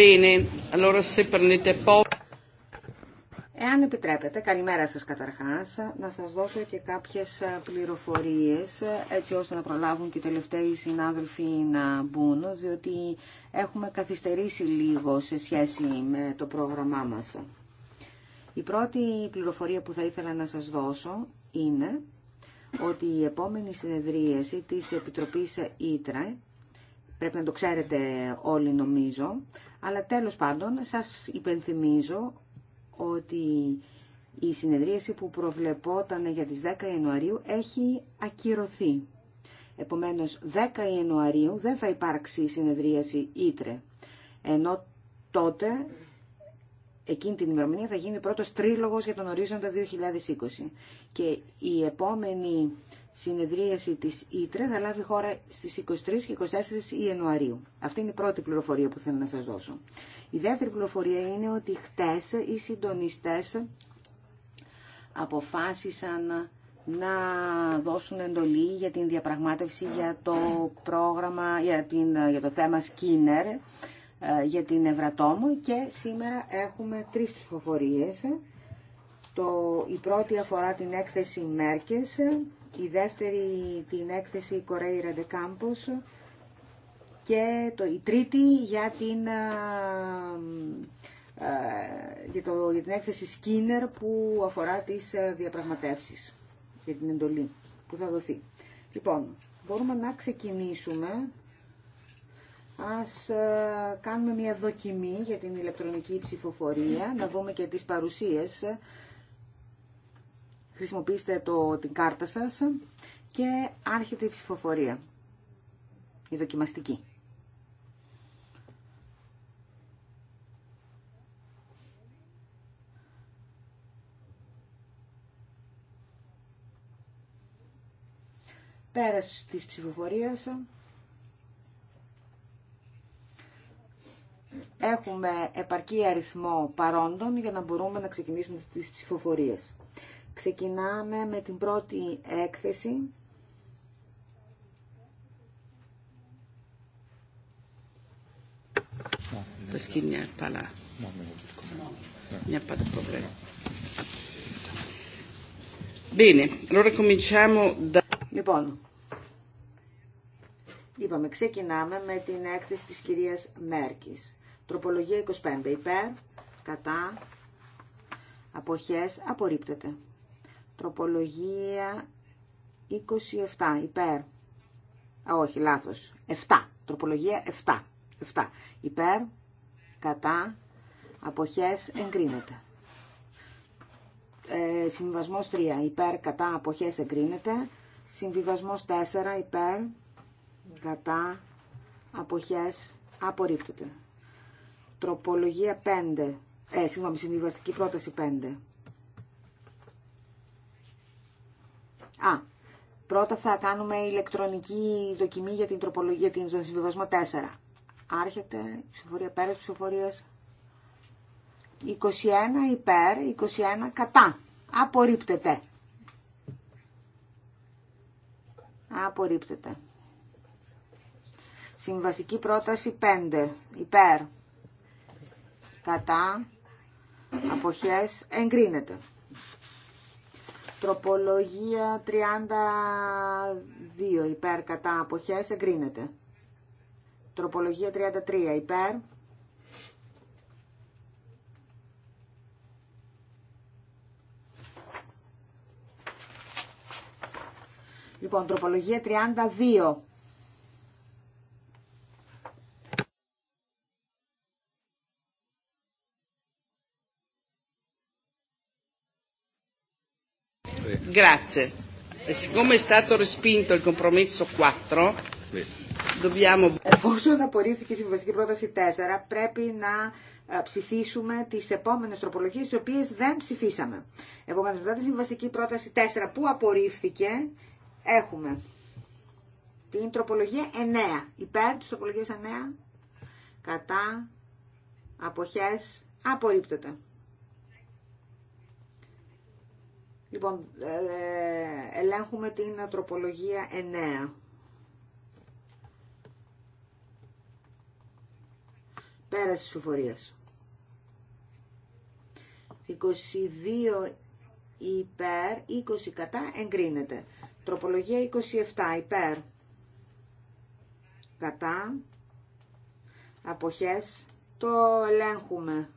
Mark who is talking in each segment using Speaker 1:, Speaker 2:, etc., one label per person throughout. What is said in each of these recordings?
Speaker 1: Bene, allora se prendete poco...
Speaker 2: Εάν επιτρέπετε, καλημέρα σας καταρχάς, να σας δώσω και κάποιες πληροφορίες έτσι ώστε να προλάβουν και οι τελευταίοι συνάδελφοι να μπουν, διότι έχουμε καθυστερήσει λίγο σε σχέση με το πρόγραμμά μας. Η πρώτη πληροφορία που θα ήθελα να σας δώσω είναι ότι η επόμενη συνεδρίαση της Επιτροπής Ήτρα, πρέπει να το ξέρετε όλοι νομίζω, αλλά τέλος πάντων σας υπενθυμίζω ότι η συνεδρίαση που προβλεπόταν για τις 10 Ιανουαρίου έχει ακυρωθεί. Επομένως 10 Ιανουαρίου δεν θα υπάρξει συνεδρίαση Ήτρε. Ενώ τότε εκείνη την ημερομηνία θα γίνει πρώτος τρίλογος για τον ορίζοντα 2020. Και η επόμενη συνεδρίαση της ΙΤΡΕ θα λάβει χώρα στις 23 και 24 Ιανουαρίου. Αυτή είναι η πρώτη πληροφορία που θέλω να σας δώσω. Η δεύτερη πληροφορία είναι ότι χτες οι συντονιστές αποφάσισαν να δώσουν εντολή για την διαπραγμάτευση για το, πρόγραμμα, για, την, για το θέμα Skinner, ε, για την Ευρατόμου και σήμερα έχουμε τρεις ψηφοφορίες. Το, η πρώτη αφορά την έκθεση Μέρκες η δεύτερη την έκθεση Correira de Campos και το, η τρίτη για την, για, το, για την έκθεση Skinner που αφορά τις ε, διαπραγματεύσεις για την εντολή που θα δοθεί. Λοιπόν, μπορούμε να ξεκινήσουμε. Ας ε, κάνουμε μια δοκιμή για την ηλεκτρονική ψηφοφορία, να δούμε και τις παρουσίες χρησιμοποιήστε το, την κάρτα σας και άρχεται η ψηφοφορία, η δοκιμαστική. Πέρας της ψηφοφορίας έχουμε επαρκή αριθμό παρόντων για να μπορούμε να ξεκινήσουμε τις ψηφοφορίες. Ξεκινάμε με την πρώτη έκθεση.
Speaker 3: Παλά. Μια Λοιπόν,
Speaker 2: είπαμε, ξεκινάμε με την έκθεση της κυρίας Μέρκης. Τροπολογία 25 υπέρ, κατά, αποχές, απορρίπτεται. Τροπολογία 27 υπέρ. Α, όχι, λάθος. 7. Τροπολογία 7. 7. Υπέρ, κατά, αποχές, εγκρίνεται. Ε, συμβιβασμός 3. Υπέρ, κατά, αποχές, εγκρίνεται. Συμβιβασμός 4. Υπέρ, κατά, αποχές, απορρίπτεται. Τροπολογία 5. Ε, συγγνώμη, συμβιβαστική πρόταση 5. Α, πρώτα θα κάνουμε ηλεκτρονική δοκιμή για την τροπολογία, για συμβιβασμό 4. Άρχεται η ψηφοφορία πέρας ψηφοφορίας 21 υπέρ, 21 κατά. Απορρίπτεται. Απορρίπτεται. Συμβαστική πρόταση 5. Υπέρ. Κατά. Αποχές. Εγκρίνεται. Τροπολογία 32 υπέρ κατά αποχές εγκρίνεται. Τροπολογία 33 υπέρ. Λοιπόν, τροπολογία 32
Speaker 3: Grazie. E siccome è stato respinto
Speaker 1: il compromesso 4,
Speaker 2: Εφόσον απορρίφθηκε η συμβαστική πρόταση 4, πρέπει να ε, ψηφίσουμε τι επόμενε τροπολογίε, τι οποίε δεν ψηφίσαμε. Επομένω, μετά τη συμβαστική πρόταση 4 που απορρίφθηκε, έχουμε την τροπολογία 9. Υπέρ τη τροπολογία 9, κατά, αποχέ, απορρίπτεται. Λοιπόν, ε, ελέγχουμε την τροπολογία 9. Πέραση ψηφοφορίας. 22 υπέρ, 20 κατά, εγκρίνεται. Τροπολογία 27 υπέρ, κατά, αποχές, το ελέγχουμε.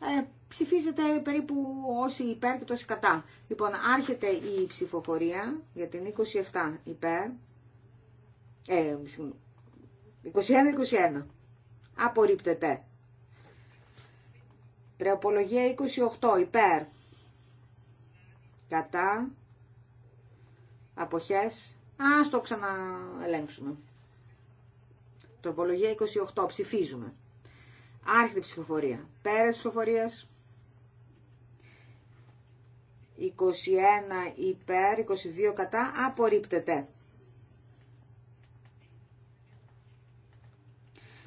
Speaker 2: Ε, ψηφίζετε περίπου όσοι υπέρ και τόσοι κατά. Λοιπόν, άρχεται η ψηφοφορία για την 27 υπέρ. Ε, 21-21. Απορρίπτεται. Τρεοπολογία 28 υπέρ. Κατά. Αποχές. Α, το ξαναελέγξουμε. Τροπολογία 28. Ψηφίζουμε. Άρχεται ψηφοφορία. Πέρας ψηφοφορίας. 21 υπέρ, 22 κατά, απορρίπτεται.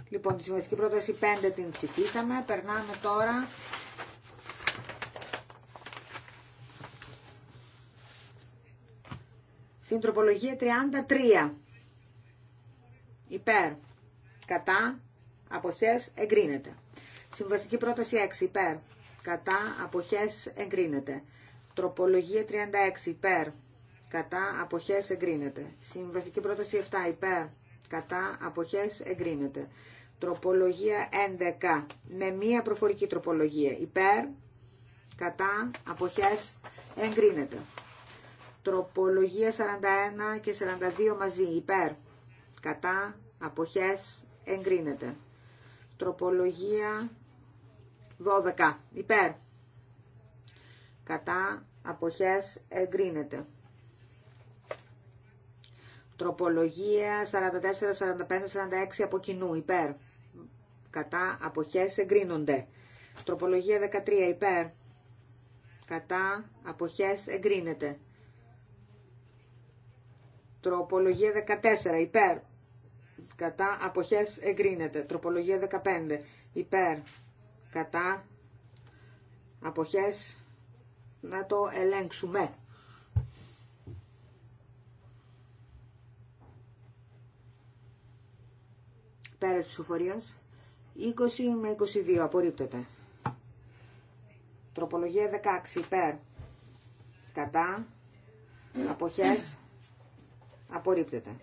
Speaker 2: Λοιπόν, τη συμβαστική πρόταση 5 την ψηφίσαμε. Περνάμε τώρα στην τροπολογία 33. Υπέρ, κατά, αποχές, εγκρίνεται. Συμβαστική πρόταση 6, υπέρ, κατά, αποχές, εγκρίνεται. Τροπολογία 36 υπέρ. Κατά αποχές εγκρίνεται. Συμβαστική πρόταση 7 υπέρ. Κατά αποχές εγκρίνεται. Τροπολογία 11 με μία προφορική τροπολογία υπέρ. Κατά αποχές εγκρίνεται. Τροπολογία 41 και 42 μαζί υπέρ. Κατά αποχές εγκρίνεται. Τροπολογία 12 υπέρ κατά αποχές εγκρίνεται. Τροπολογία 44, 45, 46 από κοινού υπέρ. Κατά αποχές εγκρίνονται. Τροπολογία 13 υπέρ. Κατά αποχές εγκρίνεται. Τροπολογία 14 υπέρ. Κατά αποχές εγκρίνεται. Τροπολογία 15 υπέρ. Κατά αποχές να το ελέγξουμε. Πέρες ψηφοφορίας. 20 με 22 απορρίπτεται. Τροπολογία 16 υπέρ. Κατά. Αποχές. Απορρίπτεται.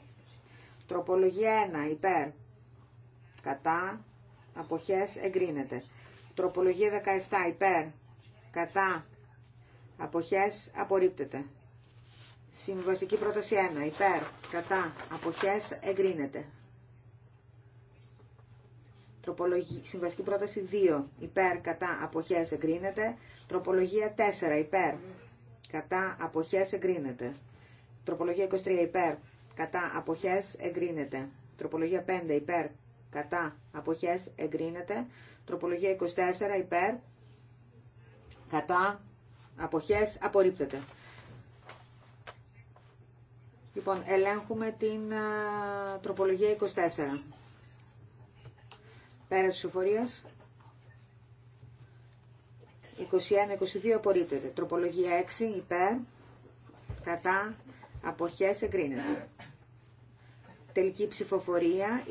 Speaker 2: Τροπολογία 1 υπέρ. Κατά. Αποχές εγκρίνεται. Τροπολογία 17 υπέρ. Κατά αποχές απορρίπτεται. Συμβαστική πρόταση 1. Υπέρ, κατά, αποχές εγκρίνεται. Τροπολογία, συμβαστική πρόταση 2. Υπέρ, κατά, αποχές εγκρίνεται. Τροπολογία 4. Υπέρ, κατά, αποχές εγκρίνεται. Τροπολογία 23. Υπέρ, κατά, αποχές εγκρίνεται. Τροπολογία 5. Υπέρ, κατά, αποχές εγκρίνεται. Τροπολογία 24. Υπέρ, κατά, Αποχές απορρίπτεται. Λοιπόν, ελέγχουμε την τροπολογία 24. Πέρα της 21 21-22 απορρίπτεται. Τροπολογία 6 υπέρ. Κατά. Αποχές εγκρίνεται. Τελική ψηφοφορία,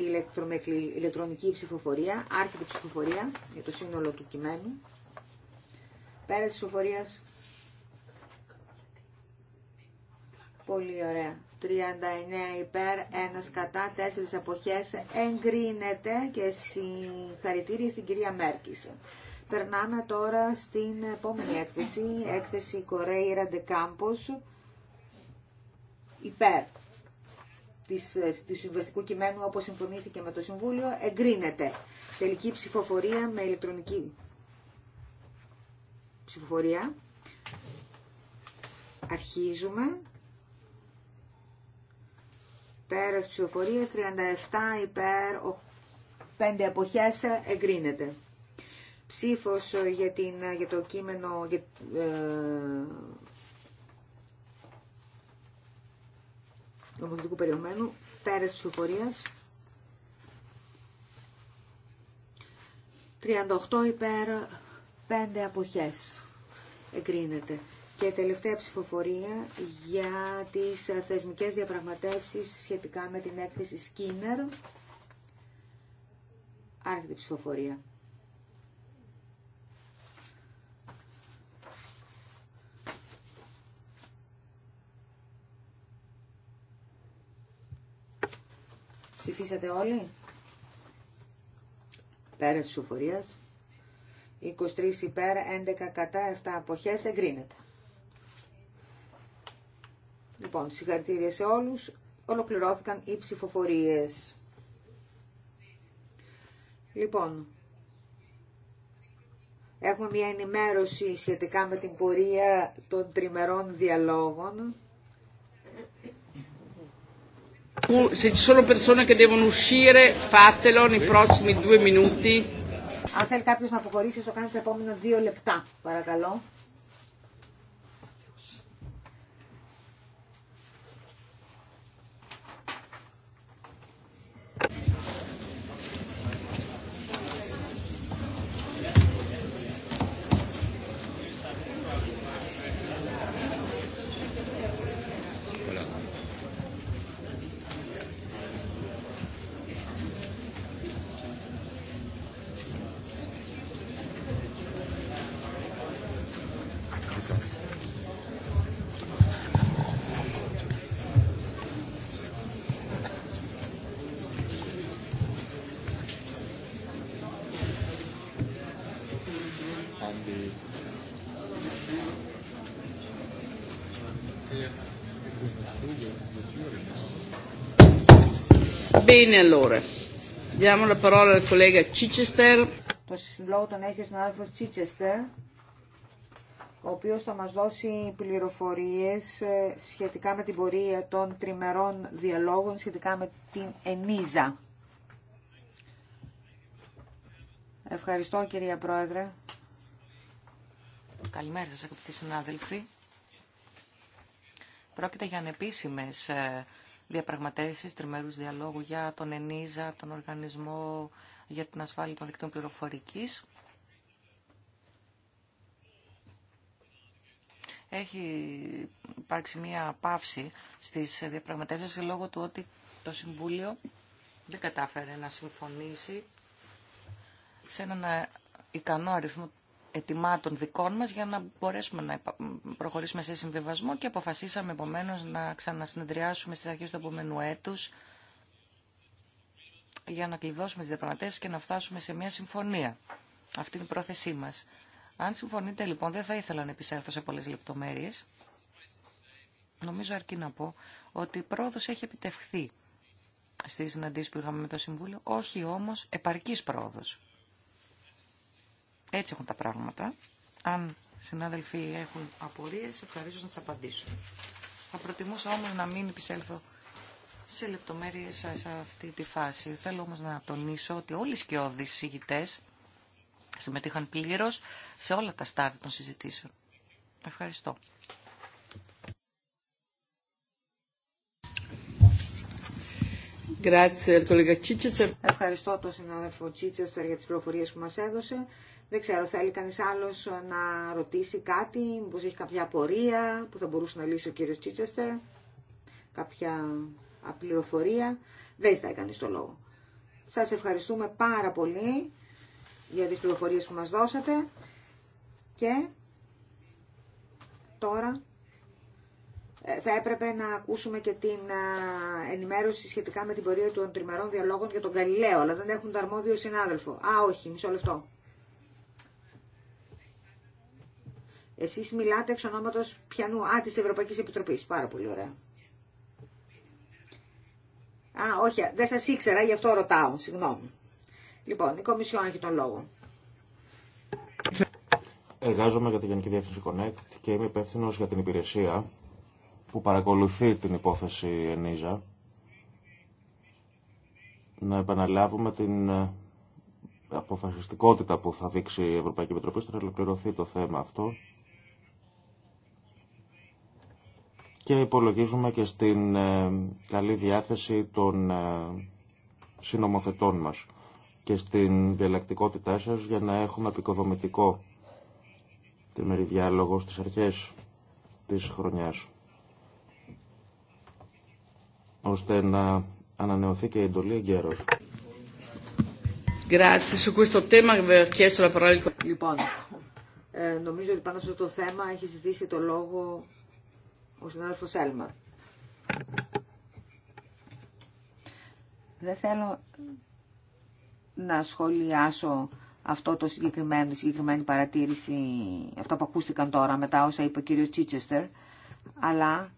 Speaker 2: ηλεκτρονική ψηφοφορία, άρχιτη ψηφοφορία για το σύνολο του κειμένου. Πέρας ψηφοφορίας. Πολύ ωραία. 39 υπέρ, 1 κατά, 4 αποχές. Εγκρίνεται και συγχαρητήρια στην κυρία Μέρκης. Περνάμε τώρα στην επόμενη έκθεση, έκθεση Κορέιρα Ντεκάμπος, υπέρ της, συμβαστικού κειμένου όπως συμφωνήθηκε με το Συμβούλιο, εγκρίνεται. Τελική ψηφοφορία με ηλεκτρονική ψηφοφορία. Αρχίζουμε. Πέρας ψηφοφορία 37 υπέρ 5 εποχές εγκρίνεται. Ψήφος ε, για, την, ε, για το κείμενο για, ε, νομοθετικού περιεχομένου. Πέρας ψηφοφορίας 38 υπέρ Πέντε αποχές εγκρίνεται. Και τελευταία ψηφοφορία για τις ε, θεσμικές διαπραγματεύσεις σχετικά με την έκθεση Skinner. Άρχεται ψηφοφορία. Ψηφίσατε όλοι. Πέρας ψηφοφορίας. 23 υπέρ, 11 κατά, 7 αποχές, εγκρίνεται. Λοιπόν, συγχαρητήρια σε όλους. Ολοκληρώθηκαν οι ψηφοφορίες. Λοιπόν, έχουμε μια ενημέρωση σχετικά με την πορεία των τριμερών διαλόγων.
Speaker 3: Se ci sono persone che devono uscire, fatelo nei prossimi due minuti.
Speaker 2: Αν θέλει κάποιο να αποχωρήσει, το κάνει σε επόμενα δύο λεπτά, παρακαλώ. Το συλλόγο τον έχει συνάδελφο Τσίτσεστερ, ο οποίο θα μα δώσει πληροφορίε ε, σχετικά με την πορεία των τριμερών διαλόγων, σχετικά με την ΕΝΙΖΑ.
Speaker 3: Ευχαριστώ κυρία Πρόεδρε. Καλημέρα σας αγαπητοί συνάδελφοι. Πρόκειται για ανεπίσημες ε, διαπραγματεύσεις τριμερούς διαλόγου για τον ΕΝΙΖΑ, τον Οργανισμό για την Ασφάλεια των Δικτύων Πληροφορικής. Έχει υπάρξει μία παύση στις διαπραγματεύσεις λόγω του ότι το Συμβούλιο δεν κατάφερε να συμφωνήσει σε έναν ικανό αριθμό ετοιμάτων δικών μας για να μπορέσουμε να προχωρήσουμε σε συμβιβασμό και αποφασίσαμε επομένω να ξανασυνεδριάσουμε στις αρχές του επόμενου έτους για να κλειδώσουμε τις διαπραγματεύσεις και να φτάσουμε σε μια συμφωνία. Αυτή είναι η πρόθεσή μας. Αν συμφωνείτε λοιπόν, δεν θα ήθελα να επισέλθω σε πολλές λεπτομέρειες. Νομίζω αρκεί να πω ότι η πρόοδος έχει επιτευχθεί στις συναντήση που είχαμε με το Συμβούλιο, όχι όμως επαρκής πρόοδος. Έτσι έχουν τα πράγματα. Αν συνάδελφοι έχουν απορίες, ευχαρίστω να τις απαντήσω. Θα προτιμούσα όμως να μην επισέλθω σε λεπτομέρειες σε αυτή τη φάση. Θέλω όμως να τονίσω ότι όλοι οι σκιώδεις συγητές συμμετείχαν πλήρως σε όλα τα στάδια των συζητήσεων. Ευχαριστώ. Ευχαριστώ τον συνάδελφο
Speaker 2: Τσίτσεστερ για τις πληροφορίες που μας έδωσε. Δεν ξέρω, θέλει κανείς άλλος να ρωτήσει κάτι, μήπως έχει κάποια απορία που θα μπορούσε να λύσει ο κύριος Τσίτσεστερ, κάποια απληροφορία. Δεν ζητάει κανείς το λόγο. Σας ευχαριστούμε πάρα πολύ για τις πληροφορίες που μας δώσατε και τώρα ε, θα έπρεπε να ακούσουμε και την ε, ενημέρωση σχετικά με την πορεία των τριμερών διαλόγων για τον Γαλιλαίο, αλλά δεν έχουν το αρμόδιο συνάδελφο. Α, όχι, μισό λεπτό. Εσείς μιλάτε εξ ονόματο πιανού, α, της Ευρωπαϊκής Επιτροπής. Πάρα πολύ ωραία. Α, όχι, δεν σας ήξερα, γι' αυτό ρωτάω, συγγνώμη. Λοιπόν, η Κομισιόν έχει τον λόγο.
Speaker 4: Εργάζομαι για τη Γενική Διεύθυνση Connect και είμαι υπεύθυνο για την υπηρεσία που παρακολουθεί την υπόθεση ΕΝΙΖΑ. Να επαναλάβουμε την ε, αποφασιστικότητα που θα δείξει η Ευρωπαϊκή Επιτροπή στο να ολοκληρωθεί το θέμα αυτό και υπολογίζουμε και στην ε, καλή διάθεση των ε, συνομοθετών μας και στην διαλλακτικότητά σας για να έχουμε επικοδομητικό τριμερή διάλογο στις αρχές της χρονιάς ώστε να ανανεωθεί και η εντολή εγκαίρως.
Speaker 3: Λοιπόν,
Speaker 2: ε, νομίζω ότι πάνω σε αυτό το θέμα έχει ζητήσει το λόγο ο συνάδελφος Έλμα. Δεν θέλω να σχολιάσω αυτό το συγκεκριμένο, συγκεκριμένη παρατήρηση, αυτά που ακούστηκαν τώρα μετά όσα είπε ο κύριος Τσίτσεστερ, αλλά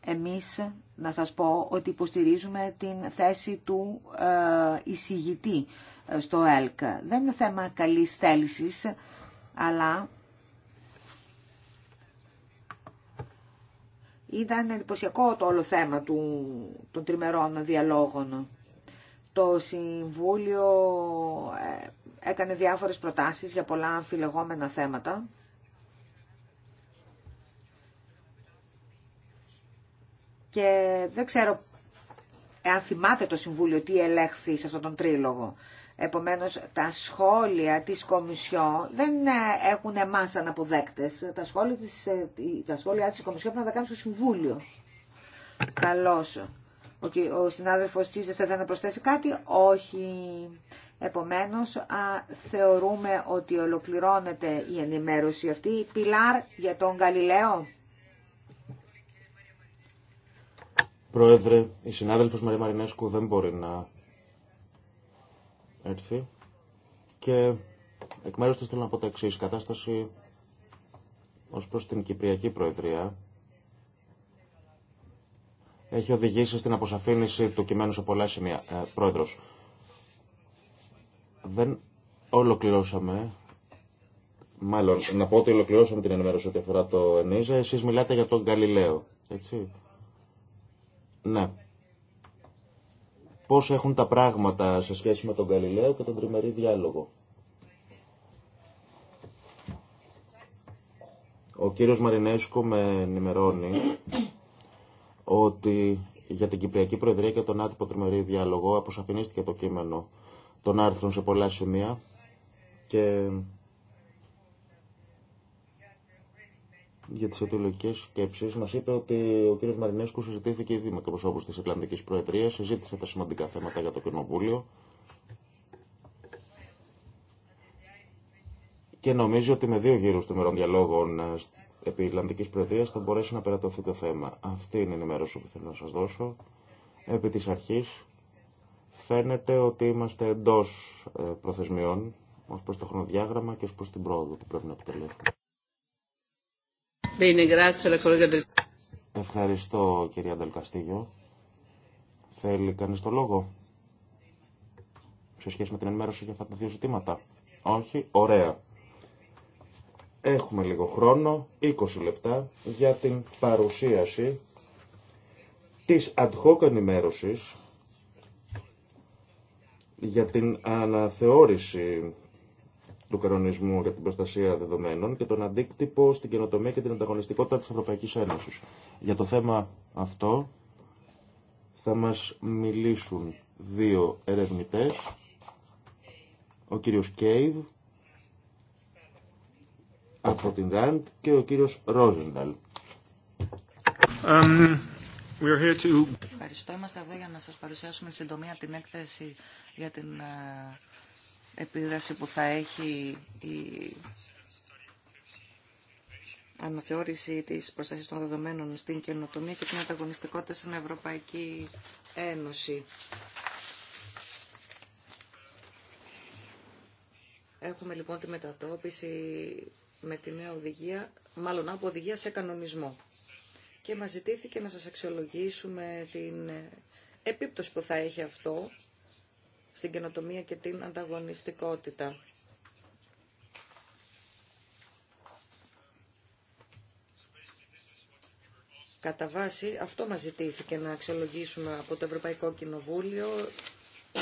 Speaker 2: εμείς να σας πω ότι υποστηρίζουμε την θέση του ε, εισηγητή ε, στο ΕΛΚ. Δεν είναι θέμα καλής θέλησης, αλλά Ήταν εντυπωσιακό το όλο θέμα του, των τριμερών διαλόγων. Το Συμβούλιο ε, έκανε διάφορες προτάσεις για πολλά αμφιλεγόμενα θέματα. Και δεν ξέρω εάν θυμάται το Συμβούλιο τι ελέγχθη σε αυτόν τον τρίλογο. Επομένως, τα σχόλια της Κομισιό δεν ε, έχουν εμάς αναποδέκτες. Τα σχόλια της, ε, τα σχόλια της Κομισιό πρέπει να τα κάνουν στο Συμβούλιο. Καλώς. Ο, ο συνάδελφος Τσίζες θα να προσθέσει κάτι. Όχι. Επομένως, α, θεωρούμε ότι ολοκληρώνεται η ενημέρωση αυτή. Πιλάρ για τον Γαλιλαίο.
Speaker 4: Πρόεδρε, η συνάδελφος Μαρία Μαρινέσκου δεν μπορεί να έτσι. Και εκ μέρους της θέλω να πω τα Κατάσταση ως προς την Κυπριακή Προεδρία έχει οδηγήσει στην αποσαφήνιση του κειμένου σε πολλά σημεία. Ε, πρόεδρος, δεν ολοκληρώσαμε Μάλλον, να πω ότι ολοκληρώσαμε την ενημέρωση ότι αφορά το ΕΝΙΖΑ. Εσείς μιλάτε για τον Καλλιλέο; έτσι. Ναι πώς έχουν τα πράγματα σε σχέση με τον Γαλιλαίο και τον τριμερή διάλογο. Ο κύριος Μαρινέσκο με ενημερώνει ότι για την Κυπριακή Προεδρία και τον άτυπο τριμερή διάλογο αποσαφινίστηκε το κείμενο των άρθρων σε πολλά σημεία και για τι αιτιολογικές σκέψει, Μα είπε ότι ο κ. Μαρινέσκου συζητήθηκε ήδη με προσώπους τη Ιρλανδική Προεδρία. συζήτησε τα σημαντικά θέματα για το Κοινοβούλιο και νομίζω ότι με δύο γύρου των διαλόγων ε, επί Ιρλανδική Προεδρία θα μπορέσει να περατωθεί το θέμα. Αυτή είναι η ενημέρωση που θέλω να σα δώσω. Επί τη αρχής φαίνεται ότι είμαστε εντό ε, προθεσμιών ω προ το χρονοδιάγραμμα και ω προ την πρόοδο που πρέπει να επιτελέσουμε. Ευχαριστώ κυρία Ντελκαστήγιο. Θέλει κανείς το λόγο σε σχέση με την ενημέρωση για αυτά τα δύο ζητήματα. Όχι, ωραία. Έχουμε λίγο χρόνο, 20 λεπτά, για την παρουσίαση της ad hoc ενημέρωσης για την αναθεώρηση του κανονισμού για την προστασία δεδομένων και τον αντίκτυπο στην καινοτομία και την ανταγωνιστικότητα της Ευρωπαϊκής Ένωσης. Για το θέμα αυτό θα μας μιλήσουν δύο ερευνητές, ο κύριος Κέιβ από την Ραντ και ο κύριος Ρόζενταλ. Um,
Speaker 3: Ευχαριστώ. Είμαστε εδώ για να σας παρουσιάσουμε συντομία την έκθεση για την ε, επίδραση που θα έχει η αναθεώρηση της προστασίας των δεδομένων στην καινοτομία και την ανταγωνιστικότητα στην Ευρωπαϊκή Ένωση. Έχουμε λοιπόν τη μετατόπιση με τη νέα οδηγία, μάλλον από οδηγία σε κανονισμό. Και μας ζητήθηκε να σας αξιολογήσουμε την επίπτωση που θα έχει αυτό στην καινοτομία και την ανταγωνιστικότητα. Κατά βάση, αυτό μας ζητήθηκε να αξιολογήσουμε από το Ευρωπαϊκό Κοινοβούλιο.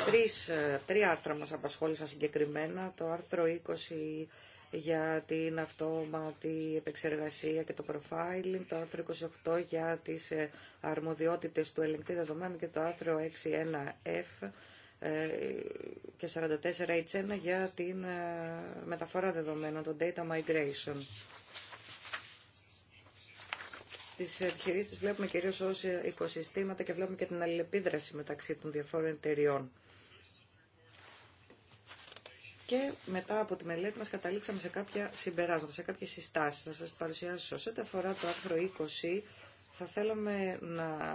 Speaker 3: Τρεις, ε, τρία άρθρα μας απασχόλησαν συγκεκριμένα. Το άρθρο 20 για την αυτόματη επεξεργασία και το profiling, το άρθρο 28 για τις ε, αρμοδιότητες του ελεγκτή δεδομένου και το άρθρο 6.1f ε, και 44H1 για την ε, μεταφορά δεδομένων, το data migration. Τις επιχειρήσεις τις βλέπουμε κυρίως ως οικοσυστήματα και βλέπουμε και την αλληλεπίδραση μεταξύ των διαφόρων εταιριών. Και μετά από τη μελέτη μας καταλήξαμε σε κάποια συμπεράσματα, σε κάποιες συστάσεις. Θα σας παρουσιάσω. Σε ό,τι αφορά το άρθρο 20, θα θέλαμε να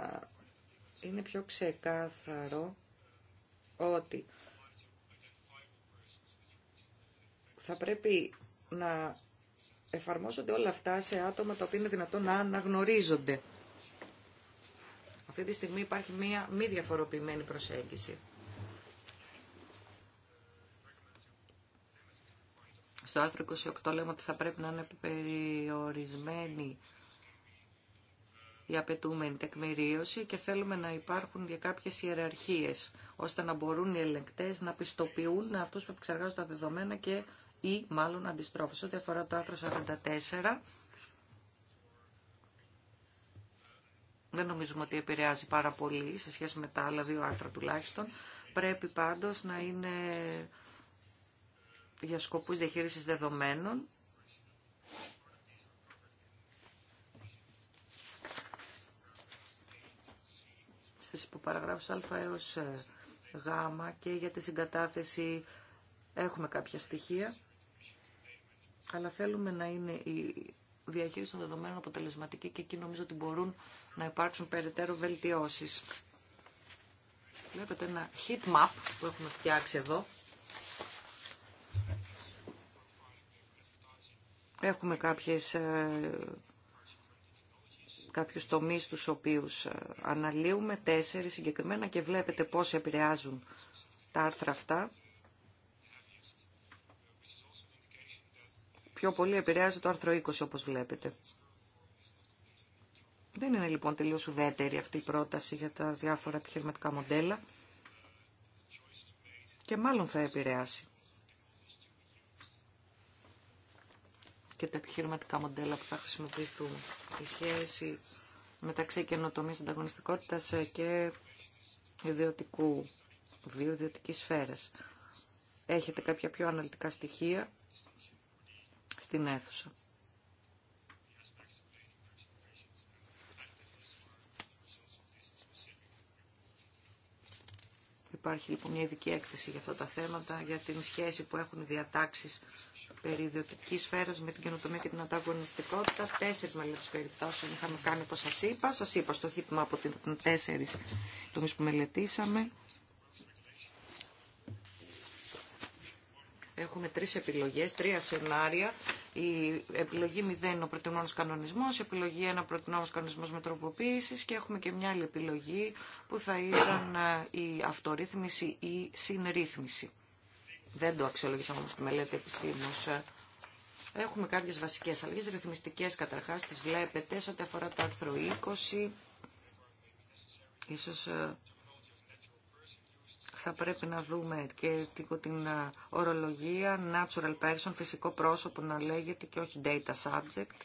Speaker 3: είναι πιο ξεκάθαρο ότι θα πρέπει να εφαρμόζονται όλα αυτά σε άτομα τα οποία είναι δυνατόν να αναγνωρίζονται. Αυτή τη στιγμή υπάρχει μία μη διαφοροποιημένη προσέγγιση. Στο άρθρο 28 λέμε ότι θα πρέπει να είναι περιορισμένη η απαιτούμενη τεκμηρίωση και θέλουμε να υπάρχουν για κάποιες ιεραρχίες, ώστε να μπορούν οι ελεγκτές να πιστοποιούν αυτούς που επεξεργάζονται τα δεδομένα και ή μάλλον αντιστρόφως. Ό,τι αφορά το άρθρο 44, δεν νομίζουμε ότι επηρεάζει πάρα πολύ σε σχέση με τα άλλα δύο άρθρα τουλάχιστον. Πρέπει πάντως να είναι για σκοπούς διαχείρισης δεδομένων της υποπαραγράφους α έως ε, γ και για τη συγκατάθεση έχουμε κάποια στοιχεία, αλλά θέλουμε να είναι η διαχείριση των δεδομένων αποτελεσματική και εκεί νομίζω ότι μπορούν να υπάρξουν περαιτέρω βελτιώσεις. Βλέπετε ένα heat map που έχουμε φτιάξει εδώ. Έχουμε κάποιες ε, κάποιους τομείς τους οποίους ε, αναλύουμε, τέσσερις συγκεκριμένα και βλέπετε πώς επηρεάζουν τα άρθρα αυτά. Πιο πολύ επηρεάζει το άρθρο 20 όπως βλέπετε. Δεν είναι λοιπόν τελείως ουδέτερη αυτή η πρόταση για τα διάφορα επιχειρηματικά μοντέλα και μάλλον θα επηρεάσει και τα επιχειρηματικά μοντέλα που θα χρησιμοποιηθούν. Η σχέση μεταξύ καινοτομίας ανταγωνιστικότητα και ιδιωτικού βίου, ιδιωτικής σφαίρα. Έχετε κάποια πιο αναλυτικά στοιχεία στην αίθουσα. Υπάρχει λοιπόν μια ειδική έκθεση για αυτά τα θέματα, για την σχέση που έχουν οι διατάξεις περί ιδιωτική σφαίρα με την καινοτομία και την ανταγωνιστικότητα. Τέσσερι μελέτε περιπτώσεων είχαμε κάνει, όπω σα είπα. Σα είπα στο χύπημα από την τέσσερι τομεί που μελετήσαμε. Έχουμε τρει επιλογέ, τρία σενάρια. Η επιλογή 0 είναι ο προτινόμενο κανονισμό, η επιλογή 1 ο κανονισμό με τροποποίηση και έχουμε και μια άλλη επιλογή που θα ήταν ε, η αυτορύθμιση ή συνρύθμιση. Δεν το αξιολογήσαμε όμως στη μελέτη επισήμως. Έχουμε κάποιες βασικές αλλαγές ρυθμιστικές καταρχάς, τις βλέπετε, σε ό,τι αφορά το άρθρο 20. Ίσως ε, θα πρέπει να δούμε και την ε, ορολογία natural person, φυσικό πρόσωπο να λέγεται και όχι data subject.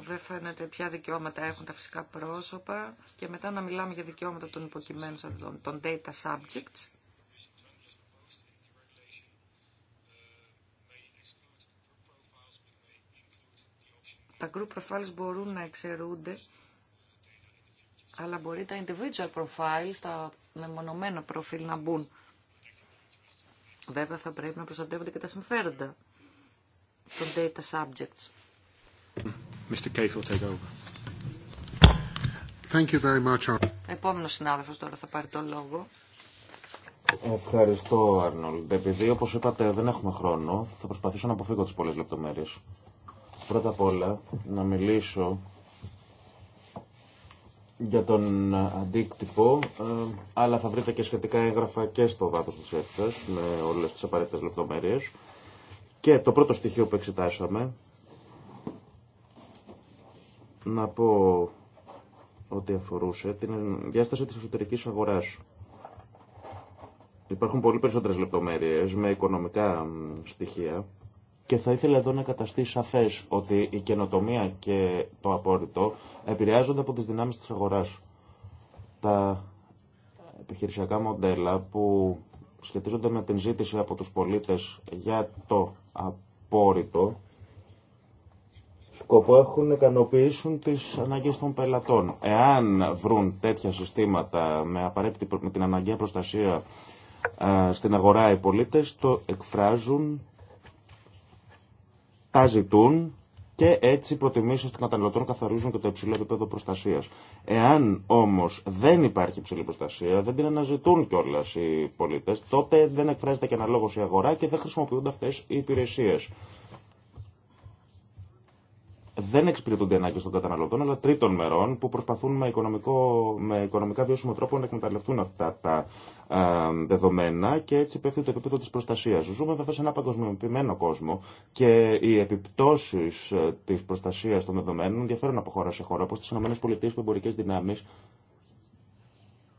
Speaker 3: Δεν φαίνεται ποια δικαιώματα έχουν τα φυσικά πρόσωπα και μετά να μιλάμε για δικαιώματα των υποκειμένων των data subjects. Τα group profiles μπορούν να εξαιρούνται, αλλά μπορεί τα individual profiles, τα μεμονωμένα προφίλ να μπουν. Βέβαια θα πρέπει να προστατεύονται και τα συμφέροντα των data subjects.
Speaker 5: Mr. K. take over. Thank you very much.
Speaker 3: Επόμενος συνάδελφος τώρα θα πάρει το λόγο.
Speaker 4: Ευχαριστώ, Άρνολντ. Επειδή, όπως είπατε, δεν έχουμε χρόνο, θα προσπαθήσω να αποφύγω τις πολλές λεπτομέρειες. Πρώτα απ' όλα να μιλήσω για τον αντίκτυπο, ε, αλλά θα βρείτε και σχετικά έγγραφα και στο βάθος της αίθουσας με όλες τις απαραίτητες λεπτομέρειες. Και το πρώτο στοιχείο που εξετάσαμε, να πω ότι αφορούσε την διάσταση της εσωτερικής αγοράς. Υπάρχουν πολύ περισσότερες λεπτομέρειες με οικονομικά στοιχεία και θα ήθελα εδώ να καταστεί σαφέ ότι η καινοτομία και το απόρριτο επηρεάζονται από τι δυνάμει τη αγορά. Τα επιχειρησιακά μοντέλα που σχετίζονται με την ζήτηση από τους πολίτες για το απόρριτο σκοπό έχουν να ικανοποιήσουν τις ανάγκες των πελατών. Εάν βρουν τέτοια συστήματα με, απαραίτητη, την αναγκαία προστασία στην αγορά οι πολίτες, το εκφράζουν τα ζητούν και έτσι οι προτιμήσει των καταναλωτών καθαρίζουν και το υψηλό επίπεδο προστασία. Εάν όμω δεν υπάρχει υψηλή προστασία, δεν την αναζητούν κιόλα οι πολίτε, τότε δεν εκφράζεται και αναλόγω η αγορά και δεν χρησιμοποιούνται αυτέ οι υπηρεσίε δεν εξυπηρετούνται ανάγκε των καταναλωτών, αλλά τρίτων μερών που προσπαθούν με, οικονομικό, με οικονομικά βιώσιμο τρόπο να εκμεταλλευτούν αυτά τα δεδομένα και έτσι πέφτει το επίπεδο τη προστασία. Ζούμε βέβαια σε ένα παγκοσμιοποιημένο κόσμο και οι επιπτώσεις ε, τη προστασία των δεδομένων διαφέρουν από χώρα σε χώρα, όπω στις ΗΠΑ που εμπορικέ δυνάμεις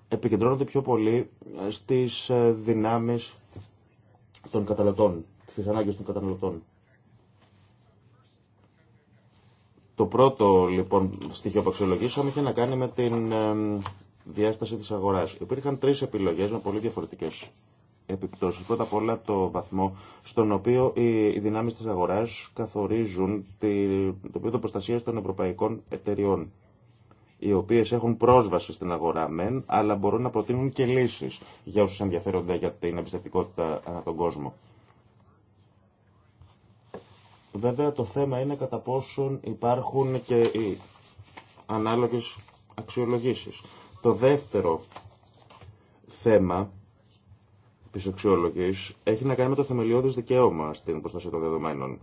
Speaker 4: επικεντρώνονται πιο πολύ ε, στις ε, δυνάμεις των καταναλωτών, στις ανάγκες των καταναλωτών. Το πρώτο λοιπόν στοιχείο που αξιολογήσαμε είχε να κάνει με την διάσταση της αγοράς. Υπήρχαν τρεις επιλογές με πολύ διαφορετικές επιπτώσεις. Πρώτα απ' όλα το βαθμό στον οποίο οι δυνάμεις της αγοράς καθορίζουν το επίπεδο προστασίας των ευρωπαϊκών εταιριών οι οποίε έχουν πρόσβαση στην αγορά μεν, αλλά μπορούν να προτείνουν και λύσει για όσου ενδιαφέρονται για την εμπιστευτικότητα ανά τον κόσμο. Βέβαια το θέμα είναι κατά πόσον υπάρχουν και οι ανάλογες αξιολογήσεις. Το δεύτερο θέμα της αξιολογής έχει να κάνει με το θεμελιώδες δικαίωμα στην προστασία των δεδομένων.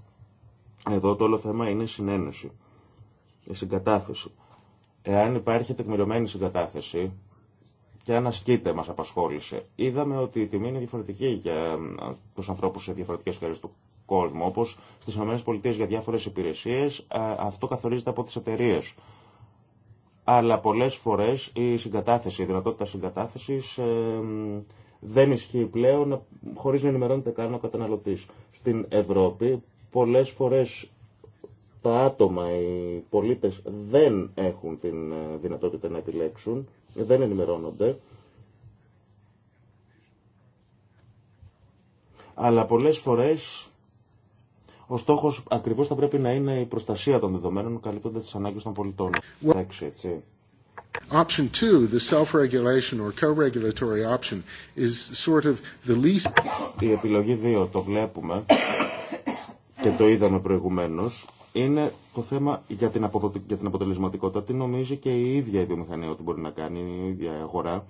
Speaker 4: Εδώ το όλο θέμα είναι η συνένεση, η συγκατάθεση. Εάν υπάρχει τεκμηριωμένη συγκατάθεση και αν ασκείται μας απασχόλησε, είδαμε ότι η τιμή είναι διαφορετική για ε, ε, τους ανθρώπους σε διαφορετικές χώρες του κόσμο, όπως στις ΗΠΑ για διάφορες υπηρεσίε ε, αυτό καθορίζεται από τι εταιρείε. Αλλά πολλές φορές η συγκατάθεση, η δυνατότητα συγκατάθεσης ε, δεν ισχύει πλέον ε, χωρί να ενημερώνεται καν ο καταναλωτής. Στην Ευρώπη πολλές φορές τα άτομα, οι πολίτες δεν έχουν την δυνατότητα να επιλέξουν, δεν ενημερώνονται. Αλλά πολλές φορές ο στόχο ακριβώ θα πρέπει να είναι η προστασία των δεδομένων, καλύπτοντα τι ανάγκε των πολιτών. Εντάξει, έτσι. Option the self-regulation or co-regulatory option, is sort of the least... Η επιλογή 2, το βλέπουμε και το είδαμε προηγουμένως, είναι το θέμα για την, αποδο... για την αποτελεσματικότητα. νομίζει και η ίδια η βιομηχανία ότι μπορεί να κάνει, η ίδια η αγορά.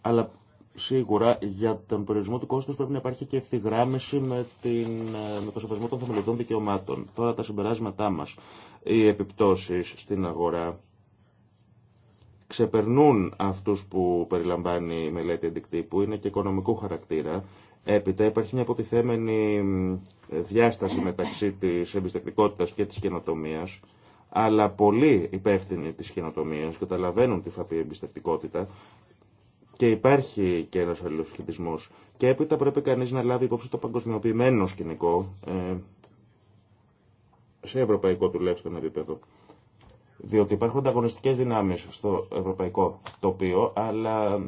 Speaker 4: Αλλά Σίγουρα για τον περιορισμό του κόστου πρέπει να υπάρχει και ευθυγράμμιση με, την, ε, με το σεβασμό των θεμελιωδών δικαιωμάτων. Τώρα τα συμπεράσματά μα. Οι επιπτώσει στην αγορά ξεπερνούν αυτού που περιλαμβάνει η μελέτη αντικτύπου, είναι και οικονομικού χαρακτήρα. Έπειτα υπάρχει μια αποτιθέμενη ε, διάσταση μεταξύ τη εμπιστευτικότητα και τη καινοτομία, αλλά πολλοί υπεύθυνοι τη καινοτομία καταλαβαίνουν τι θα πει εμπιστευτικότητα και υπάρχει και ένας αλληλοσχετισμός. Και έπειτα πρέπει κανείς να λάβει υπόψη το παγκοσμιοποιημένο σκηνικό, ε, σε ευρωπαϊκό τουλάχιστον επίπεδο. Διότι υπάρχουν ανταγωνιστικέ δυνάμει στο ευρωπαϊκό τοπίο, αλλά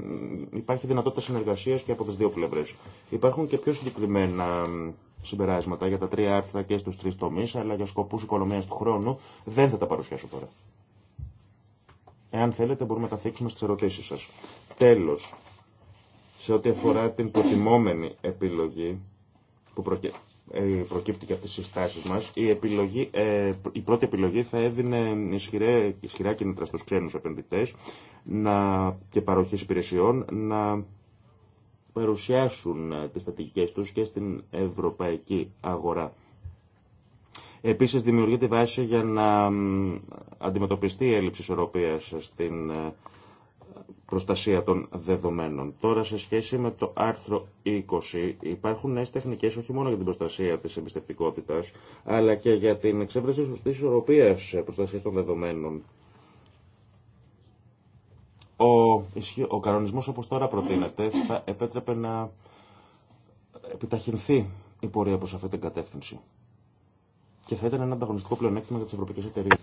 Speaker 4: υπάρχει δυνατότητα συνεργασία και από τι δύο πλευρέ. Υπάρχουν και πιο συγκεκριμένα συμπεράσματα για τα τρία άρθρα και στου τρει τομεί, αλλά για σκοπού οικονομία του χρόνου δεν θα τα παρουσιάσω τώρα. Εάν θέλετε μπορούμε να τα θίξουμε στις ερωτήσεις σας. Τέλος, σε ό,τι αφορά την προτιμόμενη επιλογή που ε, προκύπτει και από τις συστάσεις μας, η, επιλογή, ε, η πρώτη επιλογή θα έδινε ισχυρά, ισχυρά κίνητρα στους ξένους επενδυτές να, και παροχής υπηρεσιών να παρουσιάσουν ε, τις στρατηγικές τους και στην ευρωπαϊκή αγορά Επίσης δημιουργείται βάση για να αντιμετωπιστεί η έλλειψη ισορροπίας στην ε, προστασία των δεδομένων. Τώρα σε σχέση με το άρθρο 20 υπάρχουν νέες τεχνικές όχι μόνο για την προστασία της εμπιστευτικότητας αλλά και για την εξέβρεση σωστής ισορροπίας ε, προστασίας των δεδομένων. Ο, ο κανονισμός όπως τώρα προτείνεται θα επέτρεπε να επιταχυνθεί η πορεία προς αυτή την κατεύθυνση και θα ήταν ένα ανταγωνιστικό πλεονέκτημα για τι ευρωπαϊκέ εταιρείε.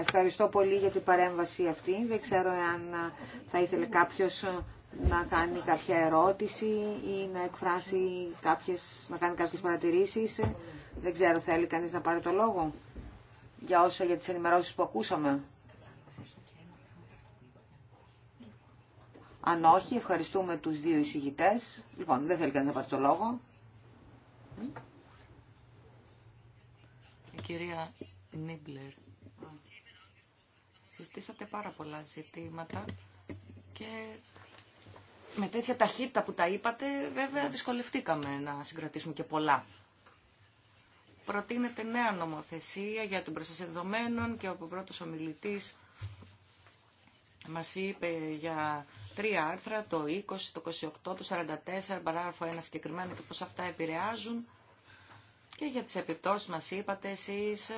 Speaker 3: Ευχαριστώ
Speaker 2: πολύ για την παρέμβαση αυτή. Δεν ξέρω αν θα ήθελε κάποιος να κάνει κάποια ερώτηση ή να εκφράσει να κάνει κάποιες παρατηρήσεις. Δεν ξέρω, θέλει κανείς να πάρει το λόγο για όσα για τις ενημερώσεις που ακούσαμε. Αν όχι, ευχαριστούμε τους δύο εισηγητές. Λοιπόν, δεν θέλει κανείς να πάρει το λόγο.
Speaker 3: Η κυρία Νίμπλερ, συστήσατε πάρα πολλά ζητήματα και με τέτοια ταχύτητα που τα είπατε, βέβαια δυσκολευτήκαμε να συγκρατήσουμε και πολλά. Προτείνεται νέα νομοθεσία για την προστασία δεδομένων και ο πρώτος ομιλητής μας είπε για τρία άρθρα, το 20, το 28, το 44, παράγραφο ένα συγκεκριμένα και πώς αυτά επηρεάζουν. Και για τις επιπτώσεις μας είπατε εσείς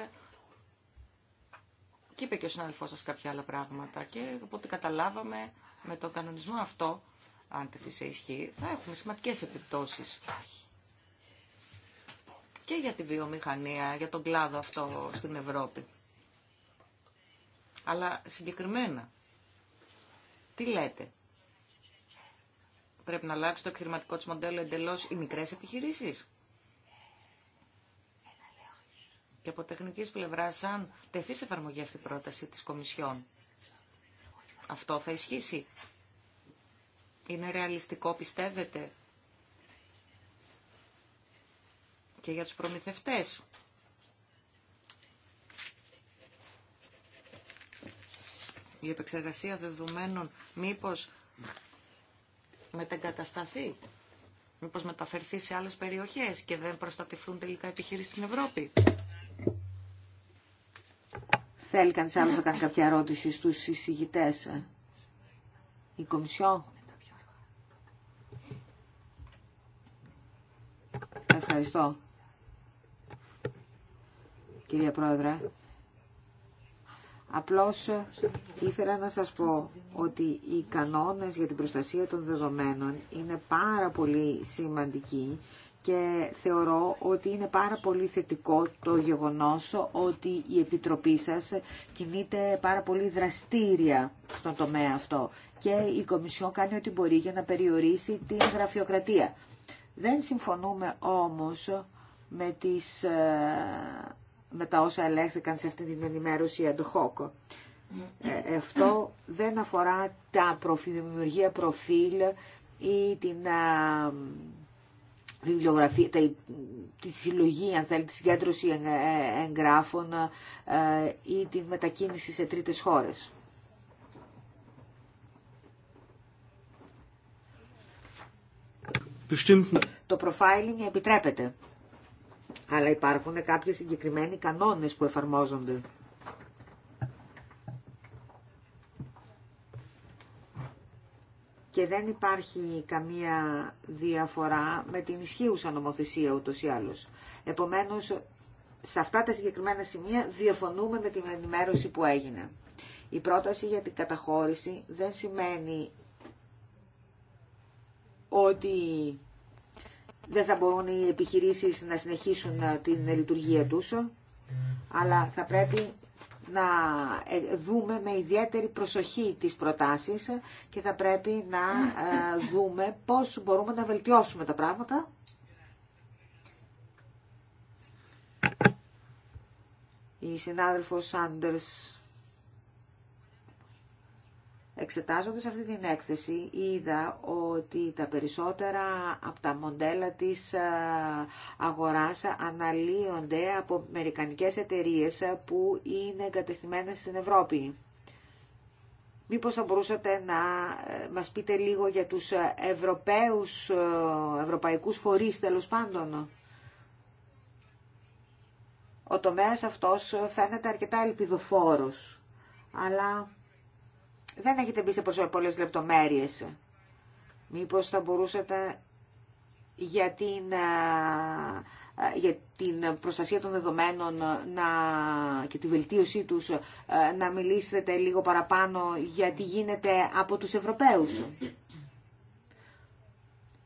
Speaker 3: και είπε και ο συνάδελφός σας κάποια άλλα πράγματα. Και οπότε καταλάβαμε με τον κανονισμό αυτό, αν τεθεί σε ισχύ, θα έχουμε σημαντικές επιπτώσεις. Και για τη βιομηχανία, για τον κλάδο αυτό στην Ευρώπη. Αλλά συγκεκριμένα τι λέτε. Πρέπει να αλλάξει το επιχειρηματικό τη μοντέλο εντελώ οι μικρέ επιχειρήσει. Και από τεχνική πλευρά, αν τεθεί σε εφαρμογή αυτή η πρόταση τη Κομισιόν, αυτό θα ισχύσει. Είναι ρεαλιστικό, πιστεύετε. Και για τους προμηθευτές η επεξεργασία δεδομένων μήπως μετεγκατασταθεί, μήπως μεταφερθεί σε άλλες περιοχές και δεν προστατευτούν τελικά επιχείρησεις στην Ευρώπη.
Speaker 2: Θέλει κανείς άλλος να κάνει κάποια ερώτηση στους εισηγητές. Η Κομισιό. Ευχαριστώ. Κυρία Πρόεδρε. Απλώς ήθελα να σας πω ότι οι κανόνες για την προστασία των δεδομένων είναι πάρα πολύ σημαντικοί και θεωρώ ότι είναι πάρα πολύ θετικό το γεγονός ότι η Επιτροπή σας κινείται πάρα πολύ δραστήρια στον τομέα αυτό και η Κομισιόν κάνει ό,τι μπορεί για να περιορίσει την γραφειοκρατία. Δεν συμφωνούμε όμως με τις ε, με τα όσα ελέγχθηκαν σε αυτή την ενημέρωση ad hoc. Ε, ε, αυτό δεν αφορά τα προφι, δημιουργία προφίλ ή την α, βιβλιογραφία, τα, τη συλλογή, αν θέλει, τη συγκέντρωση ε, εγγράφων ε, ή την μετακίνηση σε τρίτες χώρες. Το profiling επιτρέπεται αλλά υπάρχουν κάποιες συγκεκριμένοι κανόνες που εφαρμόζονται. Και δεν υπάρχει καμία διαφορά με την ισχύουσα νομοθεσία ούτως ή άλλως. Επομένως, σε αυτά τα συγκεκριμένα σημεία διαφωνούμε με την ενημέρωση που έγινε. Η πρόταση για την καταχώρηση δεν σημαίνει ότι δεν θα μπορούν οι επιχειρήσεις να συνεχίσουν ε, την λειτουργία τους, αλλά θα πρέπει να ε, δούμε με ιδιαίτερη προσοχή τις προτάσεις και θα πρέπει να ε, δούμε πώς μπορούμε να βελτιώσουμε τα πράγματα. Η συνάδελφος Άντερς Εξετάζοντας αυτή την έκθεση είδα ότι τα περισσότερα από τα μοντέλα της ε, αγοράς αναλύονται από μερικανικές εταιρείες που είναι εγκατεστημένες στην Ευρώπη. Μήπως θα μπορούσατε να ε, μας πείτε λίγο για τους ε, ευρωπαίους, ευρωπαϊκούς φορείς τέλος πάντων. Ο τομέας αυτός φαίνεται αρκετά ελπιδοφόρος, αλλά δεν έχετε μπει σε πολλές λεπτομέρειες. Μήπως θα μπορούσατε για την, για την προστασία των δεδομένων να, και τη βελτίωσή τους να μιλήσετε λίγο παραπάνω για τι γίνεται από τους Ευρωπαίους.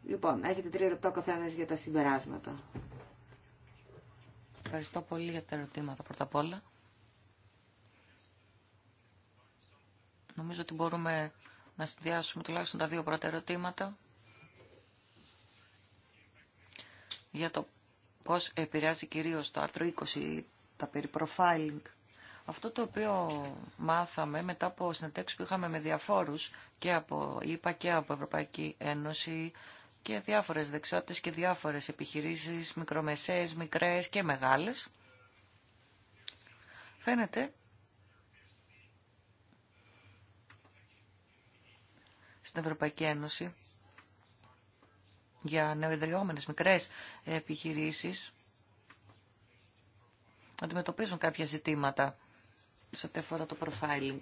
Speaker 2: Λοιπόν, έχετε τρία λεπτά ο καθένας για τα συμπεράσματα.
Speaker 3: Ευχαριστώ πολύ για τα ερωτήματα πρώτα απ' όλα. Νομίζω ότι μπορούμε να συνδυάσουμε τουλάχιστον τα δύο πρώτα ερωτήματα για το πώς επηρεάζει κυρίως το άρθρο 20 τα περί profiling. Αυτό το οποίο μάθαμε μετά από συνεντέξεις που είχαμε με διαφόρους και από ήπα και από Ευρωπαϊκή Ένωση και διάφορες δεξιότητες και διάφορες επιχειρήσεις, μικρομεσαίες, μικρές και μεγάλες, φαίνεται στην Ευρωπαϊκή Ένωση για νεοειδριόμενες μικρές επιχειρήσεις αντιμετωπίζουν κάποια ζητήματα σε ό,τι αφορά το profiling.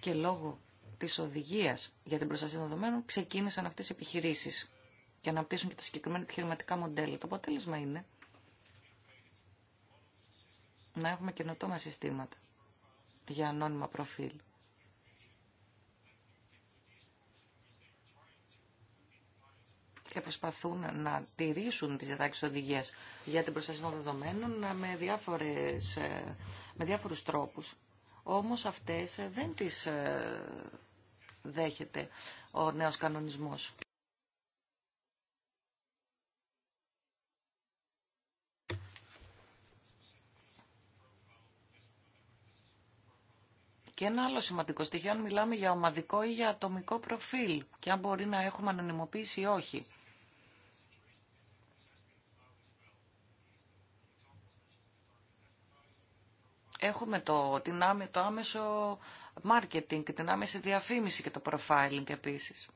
Speaker 3: Και λόγω της οδηγίας για την προστασία των δεδομένων ξεκίνησαν αυτές οι επιχειρήσεις και αναπτύσσουν και τα συγκεκριμένα επιχειρηματικά μοντέλα. Το αποτέλεσμα είναι να έχουμε καινοτόμα συστήματα για ανώνυμα προφίλ. και προσπαθούν να τηρήσουν τις διατάξεις οδηγίας για την προστασία των δεδομένων ε, με, διάφορες, ε, με διάφορους τρόπους. Όμως αυτές ε, δεν τις δέχεται ο νέος κανονισμός. Και ένα άλλο σημαντικό στοιχείο, αν μιλάμε για ομαδικό ή για ατομικό προφίλ και αν μπορεί να έχουμε ανωνυμοποίηση ή όχι. Έχουμε το, την, άμεσο marketing και την άμεση διαφήμιση και το profiling επίσης.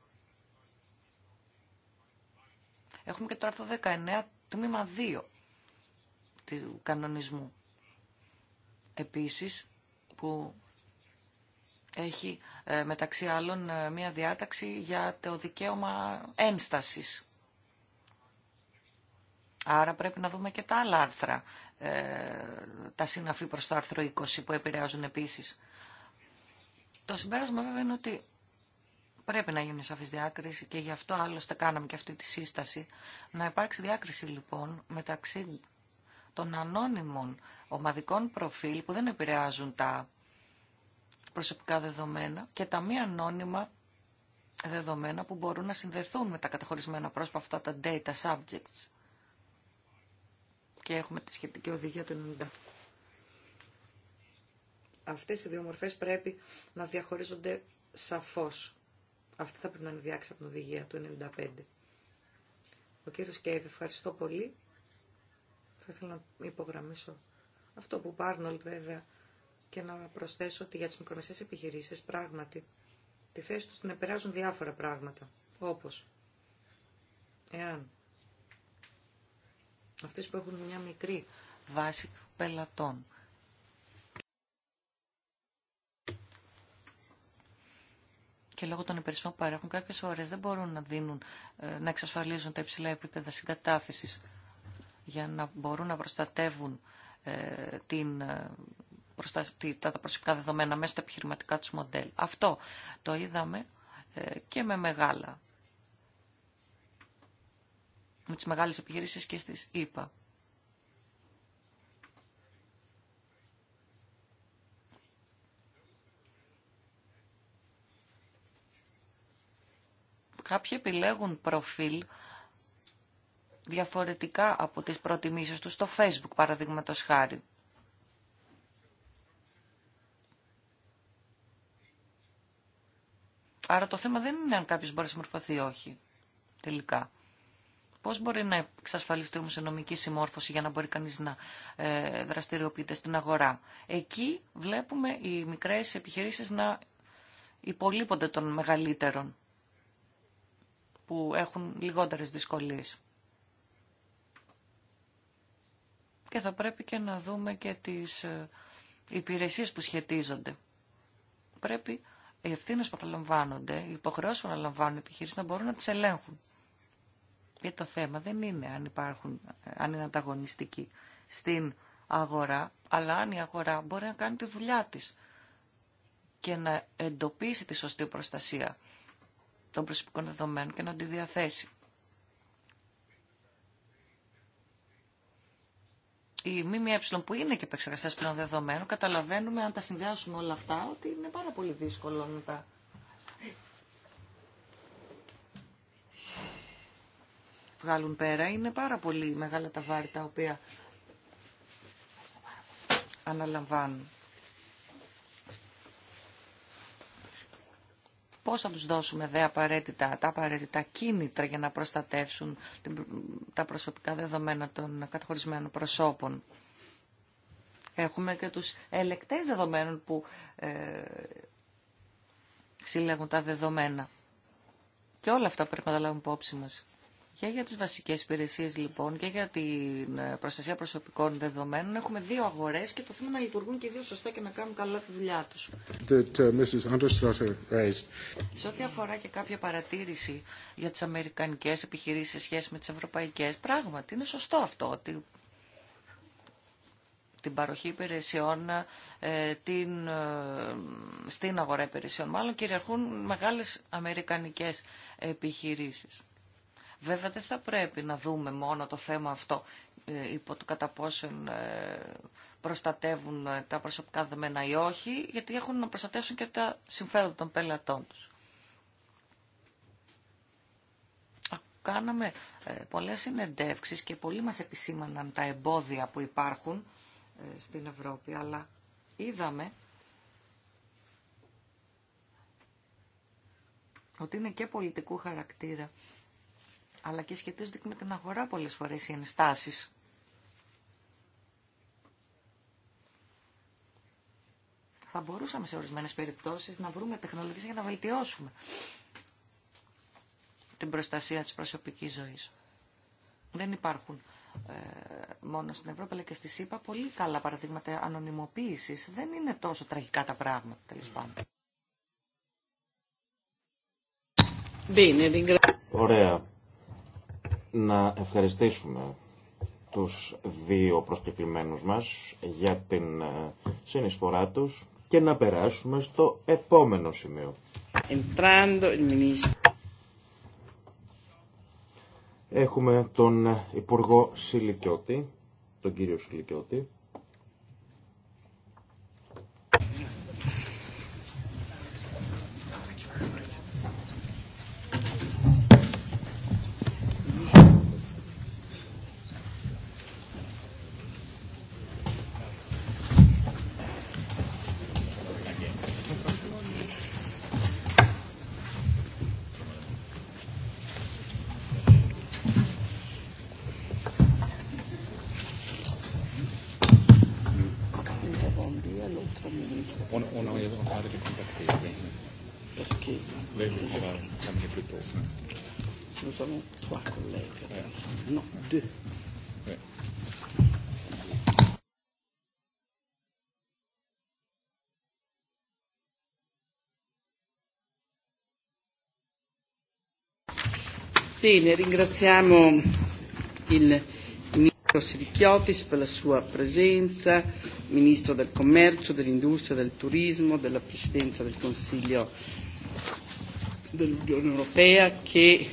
Speaker 3: Έχουμε και το άρθρο 19, τμήμα 2 του κανονισμού. Επίσης, που έχει ε, μεταξύ άλλων ε, μία διάταξη για το δικαίωμα ένστασης. Άρα πρέπει να δούμε και τα άλλα άρθρα, ε, τα συναφή προς το άρθρο 20 που επηρεάζουν επίσης. Το συμπέρασμα βέβαια είναι ότι πρέπει να γίνει σαφής διάκριση και γι' αυτό άλλωστε κάναμε και αυτή τη σύσταση. Να υπάρξει διάκριση λοιπόν μεταξύ των ανώνυμων ομαδικών προφίλ που δεν επηρεάζουν τα προσωπικά δεδομένα και τα μη ανώνυμα δεδομένα που μπορούν να συνδεθούν με τα καταχωρισμένα πρόσωπα αυτά τα data subjects. Και έχουμε τη σχετική οδηγία του 90. Αυτές οι δύο μορφές πρέπει να διαχωρίζονται σαφώς. Αυτή θα πρέπει να είναι διάξει από την οδηγία του 95. Ο κύριος Κέιβ, ευχαριστώ πολύ. Θα ήθελα να υπογραμμίσω αυτό που πάρνω, βέβαια και να προσθέσω ότι για τις μικρομεσαίες επιχειρήσεις πράγματι τη θέση τους την επηρεάζουν διάφορα πράγματα, όπως εάν αυτές που έχουν μια μικρή βάση πελατών και λόγω των υπηρεσιών που παρέχουν κάποιες ώρες δεν μπορούν να, δίνουν, ε, να εξασφαλίζουν τα υψηλά επίπεδα συγκατάθεσης για να μπορούν να προστατεύουν ε, την ε, τα προσωπικά δεδομένα μέσα στα επιχειρηματικά τους μοντέλ. Αυτό το είδαμε ε, και με μεγάλα με τις μεγάλες επιχειρήσεις και στις ήπα. Κάποιοι επιλέγουν προφίλ διαφορετικά από τις προτιμήσεις τους στο Facebook, παραδείγματος χάρη. Άρα το θέμα δεν είναι αν κάποιο μπορεί να συμμορφωθεί ή όχι. Τελικά. Πώ μπορεί να εξασφαλιστεί όμω η νομική συμμόρφωση για να μπορεί κανεί να ε, δραστηριοποιείται στην αγορά. Εκεί βλέπουμε οι μικρέ επιχειρήσει να υπολείπονται των μεγαλύτερων που έχουν λιγότερες δυσκολίες. Και θα πρέπει και να δούμε και τις ε, υπηρεσίες που σχετίζονται. Πρέπει οι ευθύνε που αναλαμβάνονται, οι υποχρεώσει που αναλαμβάνουν οι επιχειρήσει να μπορούν να τι ελέγχουν. Γιατί το θέμα δεν είναι αν, υπάρχουν, είναι ανταγωνιστικοί στην αγορά, αλλά αν η αγορά μπορεί να κάνει τη δουλειά της και να εντοπίσει τη σωστή προστασία των προσωπικών δεδομένων και να τη διαθέσει. Η ΜΜΕ που είναι και επεξεργαστέ πλέον δεδομένων, καταλαβαίνουμε αν τα συνδυάσουμε όλα αυτά ότι είναι πάρα πολύ δύσκολο να τα. Βγάλουν πέρα. Είναι πάρα πολύ μεγάλα τα βάρη τα οποία αναλαμβάνουν. Πώς θα τους δώσουμε δε απαραίτητα, τα απαραίτητα κίνητρα για να προστατεύσουν τα προσωπικά δεδομένα των καταχωρισμένων προσώπων. Έχουμε και τους ελεκτές δεδομένων που ε, συλλέγουν τα δεδομένα. Και όλα αυτά πρέπει να τα λάβουμε υπόψη μας. Και για τις βασικές υπηρεσίες λοιπόν και για την ε, προστασία προσωπικών δεδομένων έχουμε δύο αγορές και το θέμα να λειτουργούν και δύο σωστά και να κάνουν καλά τη δουλειά τους.
Speaker 5: Uh,
Speaker 3: σε ό,τι αφορά και κάποια παρατήρηση για τις αμερικανικές επιχειρήσεις σε σχέση με τις ευρωπαϊκές, πράγματι είναι σωστό αυτό ότι την παροχή υπηρεσιών ε, την, ε, στην αγορά υπηρεσιών. Μάλλον κυριαρχούν μεγάλες αμερικανικές επιχειρήσεις. Βέβαια δεν θα πρέπει να δούμε μόνο το θέμα αυτό ε, υπό το κατά πόσον ε, προστατεύουν ε, τα προσωπικά δεμένα ή όχι, γιατί έχουν να προστατεύσουν και τα συμφέροντα των πελατών τους. Κάναμε πολλές συνεντεύξεις και πολλοί μας επισήμαναν τα εμπόδια που υπάρχουν στην Ευρώπη, αλλά είδαμε ότι είναι και πολιτικού χαρακτήρα αλλά και σχετίζονται και με την αγορά πολλές φορές οι ενστάσεις. Θα μπορούσαμε σε ορισμένες περιπτώσεις να βρούμε τεχνολογίες για να βελτιώσουμε την προστασία της προσωπικής ζωής. Δεν υπάρχουν ε, μόνο στην Ευρώπη αλλά και στη ΣΥΠΑ πολύ καλά παραδείγματα ανωνυμοποίησης. Δεν είναι τόσο τραγικά τα πράγματα τέλος πάντων
Speaker 4: να ευχαριστήσουμε τους δύο προσκεκλημένους μας για την ε, συνεισφορά τους και να περάσουμε στο επόμενο σημείο. Έχουμε τον Υπουργό Σιλικιώτη, τον κύριο Σιλικιώτη,
Speaker 3: Bene, ringraziamo il Ministro Sirichiotis per la sua presenza, Ministro del Commercio, dell'Industria, del Turismo, della Presidenza del Consiglio dell'Unione Europea che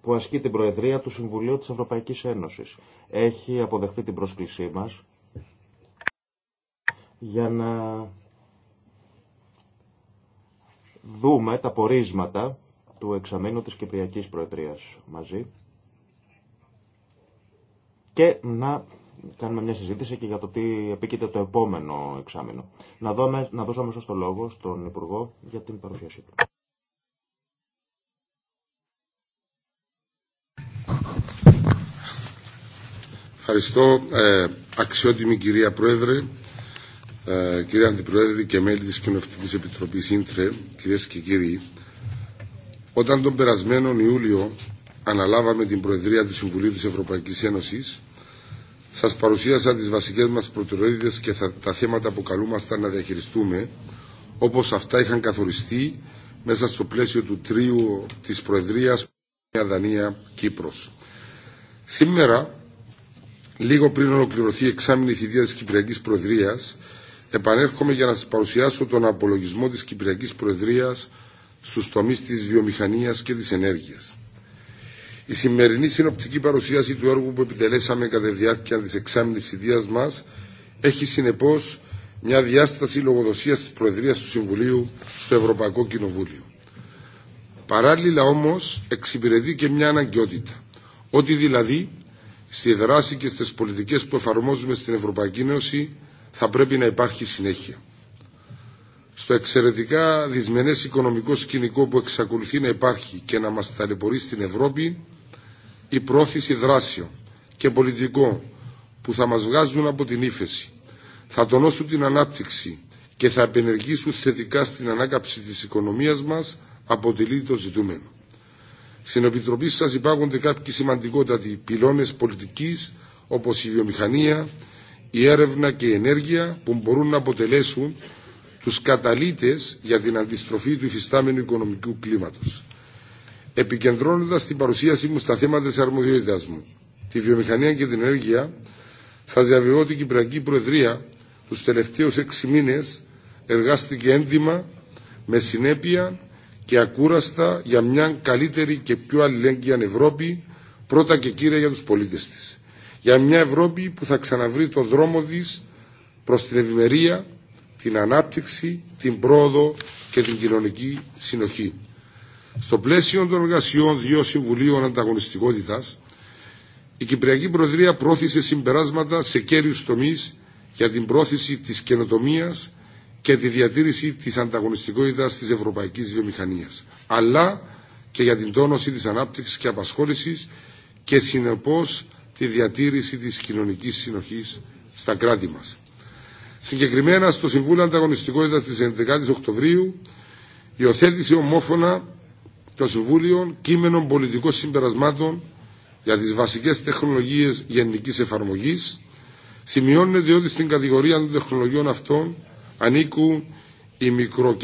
Speaker 4: που ασκεί την Προεδρία του Συμβουλίου της Ευρωπαϊκής Ένωσης. Έχει αποδεχτεί την πρόσκλησή μας για να δούμε τα πορίσματα του εξαμήνου της Κυπριακής Προεδρίας μαζί και να κάνουμε μια συζήτηση και για το τι επίκειται το επόμενο εξάμεινο. Να, δούμε, να δώσω το λόγο στον Υπουργό για την παρουσίασή του.
Speaker 5: Ευχαριστώ ε, αξιότιμη κυρία Πρόεδρε, ε, κυρία Αντιπρόεδρε και μέλη της Κοινοβουλευτικής Επιτροπής Ίντρε, κυρίες και κύριοι. Όταν τον περασμένο Ιούλιο αναλάβαμε την Προεδρία του Συμβουλίου της Ευρωπαϊκής Ένωσης, σας παρουσίασα τις βασικές μας προτεραιότητες και τα θέματα που καλούμασταν να διαχειριστούμε, όπως αυτά είχαν καθοριστεί μέσα στο πλαίσιο του τρίου της Προεδρίας Δανία-Κύπρος. Σήμερα, λίγο πριν ολοκληρωθεί η εξάμεινη θητεία της Κυπριακής Προεδρίας, επανέρχομαι για να σας παρουσιάσω τον απολογισμό της Κυπριακής Προεδρίας στους τομείς της βιομηχανίας και της ενέργειας. Η σημερινή συνοπτική παρουσίαση του έργου που επιτελέσαμε κατά τη διάρκεια της εξάμεινης ιδείας μας έχει συνεπώς μια διάσταση λογοδοσίας της Προεδρίας του Συμβουλίου στο Ευρωπαϊκό Κοινοβούλιο. Παράλληλα όμως εξυπηρετεί και μια αναγκαιότητα, ότι δηλαδή στη δράση και στις πολιτικές που εφαρμόζουμε στην Ευρωπαϊκή Ένωση θα πρέπει να υπάρχει συνέχεια στο εξαιρετικά δυσμενές οικονομικό σκηνικό που εξακολουθεί να υπάρχει και να μας ταλαιπωρεί στην Ευρώπη, η πρόθεση δράσεων και πολιτικών που θα μας βγάζουν από την ύφεση, θα τονώσουν την ανάπτυξη και θα επενεργήσουν θετικά στην ανάκαψη της οικονομίας μας, αποτελεί το ζητούμενο. Στην Επιτροπή σας υπάρχουν κάποιοι σημαντικότατοι πυλώνες πολιτικής, όπως η βιομηχανία, η έρευνα και η ενέργεια, που μπορούν να αποτελέσουν τους καταλήτες για την αντιστροφή του υφιστάμενου οικονομικού κλίματος. Επικεντρώνοντας την παρουσίασή μου στα θέματα της αρμοδιότητας μου, τη βιομηχανία και την ενέργεια, σας διαβεβαιώ ότι η Κυπριακή Προεδρία τους τελευταίους έξι μήνες εργάστηκε έντιμα, με συνέπεια και ακούραστα για μια καλύτερη και πιο αλληλέγγυα Ευρώπη, πρώτα και κύρια για τους πολίτες της. Για μια Ευρώπη που θα ξαναβρει το δρόμο της προς την ευημερία, την ανάπτυξη, την πρόοδο και την κοινωνική συνοχή. Στο πλαίσιο των εργασιών δύο συμβουλίων ανταγωνιστικότητα, η Κυπριακή Προεδρία πρόθεσε συμπεράσματα σε κέριου τομεί για την πρόθεση της καινοτομία και τη διατήρηση της ανταγωνιστικότητα τη ευρωπαϊκή βιομηχανία, αλλά και για την τόνωση τη ανάπτυξη και απασχόληση και συνεπώ τη διατήρηση της κοινωνικής συνοχής στα κράτη μας. Συγκεκριμένα στο Συμβούλιο Ανταγωνιστικότητα τη 11η Οκτωβρίου υιοθέτησε ομόφωνα το Συμβούλιο κείμενων πολιτικών συμπερασμάτων για τι βασικέ τεχνολογίε γενική εφαρμογή. Σημειώνεται ότι στην κατηγορία των τεχνολογιών αυτών ανήκουν η μικρο-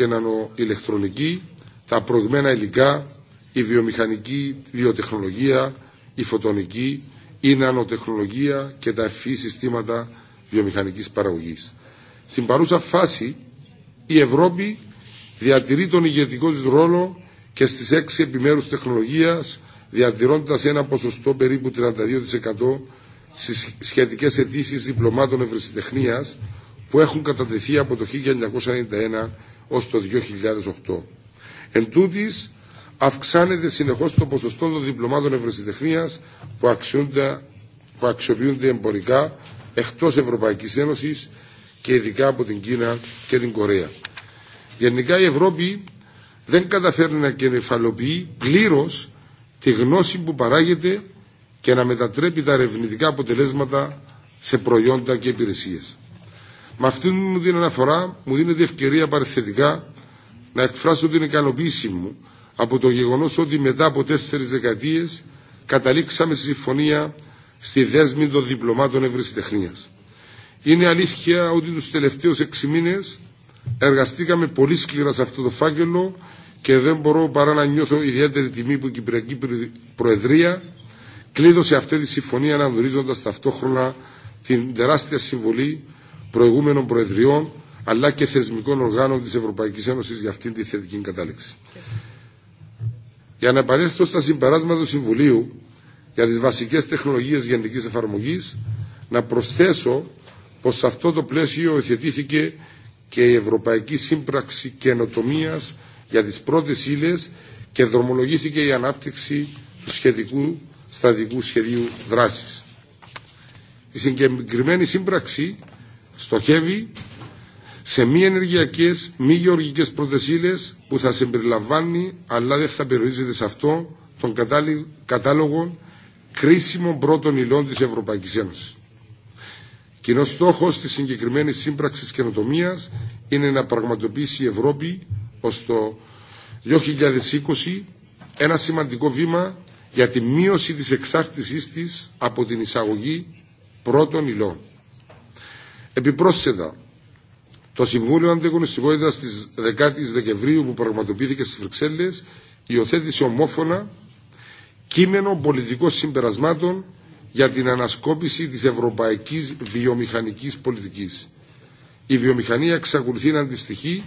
Speaker 5: τα προηγμένα υλικά, η βιομηχανική βιοτεχνολογία, η φωτονική, η νανοτεχνολογία και τα ευφύ συστήματα βιομηχανικής παραγωγής. Στην παρούσα φάση η Ευρώπη διατηρεί τον ηγετικό της ρόλο και στις έξι επιμέρους τεχνολογίας διατηρώντας ένα ποσοστό περίπου 32% στις σχετικές αιτήσει διπλωμάτων ευρεσιτεχνίας που έχουν κατατεθεί από το 1991 ως το 2008. Εν τούτης, αυξάνεται συνεχώς το ποσοστό των διπλωμάτων ευρεσιτεχνίας που, που αξιοποιούνται εμπορικά εκτός Ευρωπαϊκής Ένωσης και ειδικά από την Κίνα και την Κορέα. Γενικά η Ευρώπη δεν καταφέρνει να κεφαλοποιεί πλήρως τη γνώση που παράγεται και να μετατρέπει τα ερευνητικά αποτελέσματα σε προϊόντα και υπηρεσίες. Με αυτήν την αναφορά μου δίνεται ευκαιρία παρεθετικά να εκφράσω την ικανοποίηση μου από το γεγονός ότι μετά από τέσσερις δεκαετίες καταλήξαμε στη συμφωνία στη δέσμη των διπλωμάτων ευρεσιτεχνίας. Είναι αλήθεια ότι τους τελευταίους έξι μήνες εργαστήκαμε πολύ σκληρά σε αυτό το φάκελο και δεν μπορώ παρά να νιώθω ιδιαίτερη τιμή που η Κυπριακή Προεδρία κλείδωσε αυτή τη συμφωνία αναγνωρίζοντα ταυτόχρονα την τεράστια συμβολή προηγούμενων προεδριών αλλά και θεσμικών οργάνων της Ευρωπαϊκής Ένωσης για αυτήν τη θετική κατάληξη. Για να επανέλθω στα συμπεράσματα του Συμβουλίου για τις βασικές τεχνολογίες γενικής εφαρμογής, να προσθέσω πως σε αυτό το πλαίσιο υιοθετήθηκε και η Ευρωπαϊκή Σύμπραξη καινοτομία για τις πρώτες ύλε και δρομολογήθηκε η ανάπτυξη του σχετικού σταδικού σχεδίου δράσης. Η συγκεκριμένη σύμπραξη στοχεύει σε μη ενεργειακές, μη γεωργικές πρωτεσίλες που θα συμπεριλαμβάνει, αλλά δεν θα περιορίζεται σε αυτό, τον κατάλογο κρίσιμων πρώτων υλών της Ευρωπαϊκής Ένωσης. Κοινό στόχο τη συγκεκριμένη σύμπραξη καινοτομία είναι να πραγματοποιήσει η Ευρώπη ω το 2020 ένα σημαντικό βήμα για τη μείωση της εξάρτησής της από την εισαγωγή πρώτων υλών. Επιπρόσθετα, το Συμβούλιο Αντεγωνιστικότητα της 10 η Δεκεμβρίου που πραγματοποιήθηκε στις Βρυξέλλες υιοθέτησε ομόφωνα κείμενο πολιτικών συμπερασμάτων για την ανασκόπηση της ευρωπαϊκής βιομηχανικής πολιτικής. Η βιομηχανία εξακολουθεί να αντιστοιχεί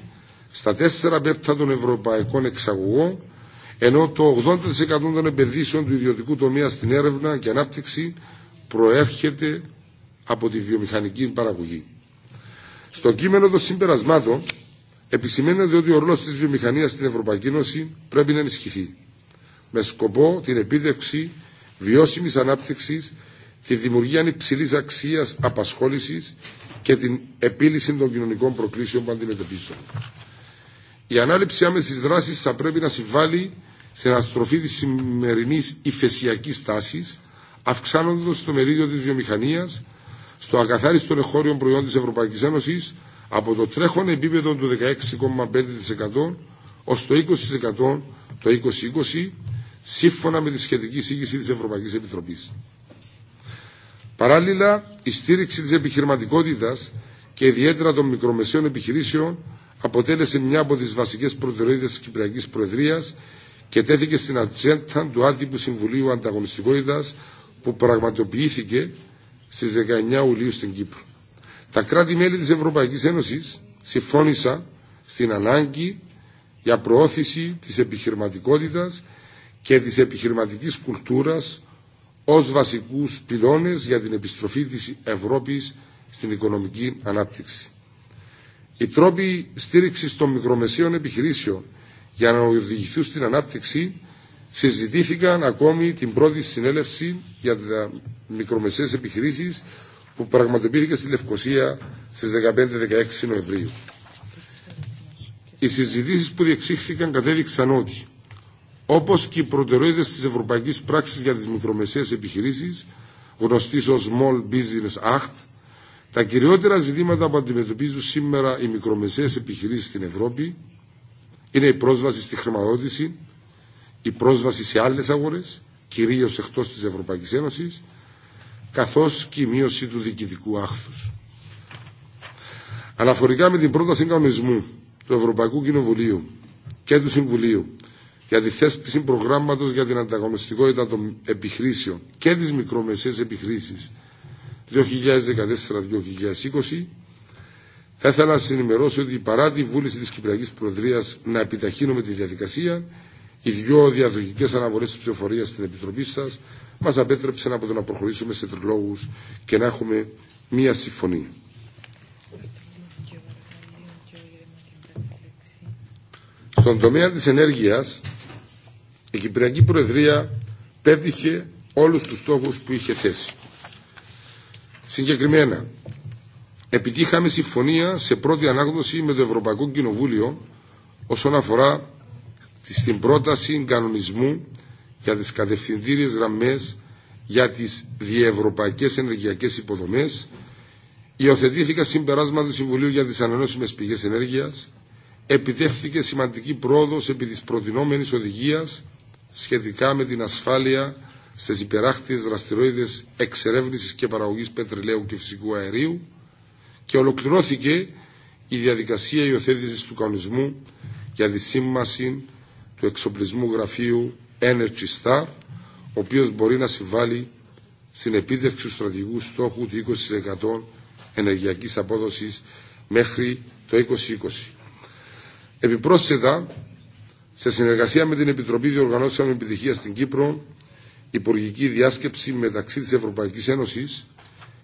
Speaker 5: στα τέσσερα πέπτα των ευρωπαϊκών εξαγωγών, ενώ το 80% των επενδύσεων του ιδιωτικού τομέα στην έρευνα και ανάπτυξη προέρχεται από τη βιομηχανική παραγωγή. Στο κείμενο των συμπερασμάτων επισημαίνεται ότι ο ρόλος της βιομηχανίας στην Ευρωπαϊκή Ένωση πρέπει να ενισχυθεί με σκοπό την επίδευξη βιώσιμης ανάπτυξη, τη δημιουργία υψηλή αξία, απασχόληση και την επίλυση των κοινωνικών προκλήσεων που αντιμετωπίζουν. Η ανάληψη άμεση δράση θα πρέπει να συμβάλλει σε αναστροφή τη σημερινή ηφαισιακής τάση, αυξάνοντα το μερίδιο τη βιομηχανία στο ακαθάριστο εγχώριο προϊόν τη Ευρωπαϊκή Ένωση, από το τρέχον επίπεδο του 16,5% ως το 20% το 2020 σύμφωνα με τη σχετική εισήγηση της Ευρωπαϊκής Επιτροπής. Παράλληλα, η στήριξη της επιχειρηματικότητας και ιδιαίτερα των μικρομεσαίων επιχειρήσεων αποτέλεσε μια από τις βασικές προτεραιότητες της Κυπριακής Προεδρίας και τέθηκε στην ατζέντα του άτυπου Συμβουλίου Ανταγωνιστικότητας που πραγματοποιήθηκε στις 19 Ιουλίου στην Κύπρο. Τα κράτη-μέλη της Ευρωπαϊκής Ένωσης συμφώνησαν στην ανάγκη για προώθηση της επιχειρηματικότητας και της επιχειρηματικής κουλτούρας ως βασικούς πυλώνες για την επιστροφή της Ευρώπης στην οικονομική ανάπτυξη. Οι τρόποι στήριξης των μικρομεσαίων επιχειρήσεων για να οδηγηθούν στην ανάπτυξη συζητήθηκαν ακόμη την πρώτη συνέλευση για τα μικρομεσαίες επιχειρήσεις που πραγματοποιήθηκε στη Λευκοσία στις 15-16 Νοεμβρίου. Οι συζητήσεις που διεξήχθηκαν κατέδειξαν ότι Όπω και οι προτεραιότητε της ευρωπαϊκή πράξη για τι Μικρομεσαίες επιχειρήσει, γνωστή ως Small Business Act, τα κυριότερα ζητήματα που αντιμετωπίζουν σήμερα οι μικρομεσαίες επιχειρήσει στην Ευρώπη είναι η πρόσβαση στη χρηματοδότηση, η πρόσβαση σε άλλε άγορε, κυρίως εκτό τη Ευρωπαϊκή Ένωση, καθώς και η μείωση του διοικητικού άχθου. Αναφορικά με την πρόταση κανονισμού του Ευρωπαϊκού Κοινοβουλίου και του Συμβουλίου για τη θέσπιση προγράμματος για την ανταγωνιστικότητα των επιχρήσεων και τις μικρομεσαίες επιχρήσεις 2014-2020, θα ήθελα να συνημερώσω ότι παρά τη βούληση της Κυπριακής Προεδρίας να επιταχύνουμε τη διαδικασία, οι δυο διαδοχικέ αναβολές της ψηφοφορίας στην Επιτροπή σας μας απέτρεψαν από το να προχωρήσουμε σε τριλόγους και να έχουμε μία συμφωνία. Στον τομέα της ενέργειας, η Κυπριακή Προεδρία πέτυχε όλους τους στόχους που είχε θέσει. Συγκεκριμένα, επιτύχαμε συμφωνία σε πρώτη ανάγνωση με το Ευρωπαϊκό Κοινοβούλιο όσον αφορά στην πρόταση κανονισμού για τις κατευθυντήριες γραμμές για τις διευρωπαϊκές ενεργειακές υποδομές, υιοθετήθηκα συμπεράσματα του Συμβουλίου για τις ανανεώσιμες πηγές ενέργειας, επιτεύχθηκε σημαντική πρόοδος επί της προτινόμενης οδηγίας σχετικά με την ασφάλεια στις υπεράχτιε δραστηριότητες εξερεύνησης και παραγωγής πετρελαίου και φυσικού αερίου και ολοκληρώθηκε η διαδικασία υιοθέτηση του κανονισμού για τη σύμμαση του εξοπλισμού γραφείου Energy Star, ο οποίος μπορεί να συμβάλλει στην επίτευξη του στρατηγικού στόχου του 20% ενεργειακής απόδοσης μέχρι το 2020. Επιπρόσθετα, σε συνεργασία με την Επιτροπή Διοργανώσεων επιτυχία στην Κύπρο, υπουργική διάσκεψη μεταξύ της Ευρωπαϊκή Ένωση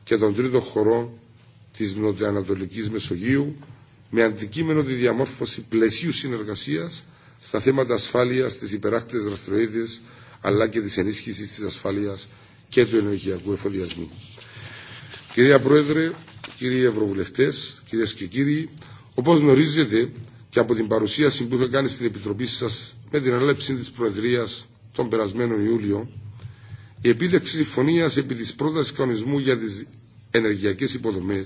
Speaker 5: και των τρίτων χωρών τη Νοτιοανατολική Μεσογείου με αντικείμενο τη διαμόρφωση πλαισίου συνεργασία στα θέματα ασφάλεια, τη υπεράκτητες δραστηριότητες αλλά και τη ενίσχυση τη ασφάλεια και του ενεργειακού εφοδιασμού. Κυρία Πρόεδρε, κύριοι Ευρωβουλευτές, κύριε και κύριοι, όπω γνωρίζετε, και από την παρουσίαση που είχα κάνει στην Επιτροπή σα με την αλέψη τη Προεδρία τον περασμένο Ιούλιο, η επίδεξη συμφωνία επί της πρόταση κανονισμού για τι ενεργειακέ υποδομέ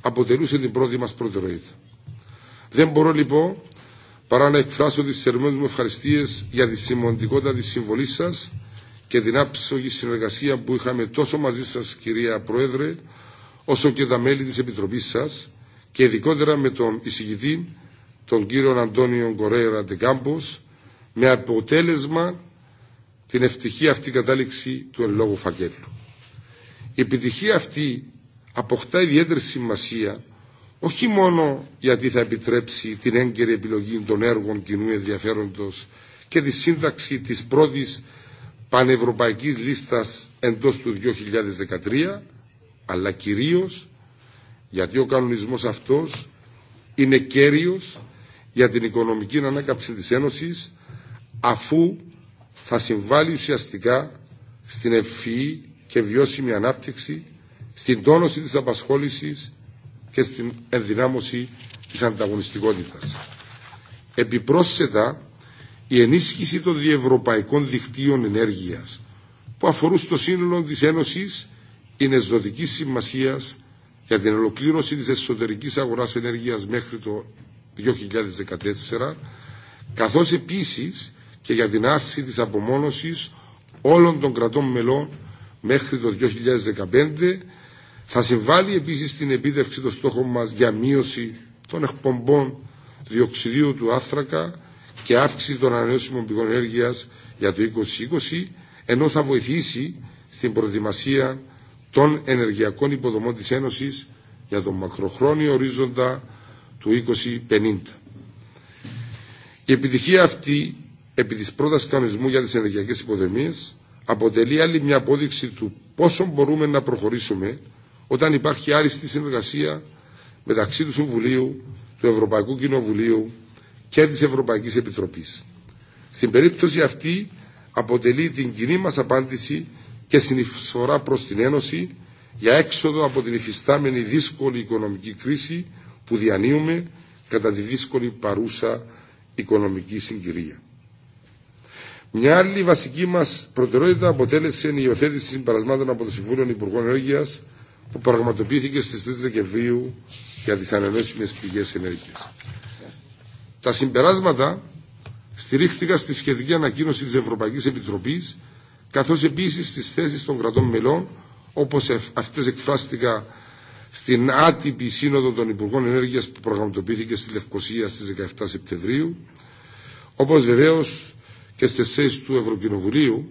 Speaker 5: αποτελούσε την πρώτη μας προτεραιότητα. Δεν μπορώ λοιπόν παρά να εκφράσω τι θερμέ μου ευχαριστίες για τη σημαντικότητα τη συμβολή σα και την άψογη συνεργασία που είχαμε τόσο μαζί σα, κυρία Πρόεδρε όσο και τα μέλη τη επιτροπή σα και ειδικότερα με τον εισηγητή τον κύριο Αντώνιο Κορέρα Τεκάμπος με αποτέλεσμα την ευτυχή αυτή κατάληξη του εν λόγω φακέλου. Η επιτυχία αυτή αποκτά ιδιαίτερη σημασία όχι μόνο γιατί θα επιτρέψει την έγκαιρη επιλογή των έργων κοινού ενδιαφέροντος και τη σύνταξη της πρώτης πανευρωπαϊκής λίστας εντός του 2013, αλλά κυρίως γιατί ο κανονισμός αυτός είναι κέριος για την οικονομική ανάκαμψη της Ένωσης αφού θα συμβάλλει ουσιαστικά στην ευφυή και βιώσιμη ανάπτυξη, στην τόνωση της απασχόλησης και στην ενδυνάμωση της ανταγωνιστικότητας. Επιπρόσθετα, η ενίσχυση των διευρωπαϊκών δικτύων ενέργειας που αφορούν στο σύνολο της Ένωσης είναι ζωτική σημασίας για την ολοκλήρωση της εσωτερικής αγοράς ενέργειας μέχρι το 2014, καθώς επίσης και για την άρση της απομόνωσης όλων των κρατών μελών μέχρι το 2015, θα συμβάλλει επίσης στην επίτευξη των στόχων μας για μείωση των εκπομπών διοξιδίου του άνθρακα και αύξηση των ανανεώσιμων πηγών ενέργειας για το 2020, ενώ θα βοηθήσει στην προετοιμασία των ενεργειακών υποδομών της Ένωσης για τον μακροχρόνιο ορίζοντα του 2050. Η επιτυχία αυτή επί της πρώτας κανονισμού για τις ενεργειακές υποδομίες αποτελεί άλλη μια απόδειξη του πόσο μπορούμε να προχωρήσουμε όταν υπάρχει άριστη συνεργασία μεταξύ του Συμβουλίου, του Ευρωπαϊκού Κοινοβουλίου και της Ευρωπαϊκής Επιτροπής. Στην περίπτωση αυτή αποτελεί την κοινή μας απάντηση και συνεισφορά προς την Ένωση για έξοδο από την υφιστάμενη δύσκολη οικονομική κρίση που διανύουμε κατά τη δύσκολη παρούσα οικονομική συγκυρία. Μια άλλη βασική μα προτεραιότητα αποτέλεσε η υιοθέτηση συμπερασμάτων από το Συμβούλιο Υπουργών Ενέργεια που πραγματοποιήθηκε στι 3 Δεκεμβρίου για τι ανανεώσιμε πηγέ ενέργεια. Τα συμπεράσματα στηρίχθηκαν στη σχετική ανακοίνωση τη Ευρωπαϊκή Επιτροπή καθώ επίση στι θέσει των κρατών μελών όπω αυτέ εκφράστηκαν στην άτυπη σύνοδο των Υπουργών Ενέργειας που προγραμματοποιήθηκε στη Λευκοσία στις 17 Σεπτεμβρίου, όπως βεβαίως και στις θέσεις του Ευρωκοινοβουλίου,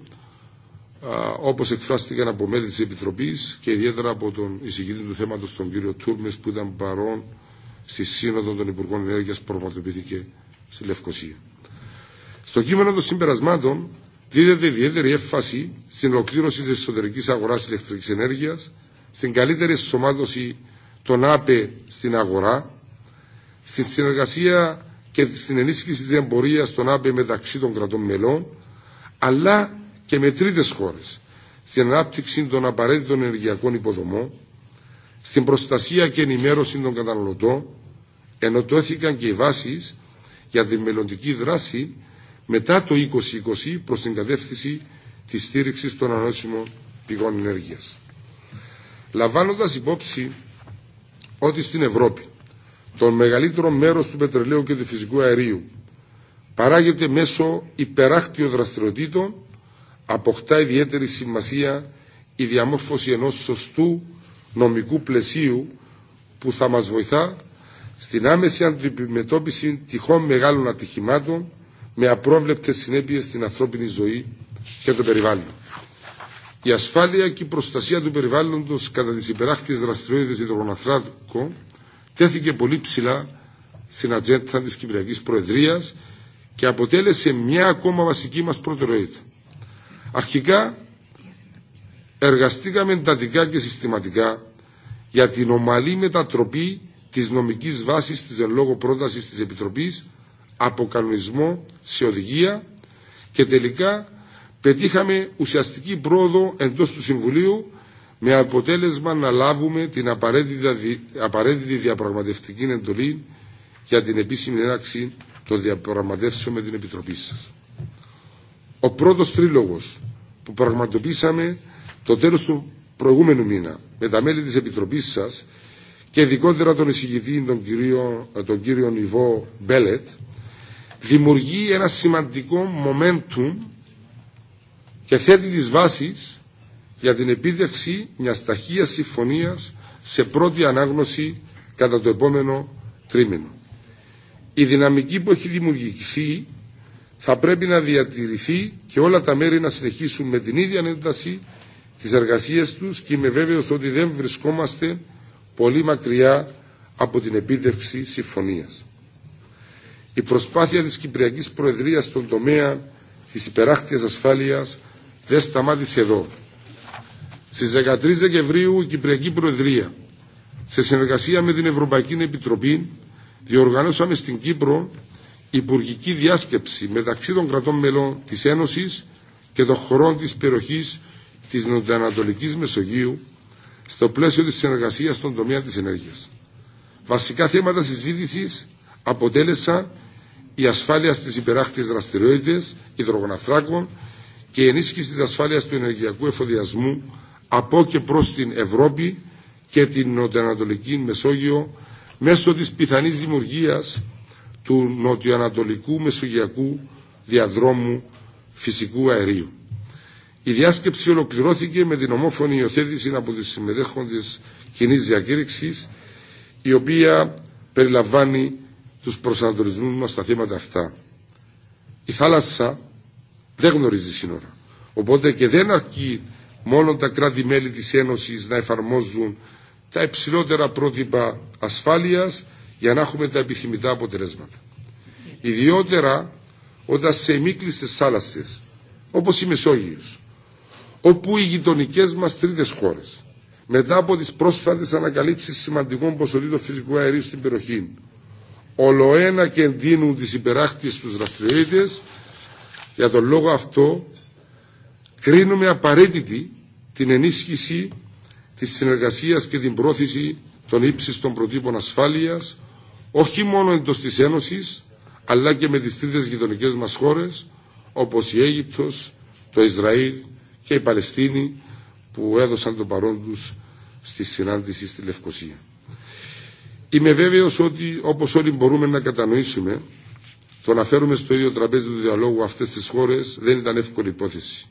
Speaker 5: όπως εκφράστηκαν από μέλη της Επιτροπής και ιδιαίτερα από τον εισηγητή του θέματος, τον κύριο Τούρμες, που ήταν παρόν στη Σύνοδο των Υπουργών Ενέργειας που προγραμματοποιήθηκε στη Λευκοσία. Στο κείμενο των συμπερασμάτων δίδεται ιδιαίτερη έφαση στην ολοκλήρωση της εσωτερικής αγοράς ηλεκτρικής ενέργειας στην καλύτερη σωμάτωση των ΑΠΕ στην αγορά, στη συνεργασία και στην ενίσχυση της εμπορίας των ΑΠΕ μεταξύ των κρατών μελών, αλλά και με τρίτες χώρες, στην ανάπτυξη των απαραίτητων ενεργειακών υποδομών, στην προστασία και ενημέρωση των καταναλωτών, ενωτώθηκαν και οι βάσεις για τη μελλοντική δράση μετά το 2020 προς την κατεύθυνση της στήριξης των ανώσιμων πηγών ενέργειας λαμβάνοντας υπόψη ότι στην Ευρώπη το μεγαλύτερο μέρος του πετρελαίου και του φυσικού αερίου παράγεται μέσω υπεράχτιων δραστηριοτήτων, αποκτά ιδιαίτερη σημασία η διαμόρφωση ενός σωστού νομικού πλαισίου που θα μας βοηθά στην άμεση αντιμετώπιση τυχών μεγάλων ατυχημάτων με απρόβλεπτες συνέπειες στην ανθρώπινη ζωή και το περιβάλλον. Η ασφάλεια και η προστασία του περιβάλλοντος κατά τις δραστηριότητας δραστηριότητες υδρογοναθράκων τέθηκε πολύ ψηλά στην ατζέντα της Κυπριακής Προεδρίας και αποτέλεσε μια ακόμα βασική μας προτεραιότητα. Αρχικά εργαστήκαμε εντατικά και συστηματικά για την ομαλή μετατροπή της νομικής βάσης της εν λόγω πρότασης της Επιτροπής από κανονισμό σε οδηγία και τελικά πετύχαμε ουσιαστική πρόοδο εντός του Συμβουλίου με αποτέλεσμα να λάβουμε την απαραίτητη διαπραγματευτική εντολή για την επίσημη έναξη των διαπραγματεύσεων με την Επιτροπή σας. Ο πρώτος τρίλογος που πραγματοποιήσαμε το τέλος του προηγούμενου μήνα με τα μέλη της Επιτροπής σας και ειδικότερα τον εισηγητή τον κύριο, τον κύριο Μπέλετ δημιουργεί ένα σημαντικό momentum και θέτει τις βάσεις για την επίδευξη μιας ταχείας συμφωνίας σε πρώτη ανάγνωση κατά το επόμενο τρίμηνο. Η δυναμική που έχει δημιουργηθεί θα πρέπει να διατηρηθεί και όλα τα μέρη να συνεχίσουν με την ίδια ένταση τις εργασίες τους και είμαι βέβαιος ότι δεν βρισκόμαστε πολύ μακριά από την επίδευξη συμφωνίας. Η προσπάθεια της Κυπριακής Προεδρίας στον τομέα της υπεράκτιας ασφάλειας δεν σταμάτησε εδώ. Στι 13 Δεκεμβρίου η Κυπριακή Προεδρία σε συνεργασία με την Ευρωπαϊκή Επιτροπή διοργανώσαμε στην Κύπρο υπουργική διάσκεψη μεταξύ των κρατών μελών της Ένωσης και των χωρών τη περιοχή της Νοτιοανατολικής Μεσογείου στο πλαίσιο της συνεργασία στον τομέα της ενέργεια. Βασικά θέματα συζήτηση αποτέλεσαν η ασφάλεια στις υπεράχτης δραστηριότητες υδρογοναθράκων, και ενίσχυση της ασφάλειας του ενεργειακού εφοδιασμού από και προς την Ευρώπη και την Νοτιοανατολική Μεσόγειο μέσω της πιθανής δημιουργίας του Νοτιοανατολικού Μεσογειακού Διαδρόμου Φυσικού Αερίου. Η διάσκεψη ολοκληρώθηκε με την ομόφωνη υιοθέτηση από τις συμμετέχοντες κοινή διακήρυξης, η οποία περιλαμβάνει τους προσανατολισμούς μας στα θέματα αυτά. Η θάλασσα δεν γνωρίζει σύνορα. Οπότε και δεν αρκεί μόνο τα κράτη-μέλη της Ένωσης να εφαρμόζουν τα υψηλότερα πρότυπα ασφάλειας για να έχουμε τα επιθυμητά αποτελέσματα. Ιδιότερα όταν σε εμίκλειστες θάλασσες, όπως η Μεσόγειος, όπου οι γειτονικέ μας τρίτες χώρες, μετά από τις πρόσφατες ανακαλύψεις σημαντικών ποσοτήτων φυσικού αερίου στην περιοχή, ολοένα και εντείνουν τις υπεράκτιες τους δραστηριότητες για τον λόγο αυτό κρίνουμε απαραίτητη την ενίσχυση της συνεργασίας και την πρόθεση των ύψιστων προτύπων ασφάλειας όχι μόνο εντός της Ένωσης αλλά και με τις τρίτες γειτονικές μας χώρες όπως η Αίγυπτος, το Ισραήλ και η Παλαιστίνη που έδωσαν τον παρόν τους στη συνάντηση στη Λευκοσία. Είμαι βέβαιος ότι όπως όλοι μπορούμε να κατανοήσουμε το να φέρουμε στο ίδιο τραπέζι του διαλόγου αυτέ τι χώρε δεν ήταν εύκολη υπόθεση.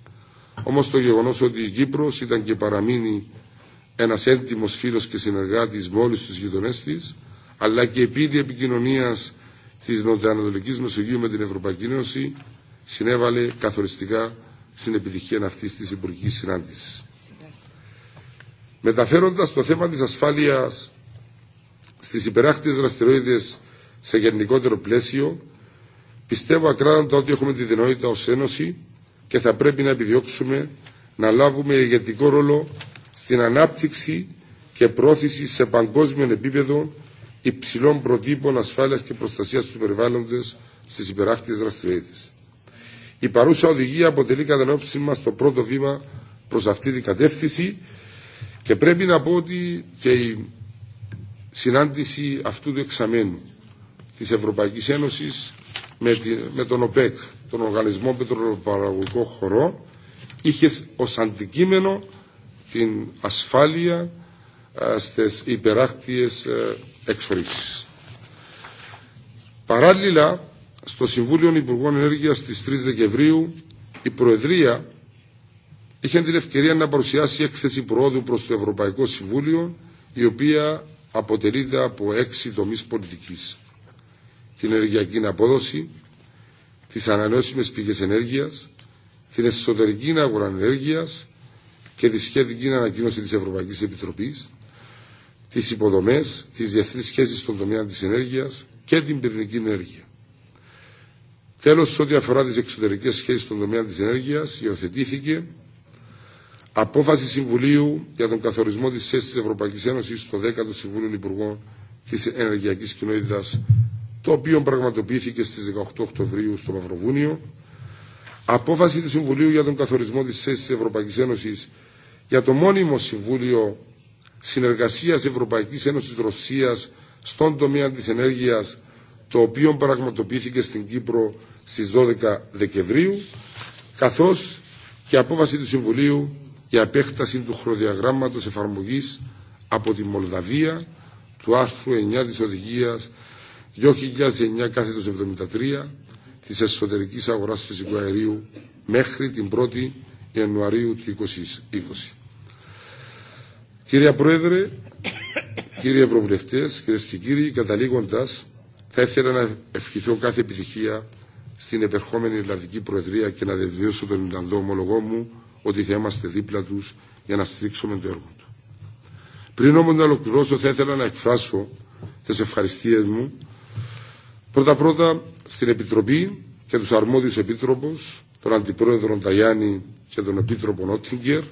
Speaker 5: Όμω το γεγονό ότι η Κύπρο ήταν και παραμείνει ένα έντιμο φίλο και συνεργάτη με όλου του γειτονέ τη, αλλά και επίδη επικοινωνία τη Νοτιοανατολική Μεσογείου με την Ευρωπαϊκή Ένωση συνέβαλε καθοριστικά στην επιτυχία αυτή τη υπουργική συνάντηση. Μεταφέροντα το θέμα τη ασφάλεια στι υπεράκτιε δραστηριότητε σε γενικότερο πλαίσιο, Πιστεύω ακράδαντα ότι έχουμε τη δυνατότητα ως Ένωση και θα πρέπει να επιδιώξουμε να λάβουμε ηγετικό ρόλο στην ανάπτυξη και πρόθεση σε παγκόσμιο επίπεδο υψηλών προτύπων ασφάλειας και προστασίας του περιβάλλοντος στις υπεράκτητες δραστηριότητες. Η παρούσα οδηγία αποτελεί κατά νόψη μας το πρώτο βήμα προς αυτή την κατεύθυνση και πρέπει να πω ότι και η συνάντηση αυτού του εξαμένου της Ευρωπαϊκής Ένωσης με τον ΟΠΕΚ, τον Οργανισμό Πετροπαραγωγικό Χωρό, είχε ως αντικείμενο την ασφάλεια ε, στις υπεράκτιες ε, εξορίξεις. Παράλληλα, στο Συμβούλιο Υπουργών Ενέργειας στις 3 Δεκεμβρίου, η Προεδρία είχε την ευκαιρία να παρουσιάσει έκθεση προόδου προς το Ευρωπαϊκό Συμβούλιο, η οποία αποτελείται από έξι τομείς πολιτικής την ενεργειακή απόδοση, τις ανανεώσιμες πηγές ενέργειας, την εσωτερική αγορά ενέργειας και τη σχετική ανακοίνωση της Ευρωπαϊκής Επιτροπής, τις υποδομές, τις διεθνείς σχέσεις στον τομέα της ενέργειας και την πυρηνική ενέργεια. Τέλος, ό,τι αφορά τις εξωτερικές σχέσεις στον τομέα της ενέργειας, υιοθετήθηκε απόφαση Συμβουλίου για τον καθορισμό της θέσης της Ευρωπαϊκής Ένωσης στο 10ο Συμβούλιο Υπουργών της Ενεργειακής Κοινότητας το οποίο πραγματοποιήθηκε στις 18 Οκτωβρίου στο Μαυροβούνιο, απόφαση του Συμβουλίου για τον καθορισμό της θέσης Ευρωπαϊκής Ένωσης για το μόνιμο Συμβούλιο Συνεργασίας Ευρωπαϊκής Ένωσης Ρωσίας στον τομέα της ενέργειας, το οποίο πραγματοποιήθηκε στην Κύπρο στις 12 Δεκεμβρίου, καθώς και απόφαση του Συμβουλίου για επέκταση του χρονοδιαγράμματο εφαρμογής από τη Μολδαβία του άρθρου 9 της Οδηγίας 2009 κάθετος 73 της εσωτερικής αγοράς φυσικού αερίου μέχρι την 1η Ιανουαρίου του 2020. Κύριε Πρόεδρε, κύριοι Ευρωβουλευτές, κυρίες και κύριοι, καταλήγοντας, θα ήθελα να ευχηθώ κάθε επιτυχία στην επερχόμενη Ελλαδική Προεδρία και να διαβιώσω τον Ιρλανδό ομολογό μου ότι θα είμαστε δίπλα τους για να στηρίξουμε το έργο του. Πριν όμως να ολοκληρώσω θα ήθελα να εκφράσω τις ευχαριστίες μου Πρώτα-πρώτα στην Επιτροπή και τους αρμόδιους επίτροπους, τον Αντιπρόεδρο Ταγιάννη και τον Επίτροπο Νότιγκερ,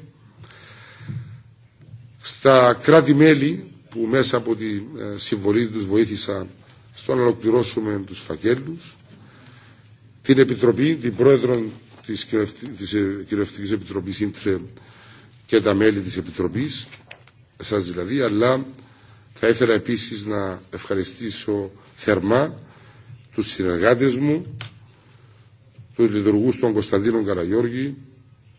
Speaker 5: στα κράτη-μέλη που μέσα από τη ε, συμβολή τους βοήθησαν στο να ολοκληρώσουμε τους φακέλους, την Επιτροπή, την Πρόεδρο της ε, Κυριευτικής Επιτροπής Ίντρε και τα μέλη της Επιτροπής, σας δηλαδή, αλλά θα ήθελα επίσης να ευχαριστήσω θερμά τους συνεργάτες μου, τους λειτουργούς των Κωνσταντίνων Καραγιώργη,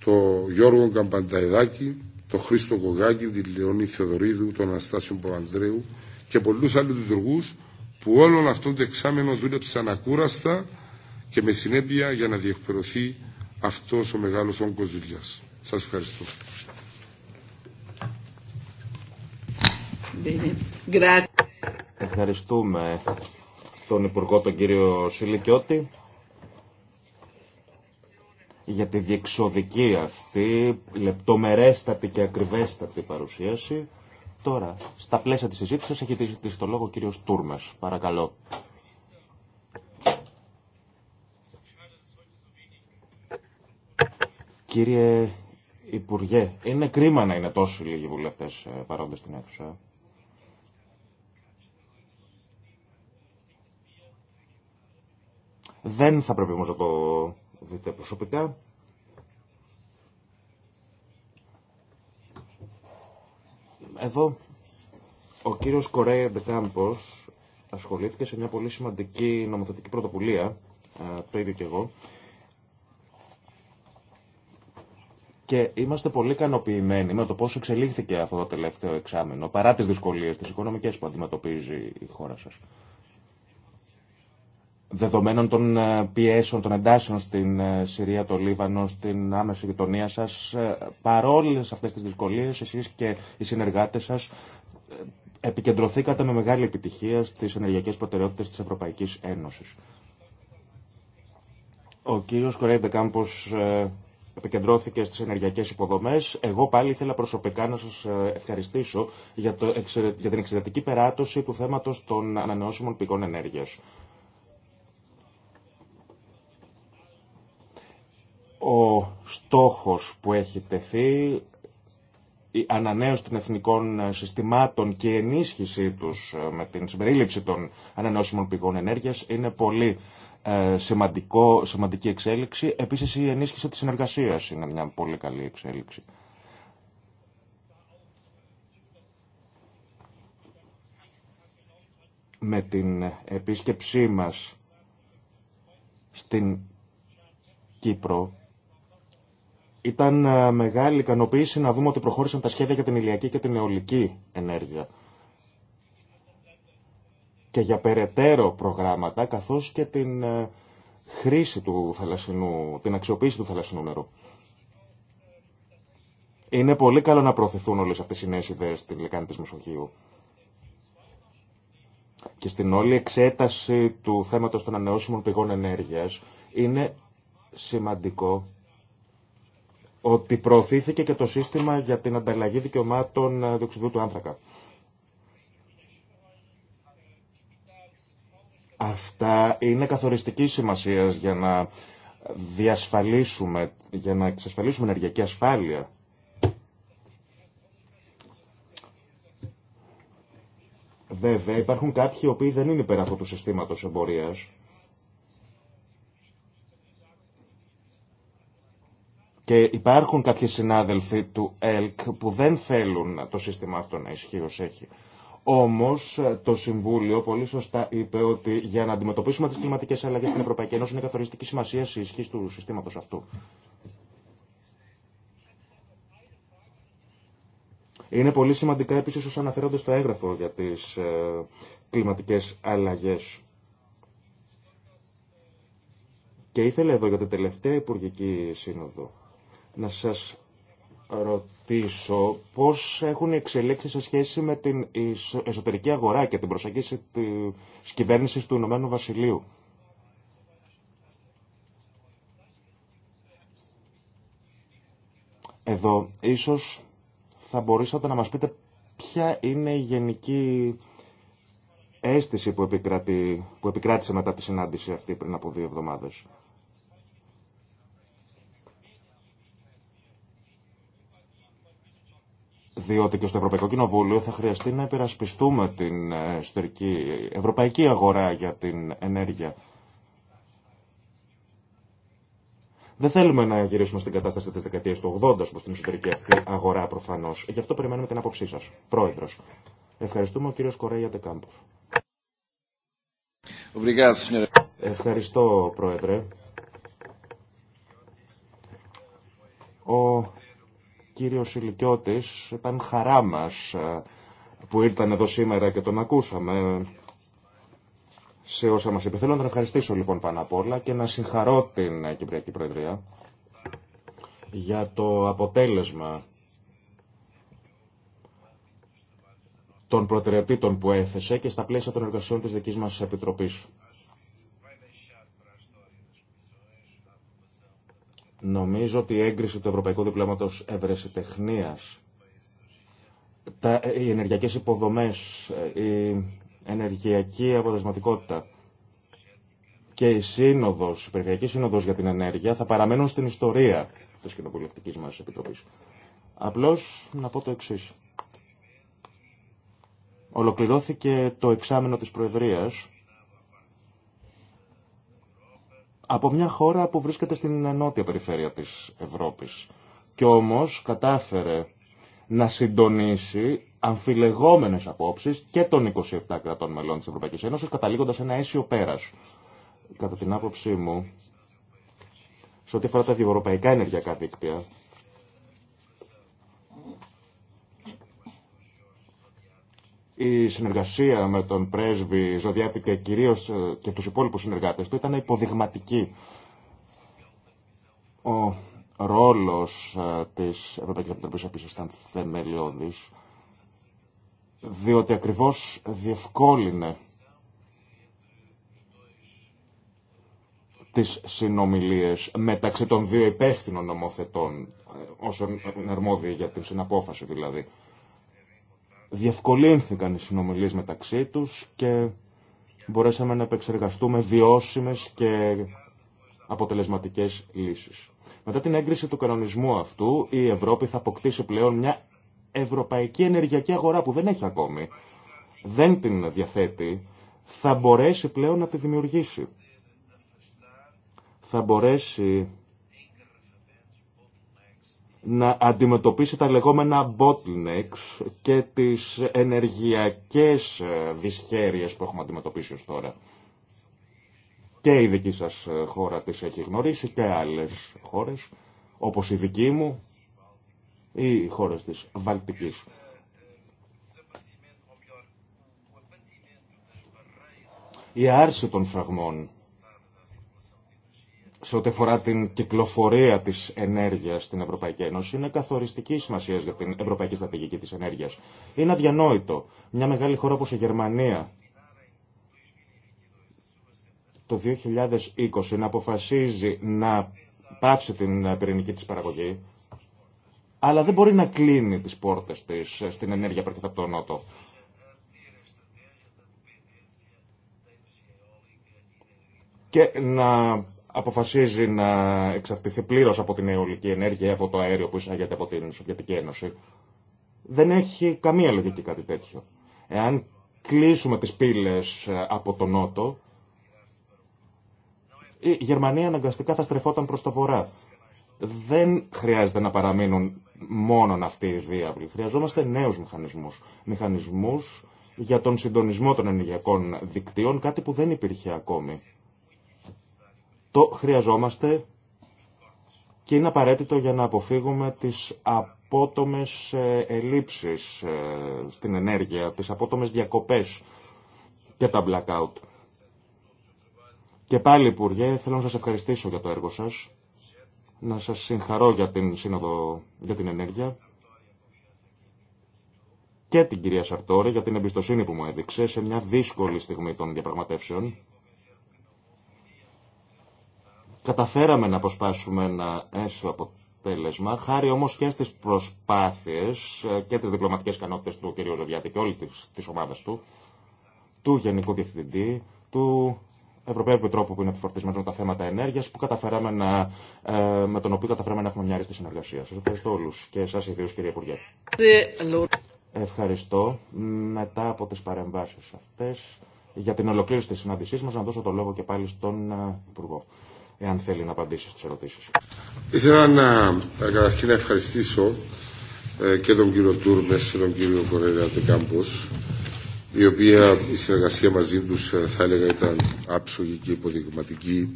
Speaker 5: το Γιώργο Καμπανταϊδάκη, το Χρήστο Κογάκη, τη Λεωνή Θεοδωρίδου, τον Αναστάσιο Παπανδρέου και πολλούς άλλους λειτουργούς που όλον αυτό το εξάμενο δούλεψαν ακούραστα και με συνέπεια για να διεκπαιρωθεί αυτός ο μεγάλος όγκος δουλειά. Σας ευχαριστώ.
Speaker 4: Ευχαριστούμε τον Υπουργό τον κύριο Σιλικιώτη για τη διεξοδική αυτή, λεπτομερέστατη και ακριβέστατη παρουσίαση. Τώρα, στα πλαίσια της συζήτησης έχει ζητήσει το λόγο ο κύριος Τούρμες. Παρακαλώ. Κύριε Υπουργέ, είναι κρίμα να είναι τόσοι λίγοι βουλευτές ε, παρόντες στην αίθουσα. Δεν θα πρέπει όμως να το δείτε προσωπικά. Εδώ ο κύριος Κορέα Ντεκάμπος ασχολήθηκε σε μια πολύ σημαντική νομοθετική πρωτοβουλία, το ίδιο και εγώ, Και είμαστε πολύ ικανοποιημένοι με το πώ εξελίχθηκε αυτό το τελευταίο εξάμεινο, παρά τις δυσκολίες, τις οικονομικέ που αντιμετωπίζει η χώρα σας δεδομένων των ε, πιέσεων, των εντάσεων στην ε, Συρία, το Λίβανο, στην άμεση γειτονία σα, ε, παρόλε αυτέ τι δυσκολίε, εσεί και οι συνεργάτε σα επικεντρωθήκατε με μεγάλη επιτυχία στι ενεργειακέ προτεραιότητε τη Ευρωπαϊκή Ένωση. Ο κύριο Κορέιντε Κάμπο επικεντρώθηκε στις ενεργειακές υποδομές. Εγώ πάλι ήθελα προσωπικά να σας ευχαριστήσω για, το, για την εξαιρετική περάτωση του θέματος των ανανεώσιμων πηγών ενέργειας. ο στόχος που έχει τεθεί, η ανανέωση των εθνικών συστημάτων και η ενίσχυσή τους ε, με την συμπερίληψη των ανανεώσιμων πηγών ενέργειας είναι πολύ ε, σημαντικό, σημαντική εξέλιξη. Επίσης η ενίσχυση της συνεργασίας είναι μια πολύ καλή εξέλιξη. Με την επίσκεψή μας στην Κύπρο ήταν ε, μεγάλη ικανοποίηση να δούμε ότι προχώρησαν τα σχέδια για την ηλιακή και την αιωλική ενέργεια και για περαιτέρω προγράμματα, καθώς και την ε, χρήση του θαλασσινού, την αξιοποίηση του θαλασσινού νερού. Είναι πολύ καλό να προωθηθούν όλες αυτές οι νέες ιδέες στην λεκάνη της Μεσογείου. Και στην όλη εξέταση του θέματος των ανανεώσιμων πηγών ενέργειας είναι σημαντικό ότι προωθήθηκε και το σύστημα για την ανταλλαγή δικαιωμάτων ε, διοξιδίου του άνθρακα. Αυτά είναι καθοριστική σημασία για να διασφαλίσουμε, για να εξασφαλίσουμε ενεργειακή ασφάλεια. Βέβαια, υπάρχουν κάποιοι οποίοι δεν είναι υπέρ αυτού του συστήματος εμπορίας Και υπάρχουν κάποιοι συνάδελφοι του ΕΛΚ που δεν θέλουν το σύστημα αυτό να ισχύει ως έχει. Όμως το Συμβούλιο πολύ σωστά είπε ότι για να αντιμετωπίσουμε τις κλιματικές αλλαγές στην Ευρωπαϊκή Ένωση είναι καθοριστική σημασία η ισχύ του συστήματος αυτού. Είναι πολύ σημαντικά επίση όσο αναφέρονται στο έγγραφο για τις ε, κλιματικέ αλλαγέ. Και ήθελε εδώ για την τελευταία Υπουργική Σύνοδο να σας ρωτήσω πώς έχουν εξελίξει σε σχέση με την εσωτερική αγορά και την προσέγγιση της κυβέρνηση του Ηνωμένου Βασιλείου. Εδώ ίσως θα μπορούσατε να μας πείτε ποια είναι η γενική αίσθηση που, που επικράτησε μετά τη συνάντηση αυτή πριν από δύο εβδομάδες. διότι και στο Ευρωπαϊκό Κοινοβούλιο θα χρειαστεί να υπερασπιστούμε την ε, εσωτερική ευρωπαϊκή αγορά για την ενέργεια. Δεν θέλουμε να γυρίσουμε στην κατάσταση τη δεκαετία του 80 όπω την εσωτερική αυτή αγορά προφανώ. Γι' αυτό περιμένουμε την άποψή σα. Πρόεδρο. Ευχαριστούμε ο κύριο Κορέα Τεκάμπο. Ευχαριστώ, Πρόεδρε. Κύριο Ηλικιώτης, ήταν χαρά μας ε, που ήρθαν εδώ σήμερα και τον ακούσαμε σε όσα μας είπε. να τον ευχαριστήσω λοιπόν πάνω απ' όλα και να συγχαρώ την Κυπριακή Προεδρία για το αποτέλεσμα των προτεραιοτήτων που έθεσε και στα πλαίσια των εργασιών της δικής μας Επιτροπής. Νομίζω ότι η έγκριση του Ευρωπαϊκού Διπλώματο ευρεσιτεχνία, ε, οι ενεργειακές υποδομέ, ε, η ενεργειακή αποτελεσματικότητα και η σύνοδος, η περιφερειακή σύνοδος για την ενέργεια θα παραμένουν στην ιστορία τη κοινοβουλευτική μα επιτροπή. Απλώς να πω το εξή. Ολοκληρώθηκε το εξάμεινο της Προεδρίας από μια χώρα που βρίσκεται στην νότια περιφέρεια της Ευρώπης. και όμως κατάφερε να συντονίσει αμφιλεγόμενες απόψεις και των 27 κρατών μελών της Ευρωπαϊκής Ένωσης, καταλήγοντας ένα αίσιο πέρας. Κατά την άποψή μου, σε ό,τι αφορά τα διευρωπαϊκά ενεργειακά δίκτυα, Η συνεργασία με τον πρέσβη Ζωδιάτη και κυρίως ε, και τους υπόλοιπου συνεργάτες του ήταν υποδειγματική. Ο ρόλος ε, της Ευρωπαϊκή Επιτροπή επίσης ήταν θεμελιώδη, διότι ακριβώς διευκόλυνε τις συνομιλίες μεταξύ των δύο υπεύθυνων νομοθετών, ε, όσων είναι αρμόδιοι για την συναπόφαση δηλαδή διευκολύνθηκαν οι συνομιλίες μεταξύ τους και μπορέσαμε να επεξεργαστούμε βιώσιμες και αποτελεσματικές λύσεις. Μετά την έγκριση του κανονισμού αυτού, η Ευρώπη θα αποκτήσει πλέον μια ευρωπαϊκή ενεργειακή αγορά που δεν έχει ακόμη. Δεν την διαθέτει. Θα μπορέσει πλέον να τη δημιουργήσει. Θα μπορέσει να αντιμετωπίσει τα λεγόμενα bottlenecks και τις ενεργειακές ε, δυσχέρειες που έχουμε αντιμετωπίσει ως τώρα. Και η δική σας ε, χώρα τις έχει γνωρίσει και άλλες χώρες, όπως η δική μου ή οι χώρες της Βαλτικής. Η άρση των φραγμών σε ό,τι αφορά την κυκλοφορία της ενέργειας στην Ευρωπαϊκή Ένωση είναι καθοριστική σημασία για την Ευρωπαϊκή Στρατηγική της Ενέργειας. Είναι αδιανόητο μια μεγάλη χώρα όπως η Γερμανία το 2020 να αποφασίζει να πάψει την πυρηνική της παραγωγή αλλά δεν μπορεί να κλείνει τις πόρτες της στην ενέργεια που έρχεται από τον Νότο. και να αποφασίζει να εξαρτηθεί πλήρω από την αιωλική ενέργεια, από το αέριο που εισάγεται από την Σοβιετική Ένωση. Δεν έχει καμία λογική κάτι τέτοιο. Εάν κλείσουμε τις πύλες ε, από τον Νότο, η Γερμανία αναγκαστικά θα στρεφόταν προς το Βορρά. Δεν χρειάζεται να παραμείνουν μόνον αυτοί οι διάβλοι. Χρειαζόμαστε νέους μηχανισμούς. Μηχανισμούς για τον συντονισμό των ενεργειακών δικτύων, κάτι που δεν υπήρχε ακόμη. Το χρειαζόμαστε και είναι απαραίτητο για να αποφύγουμε τις απότομες ε, ελλείψεις ε, στην ενέργεια, τις απότομες διακοπές και τα blackout. Και πάλι, Υπουργέ, θέλω να σας ευχαριστήσω για το έργο σας, να σας συγχαρώ για την Σύνοδο για την Ενέργεια και την κυρία Σαρτόρη για την εμπιστοσύνη που μου έδειξε σε μια δύσκολη στιγμή των διαπραγματεύσεων. Καταφέραμε να αποσπάσουμε ένα έσω αποτέλεσμα, χάρη όμως και στις προσπάθειες ε, και τις διπλωματικές ικανότητες του κ. Ζωδιάτη και όλη της, της του, του Γενικού Διευθυντή, του Ευρωπαίου Επιτρόπου που είναι επιφορτισμένο με τα θέματα ενέργεια, που καταφέραμε να, ε, με τον οποίο καταφέραμε να έχουμε μια άριστη συνεργασία. Σα ευχαριστώ όλου και εσά ιδίω, κύριε Υπουργέ. Ευχαριστώ. Μετά από τι παρεμβάσει αυτέ, για την ολοκλήρωση τη συνάντησή μα, να δώσω το λόγο και πάλι στον ε, Υπουργό εάν θέλει να απαντήσει στις ερωτήσεις.
Speaker 5: Ήθελα να, ε, καταρχήν να ευχαριστήσω ε, και τον κύριο Τούρμες και τον κύριο Κορέλια Τεκάμπος η οποία η συνεργασία μαζί τους ε, θα έλεγα ήταν άψογη και υποδειγματική.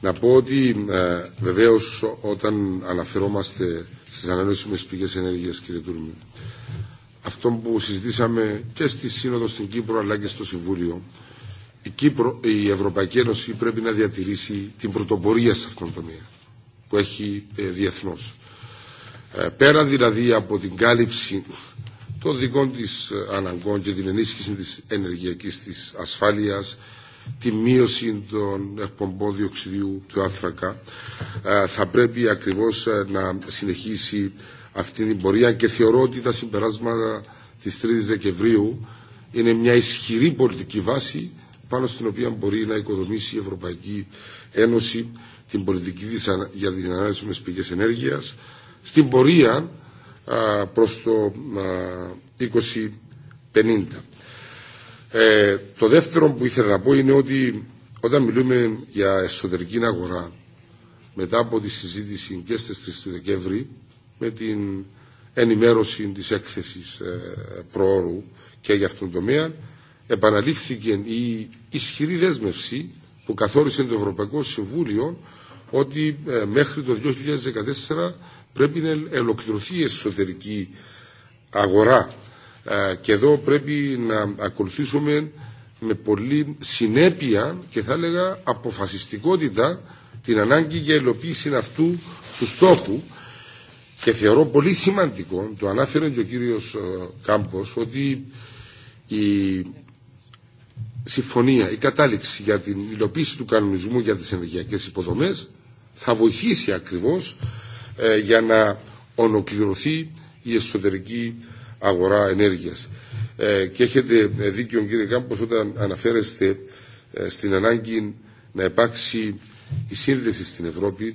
Speaker 5: Να πω ότι ε, βεβαίως όταν αναφερόμαστε στις ανανεώσιμες πηγές ενέργειας κύριε Τούρμη αυτό που συζητήσαμε και στη Σύνοδο στην Κύπρο αλλά και στο Συμβούλιο η, Ευρωπαϊκή Ένωση πρέπει να διατηρήσει την πρωτοπορία σε αυτόν τον τομέα που έχει ε, διεθνώς. Ε, πέρα δηλαδή από την κάλυψη των δικών της ε, αναγκών και την ενίσχυση της ενεργειακής της ασφάλειας, τη μείωση των εκπομπών διοξιδίου του άνθρακα, ε, θα πρέπει ακριβώς να συνεχίσει αυτή την πορεία και θεωρώ ότι τα συμπεράσματα της 3 Δεκεμβρίου είναι μια ισχυρή πολιτική βάση πάνω στην οποία μπορεί να οικοδομήσει η Ευρωπαϊκή Ένωση την πολιτική της για τις ανάλυσιμες πηγές ενέργειας στην πορεία προς το 2050. Ε, το δεύτερο που ήθελα να πω είναι ότι όταν μιλούμε για εσωτερική αγορά μετά από τη συζήτηση και στις 3 του Δεκέμβρη με την ενημέρωση της έκθεσης ε, προώρου και για αυτόν τον τομέα επαναλήφθηκε η ισχυρή δέσμευση που καθόρισε το Ευρωπαϊκό Συμβούλιο ότι ε, μέχρι το 2014 πρέπει να ελοκληρωθεί η εσωτερική αγορά ε, και εδώ πρέπει να ακολουθήσουμε με πολύ συνέπεια και θα έλεγα αποφασιστικότητα την ανάγκη για ελοποίηση αυτού του στόχου και θεωρώ πολύ σημαντικό, το ανάφερε και ο κύριος ε, Κάμπος, ότι συμφωνία, η κατάληξη για την υλοποίηση του κανονισμού για τις ενεργειακές υποδομές θα βοηθήσει ακριβώς ε, για να ονοκληρωθεί η εσωτερική αγορά ενέργειας. Ε, και έχετε ε, δίκιο κύριε Κάμπος όταν αναφέρεστε ε, στην ανάγκη να υπάρξει η σύνδεση στην Ευρώπη.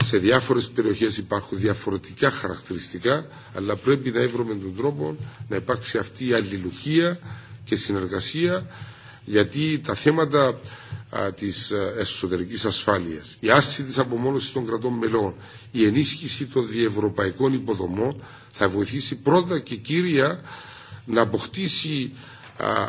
Speaker 5: Ε, σε διάφορες περιοχές υπάρχουν διαφορετικά χαρακτηριστικά, αλλά πρέπει να έβρουμε τον τρόπο να υπάρξει αυτή η αλληλουχία και συνεργασία γιατί τα θέματα α, της εσωτερικής ασφάλειας, η άσκηση της απομόνωσης των κρατών μελών, η ενίσχυση των διευρωπαϊκών υποδομών θα βοηθήσει πρώτα και κύρια να αποκτήσει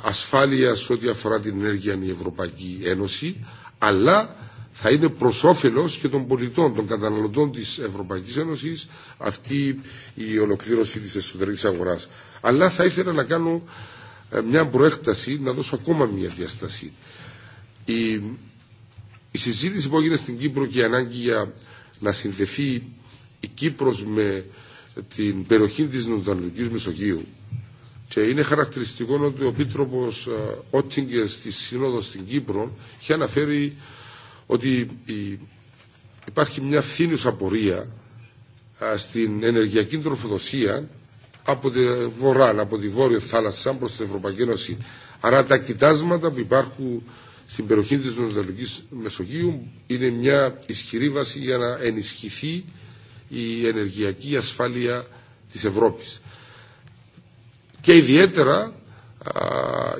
Speaker 5: ασφάλεια σε ό,τι αφορά την ενέργεια η Ευρωπαϊκή Ένωση, αλλά θα είναι προ όφελο και των πολιτών, των καταναλωτών τη Ευρωπαϊκή Ένωση αυτή η ολοκλήρωση τη εσωτερική αγορά. Αλλά θα ήθελα να κάνω ε, μια προέκταση, να δώσω ακόμα μια διαστασή. Η, η συζήτηση που έγινε στην Κύπρο και η ανάγκη για να συνδεθεί η Κύπρος με την περιοχή της Νοτανατολικής Μεσογείου και είναι χαρακτηριστικό ότι ο πίτροπος ε, Ότιγκερ στη Σύνοδο στην Κύπρο έχει αναφέρει ότι υπάρχει μια φθήνουσα πορεία ε, στην ενεργειακή τροφοδοσία από τη βορρά, από τη βόρεια θάλασσα προς την Ευρωπαϊκή Ένωση. Άρα τα κοιτάσματα που υπάρχουν στην περιοχή της Νοτιοδυτικής Μεσογείου είναι μια ισχυρή βάση για να ενισχυθεί η ενεργειακή ασφάλεια της Ευρώπης. Και ιδιαίτερα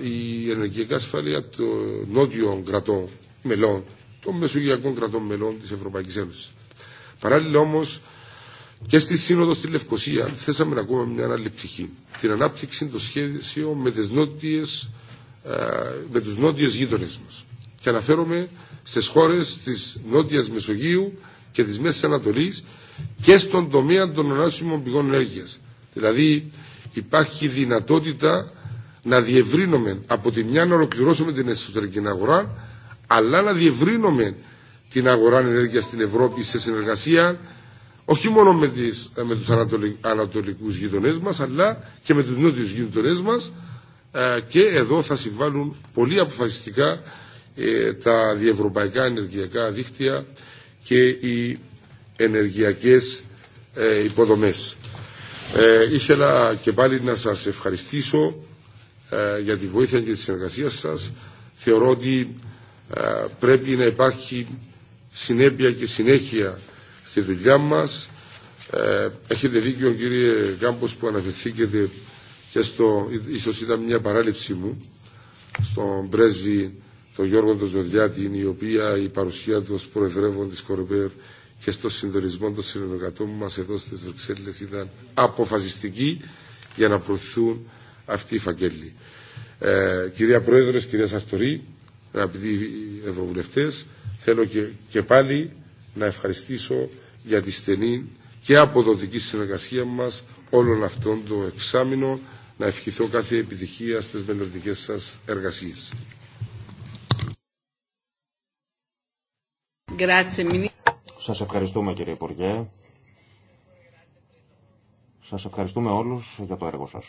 Speaker 5: η ενεργειακή ασφάλεια των νότιων κρατών μελών, των μεσογειακών κρατών μελών της Ευρωπαϊκής Ένωσης. Παράλληλα όμως και στη Σύνοδο στη Λευκοσία θέσαμε ακόμα μια άλλη Την ανάπτυξη το σχέδιο με, τις νότιες, ε, με τους νότιες γείτονες μας. Και αναφέρομαι στις χώρες της Νότιας Μεσογείου και της Μέσης Ανατολής και στον τομέα των ονάσιμων πηγών ενέργειας. Δηλαδή υπάρχει δυνατότητα να διευρύνουμε από τη μια να ολοκληρώσουμε την εσωτερική αγορά αλλά να διευρύνουμε την αγορά ενέργειας στην Ευρώπη σε συνεργασία όχι μόνο με, τις, ε, με τους ανατολικούς γειτονές μας αλλά και με τους νότιους γειτονές μας ε, και εδώ θα συμβάλλουν πολύ αποφασιστικά ε, τα διευρωπαϊκά ενεργειακά δίκτυα και οι ενεργειακές υποδομές. Ήθελα και πάλι να σας ευχαριστήσω για τη βοήθεια και τη συνεργασία σας. Θεωρώ ότι πρέπει να υπάρχει συνέπεια και συνέχεια στη δουλειά μας. Ε, έχετε δίκιο κύριε Γκάμπος, που αναφερθήκετε και στο, ίσως ήταν μια παράληψή μου, στον πρέσβη τον Γιώργο τον η οποία η παρουσία του ως Προεδρεύον της Κορομπέρ και στο συντονισμό των συνεργατών μας εδώ στις Βρυξέλλες ήταν αποφασιστική για να προωθούν αυτοί οι φακέλοι. Ε, κυρία Πρόεδρε, κυρία Σαστορή, αγαπητοί Ευρωβουλευτέ, θέλω και πάλι να ευχαριστήσω για τη στενή και αποδοτική συνεργασία μας όλων αυτών το εξάμεινο να ευχηθώ κάθε επιτυχία στις μελλοντικές σας εργασίες.
Speaker 4: Σας ευχαριστούμε κύριε Υπουργέ. Σας ευχαριστούμε όλους για το έργο σας.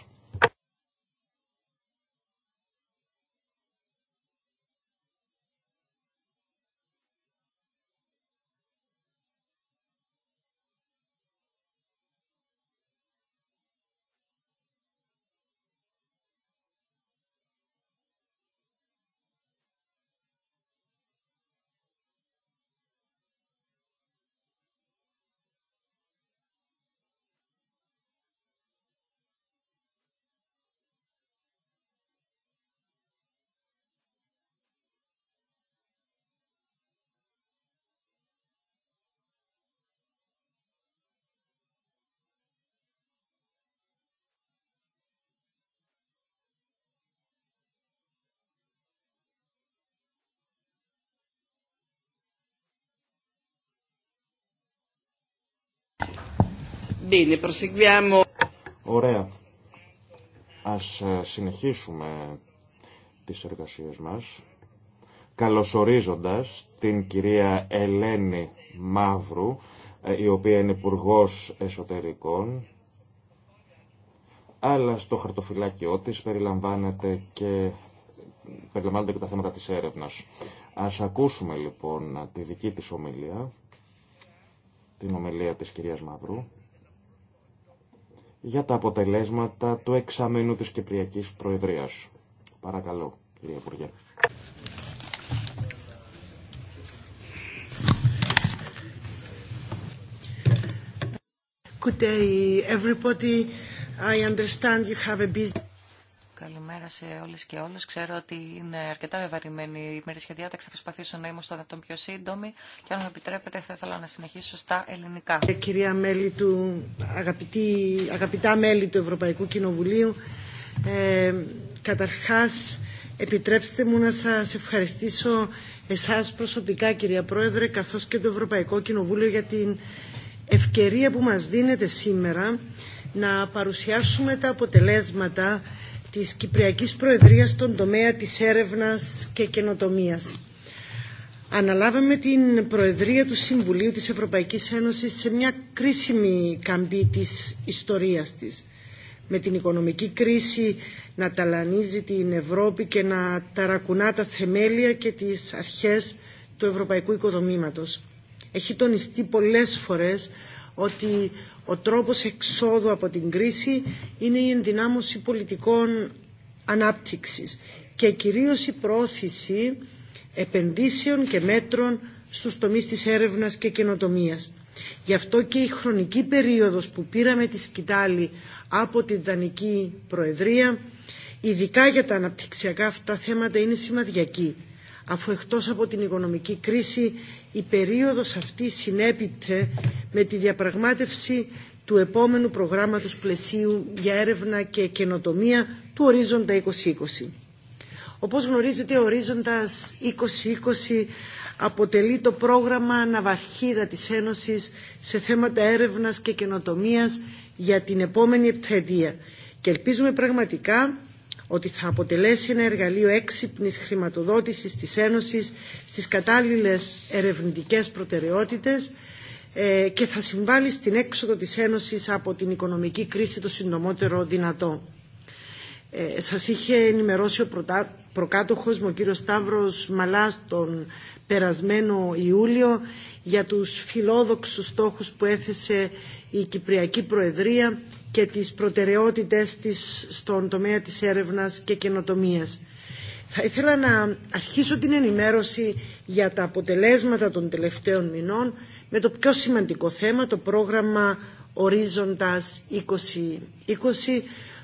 Speaker 1: Bene, proseguiamo.
Speaker 4: Ωραία. Ας ε, συνεχίσουμε τις εργασίες μας, καλωσορίζοντας την κυρία Ελένη Μαύρου, ε, η οποία είναι υπουργό Εσωτερικών, αλλά στο χαρτοφυλάκιό της περιλαμβάνεται και, περιλαμβάνονται και τα θέματα της έρευνας. Ας ακούσουμε λοιπόν τη δική της ομιλία, την ομιλία της κυρίας Μαύρου για τα αποτελέσματα του εξαμήνου της Κυπριακής Προεδρίας. Παρακαλώ, κύριε Υπουργέ.
Speaker 1: Good day, everybody. I understand you have a busy...
Speaker 3: Καλημέρα σε όλε και όλου. Ξέρω ότι είναι αρκετά βεβαρημένη η ημερήσια διάταξη. Θα προσπαθήσω να είμαι στον πιο σύντομη και αν μου επιτρέπετε θα ήθελα να συνεχίσω στα ελληνικά.
Speaker 1: Ε, κυρία μέλη του, αγαπητή, αγαπητά μέλη του Ευρωπαϊκού Κοινοβουλίου, ε, καταρχάς επιτρέψτε μου να σα ευχαριστήσω εσά προσωπικά κυρία Πρόεδρε καθώ και το Ευρωπαϊκό Κοινοβούλιο για την ευκαιρία που μας δίνεται σήμερα να παρουσιάσουμε τα αποτελέσματα της Κυπριακής Προεδρίας στον τομέα της έρευνας και καινοτομίας. Αναλάβαμε την Προεδρία του Συμβουλίου της Ευρωπαϊκής Ένωσης σε μια κρίσιμη καμπή της ιστορίας της. Με την οικονομική κρίση να ταλανίζει την Ευρώπη και να ταρακουνά τα θεμέλια και τις αρχές του ευρωπαϊκού οικοδομήματος. Έχει τονιστεί πολλές φορές ότι ο τρόπος εξόδου από την κρίση είναι η ενδυνάμωση πολιτικών ανάπτυξης και κυρίως η πρόθεση επενδύσεων και μέτρων στους τομείς της έρευνας και καινοτομίας. Γι' αυτό και η χρονική περίοδος που πήραμε τη σκητάλη από την Δανική Προεδρία, ειδικά για τα αναπτυξιακά αυτά θέματα, είναι σημαδιακή αφού εκτός από την οικονομική κρίση η περίοδος αυτή συνέπιπτε με τη διαπραγμάτευση του επόμενου προγράμματος πλαισίου για έρευνα και καινοτομία του Ορίζοντα 2020. Όπως γνωρίζετε, ο Ορίζοντας 2020 αποτελεί το πρόγραμμα αναβαρχίδα της Ένωσης σε θέματα έρευνας και καινοτομίας για την επόμενη επιθετία και ελπίζουμε πραγματικά ότι θα αποτελέσει ένα εργαλείο έξυπνης χρηματοδότησης της Ένωσης στις κατάλληλες ερευνητικές προτεραιότητες ε, και θα συμβάλλει στην έξοδο της Ένωσης από την οικονομική κρίση το συντομότερο δυνατό. Ε, σας είχε ενημερώσει ο προκάτοχος μου, ο κύριος Σταύρος Μαλάς, τον περασμένο Ιούλιο για τους φιλόδοξους στόχους που έθεσε η Κυπριακή Προεδρία και τις προτεραιότητες της στον τομέα της έρευνας και καινοτομίας. Θα ήθελα να αρχίσω την ενημέρωση για τα αποτελέσματα των τελευταίων μηνών με το πιο σημαντικό θέμα, το πρόγραμμα Ορίζοντας 2020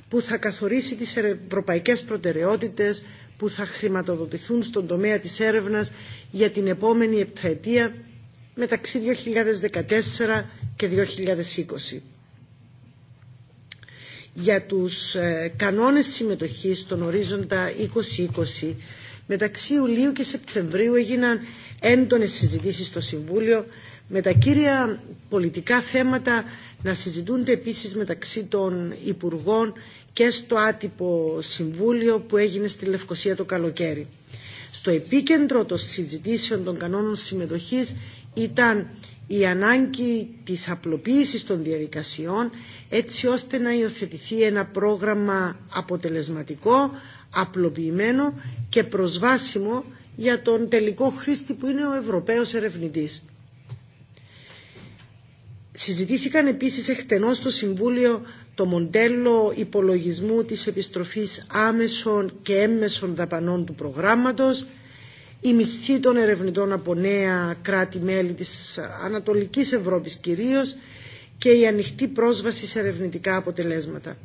Speaker 1: που θα καθορίσει τις ευρωπαϊκές προτεραιότητες που θα χρηματοδοτηθούν στον τομέα της έρευνας για την επόμενη επταετία μεταξύ 2014 και 2020 για τους ε, κανόνες συμμετοχής στον ορίζοντα 2020. Μεταξύ Ιουλίου και Σεπτεμβρίου έγιναν έντονες συζητήσεις στο Συμβούλιο με τα κύρια πολιτικά θέματα να συζητούνται επίσης μεταξύ των Υπουργών και στο άτυπο Συμβούλιο που έγινε στη Λευκοσία το καλοκαίρι. Στο επίκεντρο των συζητήσεων των κανόνων συμμετοχής ήταν η ανάγκη της απλοποίησης των διαδικασιών έτσι ώστε να υιοθετηθεί ένα πρόγραμμα αποτελεσματικό, απλοποιημένο και προσβάσιμο για τον τελικό χρήστη που είναι ο Ευρωπαίος ερευνητής. Συζητήθηκαν επίσης εκτενώς στο Συμβούλιο το μοντέλο υπολογισμού της επιστροφής άμεσων και έμμεσων δαπανών του προγράμματος, η μισθή των ερευνητών από νέα κράτη-μέλη της Ανατολικής Ευρώπης κυρίως και η ανοιχτή πρόσβαση σε ερευνητικά αποτελέσματα.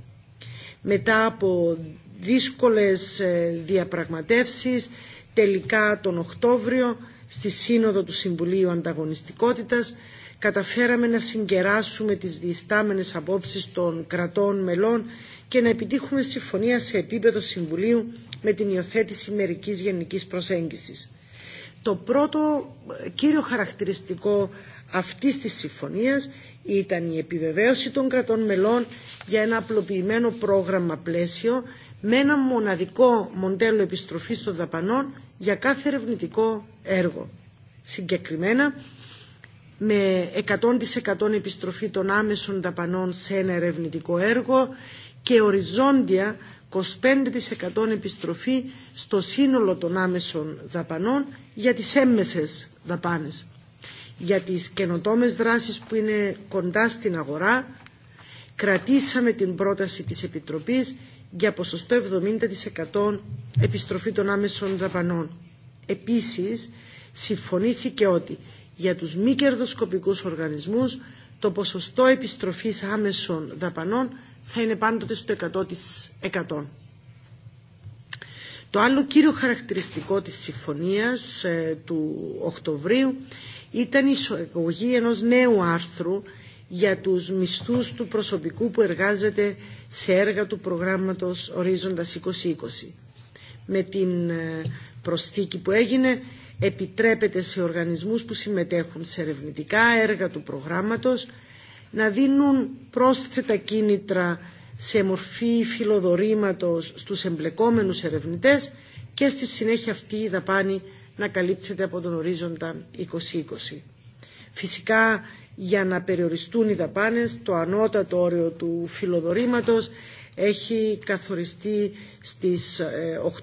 Speaker 1: Μετά από δύσκολες ε, διαπραγματεύσεις, τελικά τον Οκτώβριο, στη Σύνοδο του Συμβουλίου Ανταγωνιστικότητας, καταφέραμε να συγκεράσουμε τις διστάμενες απόψεις των κρατών μελών και να επιτύχουμε συμφωνία σε επίπεδο Συμβουλίου με την υιοθέτηση μερικής γενικής προσέγγισης. Το πρώτο ε, κύριο χαρακτηριστικό αυτής της συμφωνίας ήταν η επιβεβαίωση των κρατών μελών για ένα απλοποιημένο πρόγραμμα πλαίσιο με ένα μοναδικό μοντέλο επιστροφής των δαπανών για κάθε ερευνητικό έργο. Συγκεκριμένα, με 100% επιστροφή των άμεσων δαπανών σε ένα ερευνητικό έργο, και οριζόντια 25% επιστροφή στο σύνολο των άμεσων δαπανών για τις έμμεσες δαπάνες. Για τις καινοτόμες δράσεις που είναι κοντά στην αγορά κρατήσαμε την πρόταση της Επιτροπής για ποσοστό 70% επιστροφή των άμεσων δαπανών. Επίσης, συμφωνήθηκε ότι για τους μη κερδοσκοπικούς οργανισμούς το ποσοστό επιστροφής άμεσων δαπανών θα είναι πάντοτε στο 100%. Το άλλο κύριο χαρακτηριστικό της συμφωνίας ε, του Οκτωβρίου ήταν η εισαγωγή ενός νέου άρθρου για τους μισθούς του προσωπικού που εργάζεται σε έργα του προγράμματος Ορίζοντας 2020. Με την ε, προσθήκη που έγινε επιτρέπεται σε οργανισμούς που συμμετέχουν σε ερευνητικά έργα του προγράμματος να δίνουν πρόσθετα κίνητρα σε μορφή φιλοδορήματος στους εμπλεκόμενους ερευνητές και στη συνέχεια αυτή η δαπάνη να καλύπτεται από τον ορίζοντα 2020. Φυσικά για να περιοριστούν οι δαπάνες το ανώτατο όριο του φιλοδορήματος έχει καθοριστεί στις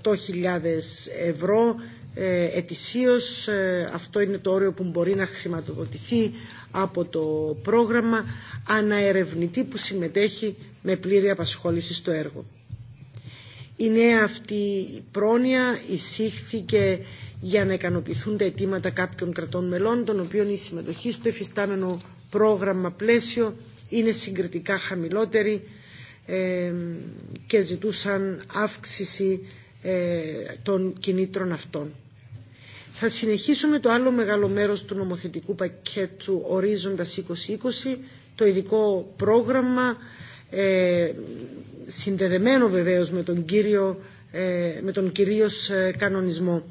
Speaker 1: 8.000 ε, ευρώ ε, ετησίως. Ε, αυτό είναι το όριο που μπορεί να χρηματοδοτηθεί από το πρόγραμμα αναερευνητή που συμμετέχει με πλήρη απασχόληση στο έργο. Η νέα αυτή πρόνοια εισήχθηκε για να ικανοποιηθούν τα αιτήματα κάποιων κρατών μελών, των οποίων η συμμετοχή στο εφιστάμενο πρόγραμμα πλαίσιο είναι συγκριτικά χαμηλότερη και ζητούσαν αύξηση ε, των κινήτρων αυτών. Θα συνεχίσουμε το άλλο μεγάλο μέρος του νομοθετικού πακέτου ορίζοντας 2020, το ειδικό πρόγραμμα, ε, συνδεδεμένο βεβαίως με τον, κύριο, ε, με τον κυρίως ε, κανονισμό.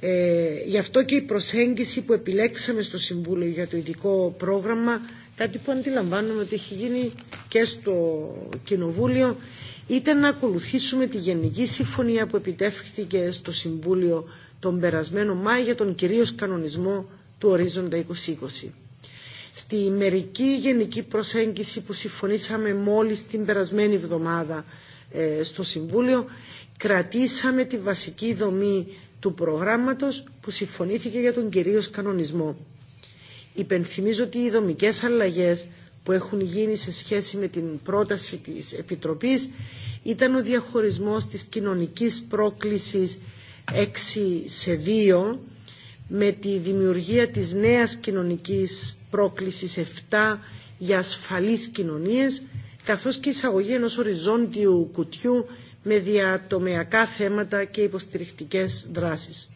Speaker 1: Ε, γι' αυτό και η προσέγγιση που επιλέξαμε στο Συμβούλιο για το ειδικό πρόγραμμα, κάτι που αντιλαμβάνομαι ότι έχει γίνει και στο Κοινοβούλιο, ήταν να ακολουθήσουμε τη Γενική Συμφωνία που επιτεύχθηκε στο Συμβούλιο τον περασμένο Μάη για τον κυρίως κανονισμό του ορίζοντα 2020. Στη μερική γενική προσέγγιση που συμφωνήσαμε μόλις την περασμένη εβδομάδα ε, στο Συμβούλιο, κρατήσαμε τη βασική δομή του προγράμματος που συμφωνήθηκε για τον κυρίως κανονισμό. Υπενθυμίζω ότι οι δομικές αλλαγές που έχουν γίνει σε σχέση με την πρόταση της Επιτροπής ήταν ο διαχωρισμός της κοινωνικής πρόκλησης σε 2 με τη δημιουργία της νέας κοινωνικής πρόκλησης 7 για ασφαλείς κοινωνίες καθώς και εισαγωγή ενός οριζόντιου κουτιού με διατομεακά θέματα και υποστηρικτικές δράσεις.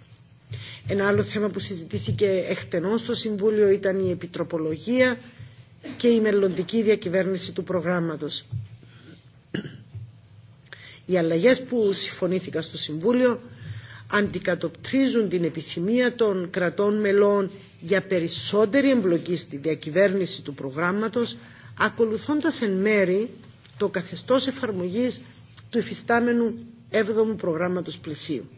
Speaker 1: Ένα άλλο θέμα που συζητήθηκε εκτενώς στο Συμβούλιο ήταν η επιτροπολογία και η μελλοντική διακυβέρνηση του προγράμματος. Οι αλλαγές που συμφωνήθηκαν στο Συμβούλιο αντικατοπτρίζουν την επιθυμία των κρατών μελών για περισσότερη εμπλοκή στη διακυβέρνηση του προγράμματος, ακολουθώντας εν μέρη το καθεστώς εφαρμογής του υφιστάμενου 7ου προγράμματος πλαισίου.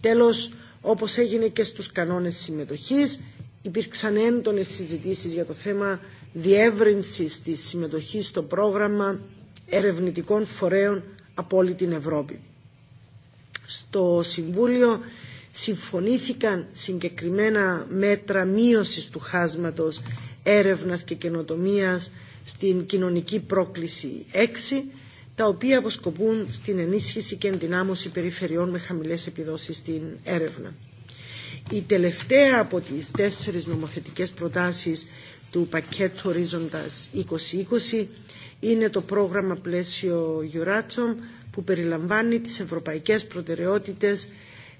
Speaker 1: Τέλος, όπως έγινε και στους κανόνες συμμετοχής, υπήρξαν έντονες συζητήσεις για το θέμα διεύρυνσης της συμμετοχής στο πρόγραμμα ερευνητικών φορέων από όλη την Ευρώπη στο Συμβούλιο συμφωνήθηκαν συγκεκριμένα μέτρα μείωσης του χάσματος έρευνας και καινοτομίας στην κοινωνική πρόκληση 6, τα οποία αποσκοπούν στην ενίσχυση και ενδυνάμωση περιφερειών με χαμηλές επιδόσεις στην έρευνα. Η τελευταία από τις τέσσερις νομοθετικές προτάσεις του πακέτου ορίζοντας 2020 είναι το πρόγραμμα πλαίσιο Euratom που περιλαμβάνει τις ευρωπαϊκές προτεραιότητες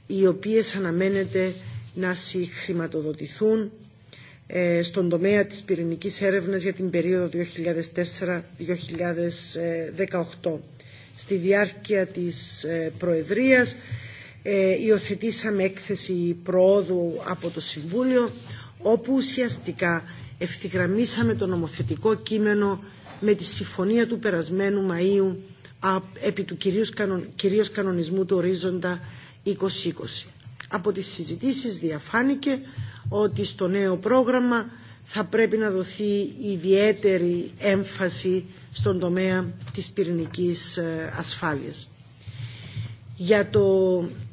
Speaker 1: οι οποίες αναμένεται να συγχρηματοδοτηθούν ε, στον τομέα της πυρηνικής έρευνας για την περίοδο 2004-2018. Στη διάρκεια της ε, Προεδρίας ε, υιοθετήσαμε έκθεση προόδου από το Συμβούλιο όπου ουσιαστικά ευθυγραμμίσαμε το νομοθετικό κείμενο με τη συμφωνία του περασμένου Μαΐου επί του κυρίως κανονισμού του ορίζοντα 2020. Από τις συζητήσεις διαφάνηκε ότι στο νέο πρόγραμμα θα πρέπει να δοθεί ιδιαίτερη έμφαση στον τομέα της πυρηνικής ε, ασφάλειας. Για το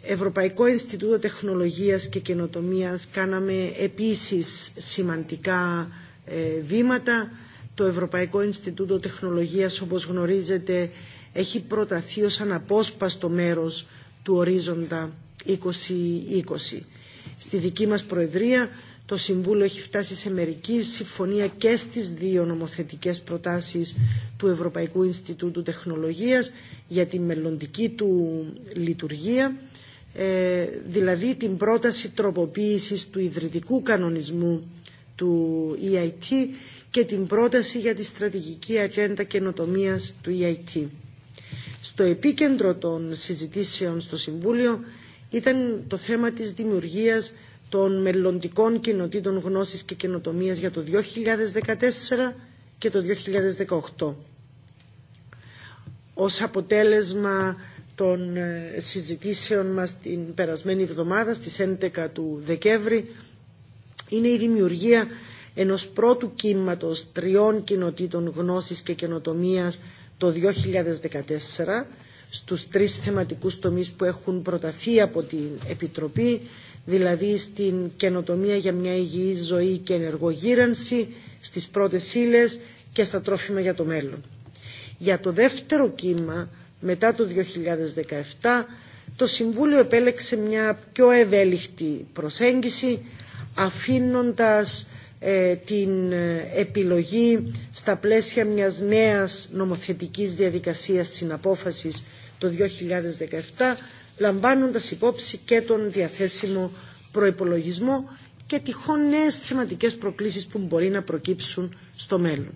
Speaker 1: Ευρωπαϊκό Ινστιτούτο Τεχνολογίας και Καινοτομίας κάναμε επίσης σημαντικά ε, βήματα. Το Ευρωπαϊκό Ινστιτούτο Τεχνολογίας, όπως γνωρίζετε, έχει προταθεί ως αναπόσπαστο μέρος του ορίζοντα 2020. Στη δική μας Προεδρία το Συμβούλιο έχει φτάσει σε μερική συμφωνία και στις δύο νομοθετικές προτάσεις του Ευρωπαϊκού Ινστιτούτου Τεχνολογίας για τη μελλοντική του λειτουργία, ε, δηλαδή την πρόταση τροποποίησης του ιδρυτικού κανονισμού του EIT και την πρόταση για τη στρατηγική ατζέντα καινοτομίας του EIT. Στο επίκεντρο των συζητήσεων στο Συμβούλιο ήταν το θέμα της δημιουργίας των μελλοντικών κοινοτήτων γνώσης και καινοτομίας για το 2014 και το 2018. Ως αποτέλεσμα των ε, συζητήσεων μας την περασμένη εβδομάδα στις 11 του Δεκέμβρη είναι η δημιουργία ενός πρώτου κύματος τριών κοινοτήτων γνώσης και καινοτομίας το 2014 στους τρεις θεματικούς τομείς που έχουν προταθεί από την Επιτροπή, δηλαδή στην καινοτομία για μια υγιή ζωή και ενεργογύρανση, στις πρώτες ύλε και στα τρόφιμα για το μέλλον. Για το δεύτερο κύμα, μετά το 2017, το Συμβούλιο επέλεξε μια πιο ευέλικτη προσέγγιση, αφήνοντας ε, την ε, επιλογή στα πλαίσια μιας νέας νομοθετικής διαδικασίας συναπόφασης το 2017 λαμβάνοντας υπόψη και τον διαθέσιμο προϋπολογισμό και τυχόν νέες θεματικές προκλήσεις που μπορεί να προκύψουν στο μέλλον.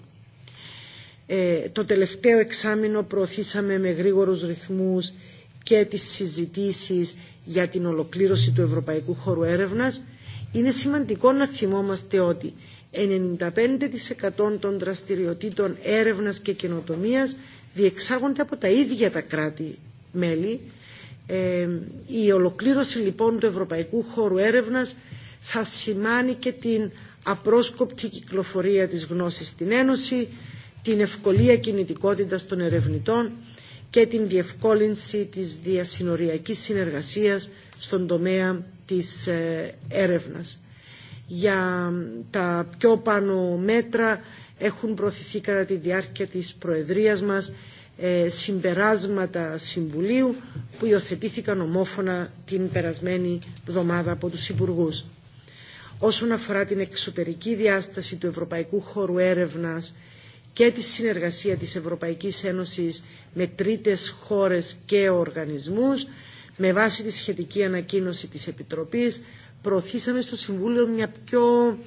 Speaker 1: Ε, το τελευταίο εξάμηνο προωθήσαμε με γρήγορους ρυθμούς και τις συζητήσεις για την ολοκλήρωση του Ευρωπαϊκού Χώρου Έρευνας είναι σημαντικό να θυμόμαστε ότι 95% των δραστηριοτήτων έρευνας και καινοτομίας διεξάγονται από τα ίδια τα κράτη-μέλη. Ε, η ολοκλήρωση λοιπόν του Ευρωπαϊκού Χώρου Έρευνας θα σημάνει και την απρόσκοπτη κυκλοφορία της γνώσης στην Ένωση, την ευκολία κινητικότητας των ερευνητών και την διευκόλυνση της διασυνοριακής συνεργασίας στον τομέα της ε, έρευνας. Για τα πιο πάνω μέτρα έχουν προωθηθεί κατά τη διάρκεια της Προεδρίας μας ε, συμπεράσματα Συμβουλίου που υιοθετήθηκαν ομόφωνα την περασμένη εβδομάδα από τους Υπουργούς. Όσον αφορά την εξωτερική διάσταση του Ευρωπαϊκού Χώρου Έρευνας και τη συνεργασία της Ευρωπαϊκής Ένωσης με τρίτες χώρες και οργανισμούς, με βάση τη σχετική ανακοίνωση της Επιτροπής προωθήσαμε στο Συμβούλιο μια πιο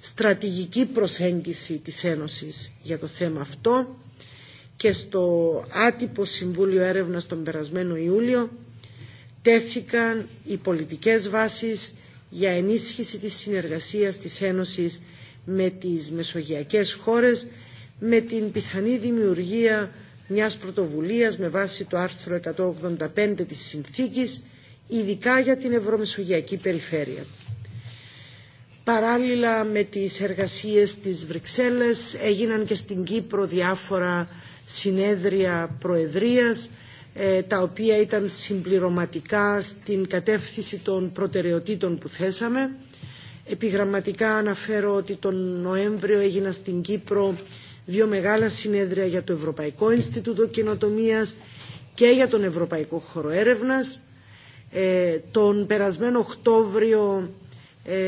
Speaker 1: στρατηγική προσέγγιση της Ένωσης για το θέμα αυτό και στο άτυπο Συμβούλιο Έρευνας τον περασμένο Ιούλιο τέθηκαν οι πολιτικές βάσεις για ενίσχυση της συνεργασίας της Ένωσης με τις μεσογειακές χώρες με την πιθανή δημιουργία μιας πρωτοβουλίας με βάση το άρθρο 185 της Συνθήκης, ειδικά για την Ευρωμεσογειακή Περιφέρεια. Παράλληλα με τις εργασίες της Βρυξέλλες έγιναν και στην Κύπρο διάφορα συνέδρια προεδρίας ε, τα οποία ήταν συμπληρωματικά στην κατεύθυνση των προτεραιοτήτων που θέσαμε. Επιγραμματικά αναφέρω ότι τον Νοέμβριο έγινα στην Κύπρο δύο μεγάλα συνέδρια για το Ευρωπαϊκό Ινστιτούτο Καινοτομίας και για τον Ευρωπαϊκό Χώρο Έρευνας. Ε, τον περασμένο Οκτώβριο ε,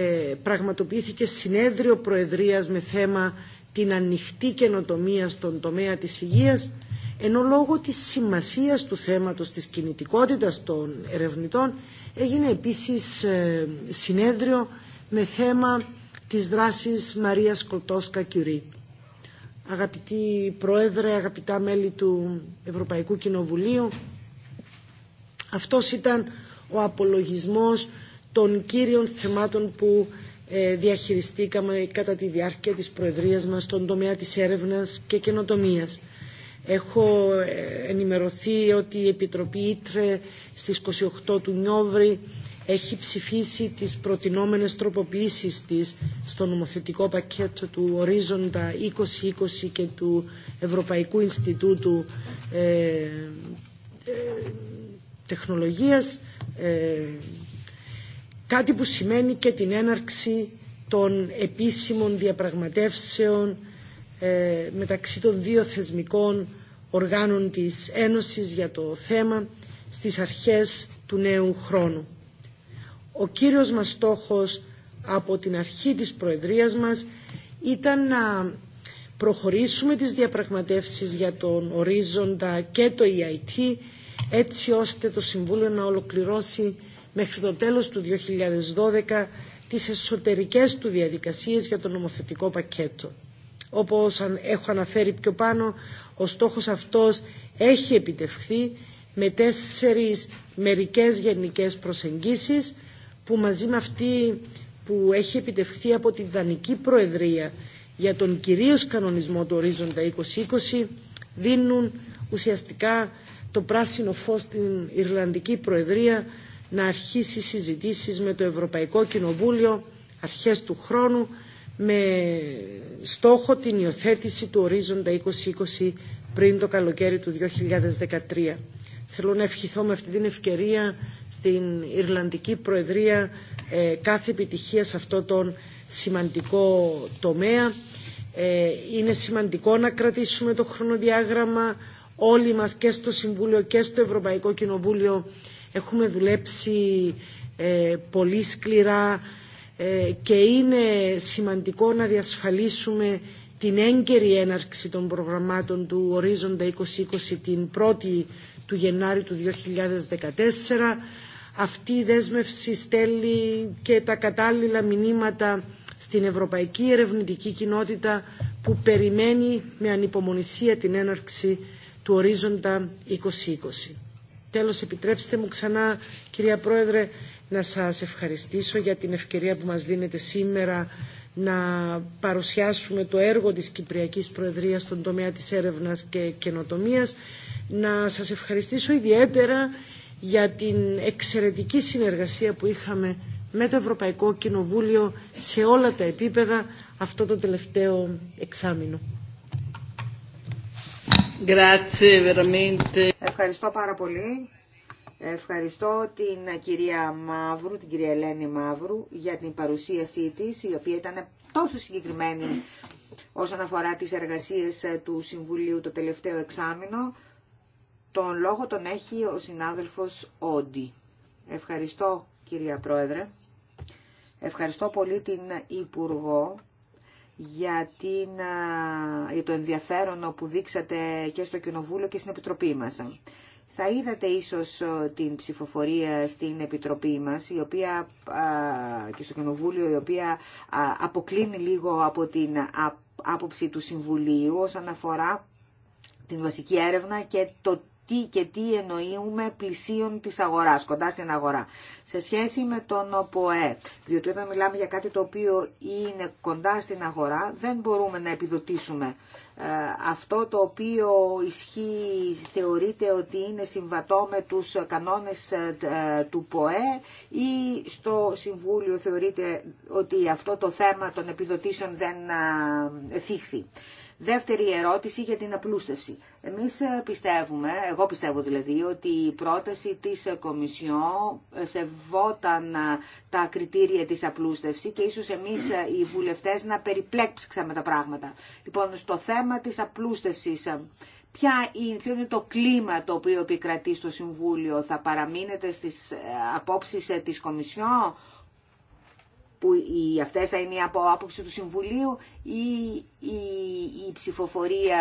Speaker 1: πραγματοποιήθηκε συνέδριο Προεδρίας με θέμα την ανοιχτή καινοτομία στον τομέα της υγείας, ενώ λόγω της σημασίας του θέματος της κινητικότητας των ερευνητών έγινε επίσης ε, συνέδριο με θέμα της δράσης Μαρίας Κολτόσκα Κιουρί. Αγαπητοί Πρόεδρε, αγαπητά μέλη του Ευρωπαϊκού Κοινοβουλίου. Αυτός ήταν ο απολογισμός των κύριων θεμάτων που ε, διαχειριστήκαμε κατά τη διάρκεια της Προεδρίας μας στον τομέα της έρευνας και καινοτομίας. Έχω ε, ενημερωθεί ότι η Επιτροπή Ήτρε στις 28 του Νιόβρη έχει ψηφίσει τις προτινόμενες τροποποιήσεις της στο νομοθετικό πακέτο του Ορίζοντα 2020 και του Ευρωπαϊκού Ινστιτούτου ε, ε Τεχνολογίας ε, κάτι που σημαίνει και την έναρξη των επίσημων διαπραγματεύσεων ε, μεταξύ των δύο θεσμικών οργάνων της Ένωσης για το θέμα στις αρχές του νέου χρόνου. Ο κύριος μας στόχος από την αρχή της Προεδρίας μας ήταν να προχωρήσουμε τις διαπραγματεύσεις για τον ορίζοντα και το EIT έτσι ώστε το Συμβούλιο να ολοκληρώσει μέχρι το τέλος του 2012 τις εσωτερικές του διαδικασίες για το νομοθετικό πακέτο. Όπως έχω αναφέρει πιο πάνω, ο στόχος αυτός έχει επιτευχθεί με τέσσερις μερικές γενικές προσεγγίσεις που μαζί με αυτή που έχει επιτευχθεί από τη Δανική Προεδρία για τον κυρίως κανονισμό του ορίζοντα 2020 δίνουν ουσιαστικά το πράσινο φως στην Ιρλανδική Προεδρία να αρχίσει συζητήσεις με το Ευρωπαϊκό Κοινοβούλιο αρχές του χρόνου με στόχο την υιοθέτηση του ορίζοντα 2020 πριν το καλοκαίρι του 2013. Θέλω να ευχηθώ με αυτή την ευκαιρία στην Ιρλανδική Προεδρία ε, κάθε επιτυχία σε αυτό τον σημαντικό τομέα. Ε, είναι σημαντικό να κρατήσουμε το χρονοδιάγραμμα όλοι μας και στο Συμβούλιο και στο Ευρωπαϊκό Κοινοβούλιο έχουμε δουλέψει ε, πολύ σκληρά και είναι σημαντικό να διασφαλίσουμε την έγκαιρη έναρξη των προγραμμάτων του Ορίζοντα 2020 την πρώτη του Γενάρη του 2014. Αυτή η δέσμευση στέλνει και τα κατάλληλα μηνύματα στην ευρωπαϊκή ερευνητική κοινότητα που περιμένει με ανυπομονησία την έναρξη του ορίζοντα 2020. Τέλος, επιτρέψτε μου ξανά, κυρία Πρόεδρε, να σας ευχαριστήσω για την ευκαιρία που μας δίνετε σήμερα να παρουσιάσουμε το έργο της Κυπριακής Προεδρίας στον τομέα της έρευνας και καινοτομίας. Να σας ευχαριστήσω ιδιαίτερα για την εξαιρετική συνεργασία που είχαμε με το Ευρωπαϊκό Κοινοβούλιο σε όλα τα επίπεδα αυτό το τελευταίο εξάμεινο.
Speaker 2: Ευχαριστώ πάρα πολύ. Ευχαριστώ την κυρία Μαύρου, την κυρία Ελένη Μαύρου για την παρουσίασή της, η οποία ήταν τόσο συγκεκριμένη όσον αφορά τις εργασίες ε, του Συμβουλίου το τελευταίο εξάμεινο. Τον λόγο τον έχει ο συνάδελφος Όντι. Ευχαριστώ κυρία Πρόεδρε. Ευχαριστώ πολύ την Υπουργό για, την, ε, για το ενδιαφέρον που δείξατε και στο Κοινοβούλιο και στην Επιτροπή μας. Θα είδατε ίσως ε, την ψηφοφορία στην Επιτροπή μας η οποία, και στο Κοινοβούλιο η οποία αποκλίνει λίγο από την άποψη του Συμβουλίου όσον αφορά την βασική έρευνα και το τι και τι εννοούμε πλησίων της αγοράς, κοντά στην αγορά. Σε σχέση με τον ΠΟΕ, διότι όταν μιλάμε για κάτι το οποίο είναι κοντά στην αγορά, δεν μπορούμε να επιδοτήσουμε ε, αυτό το οποίο ισχύει, θεωρείται ότι είναι συμβατό με τους κανόνες ε, του ΠΟΕ ή στο Συμβούλιο θεωρείται ότι αυτό το θέμα των επιδοτήσεων δεν ε, θύχθη. Δεύτερη ερώτηση για την απλούστευση. Εμείς ε, πιστεύουμε, εγώ πιστεύω δηλαδή, ότι η πρόταση της Κομισιό ε, σεβόταν ε, τα κριτήρια της απλούστευση και ίσως εμείς οι βουλευτές να περιπλέξαμε τα πράγματα. Λοιπόν, στο θέμα της απλούστευσης, ποια είναι, ποιο είναι το κλίμα το οποίο επικρατεί στο Συμβούλιο, θα παραμείνετε στις απόψεις της Κομισιόν, που οι, αυτές θα είναι από άποψη του Συμβουλίου ή η, η ψηφοφορια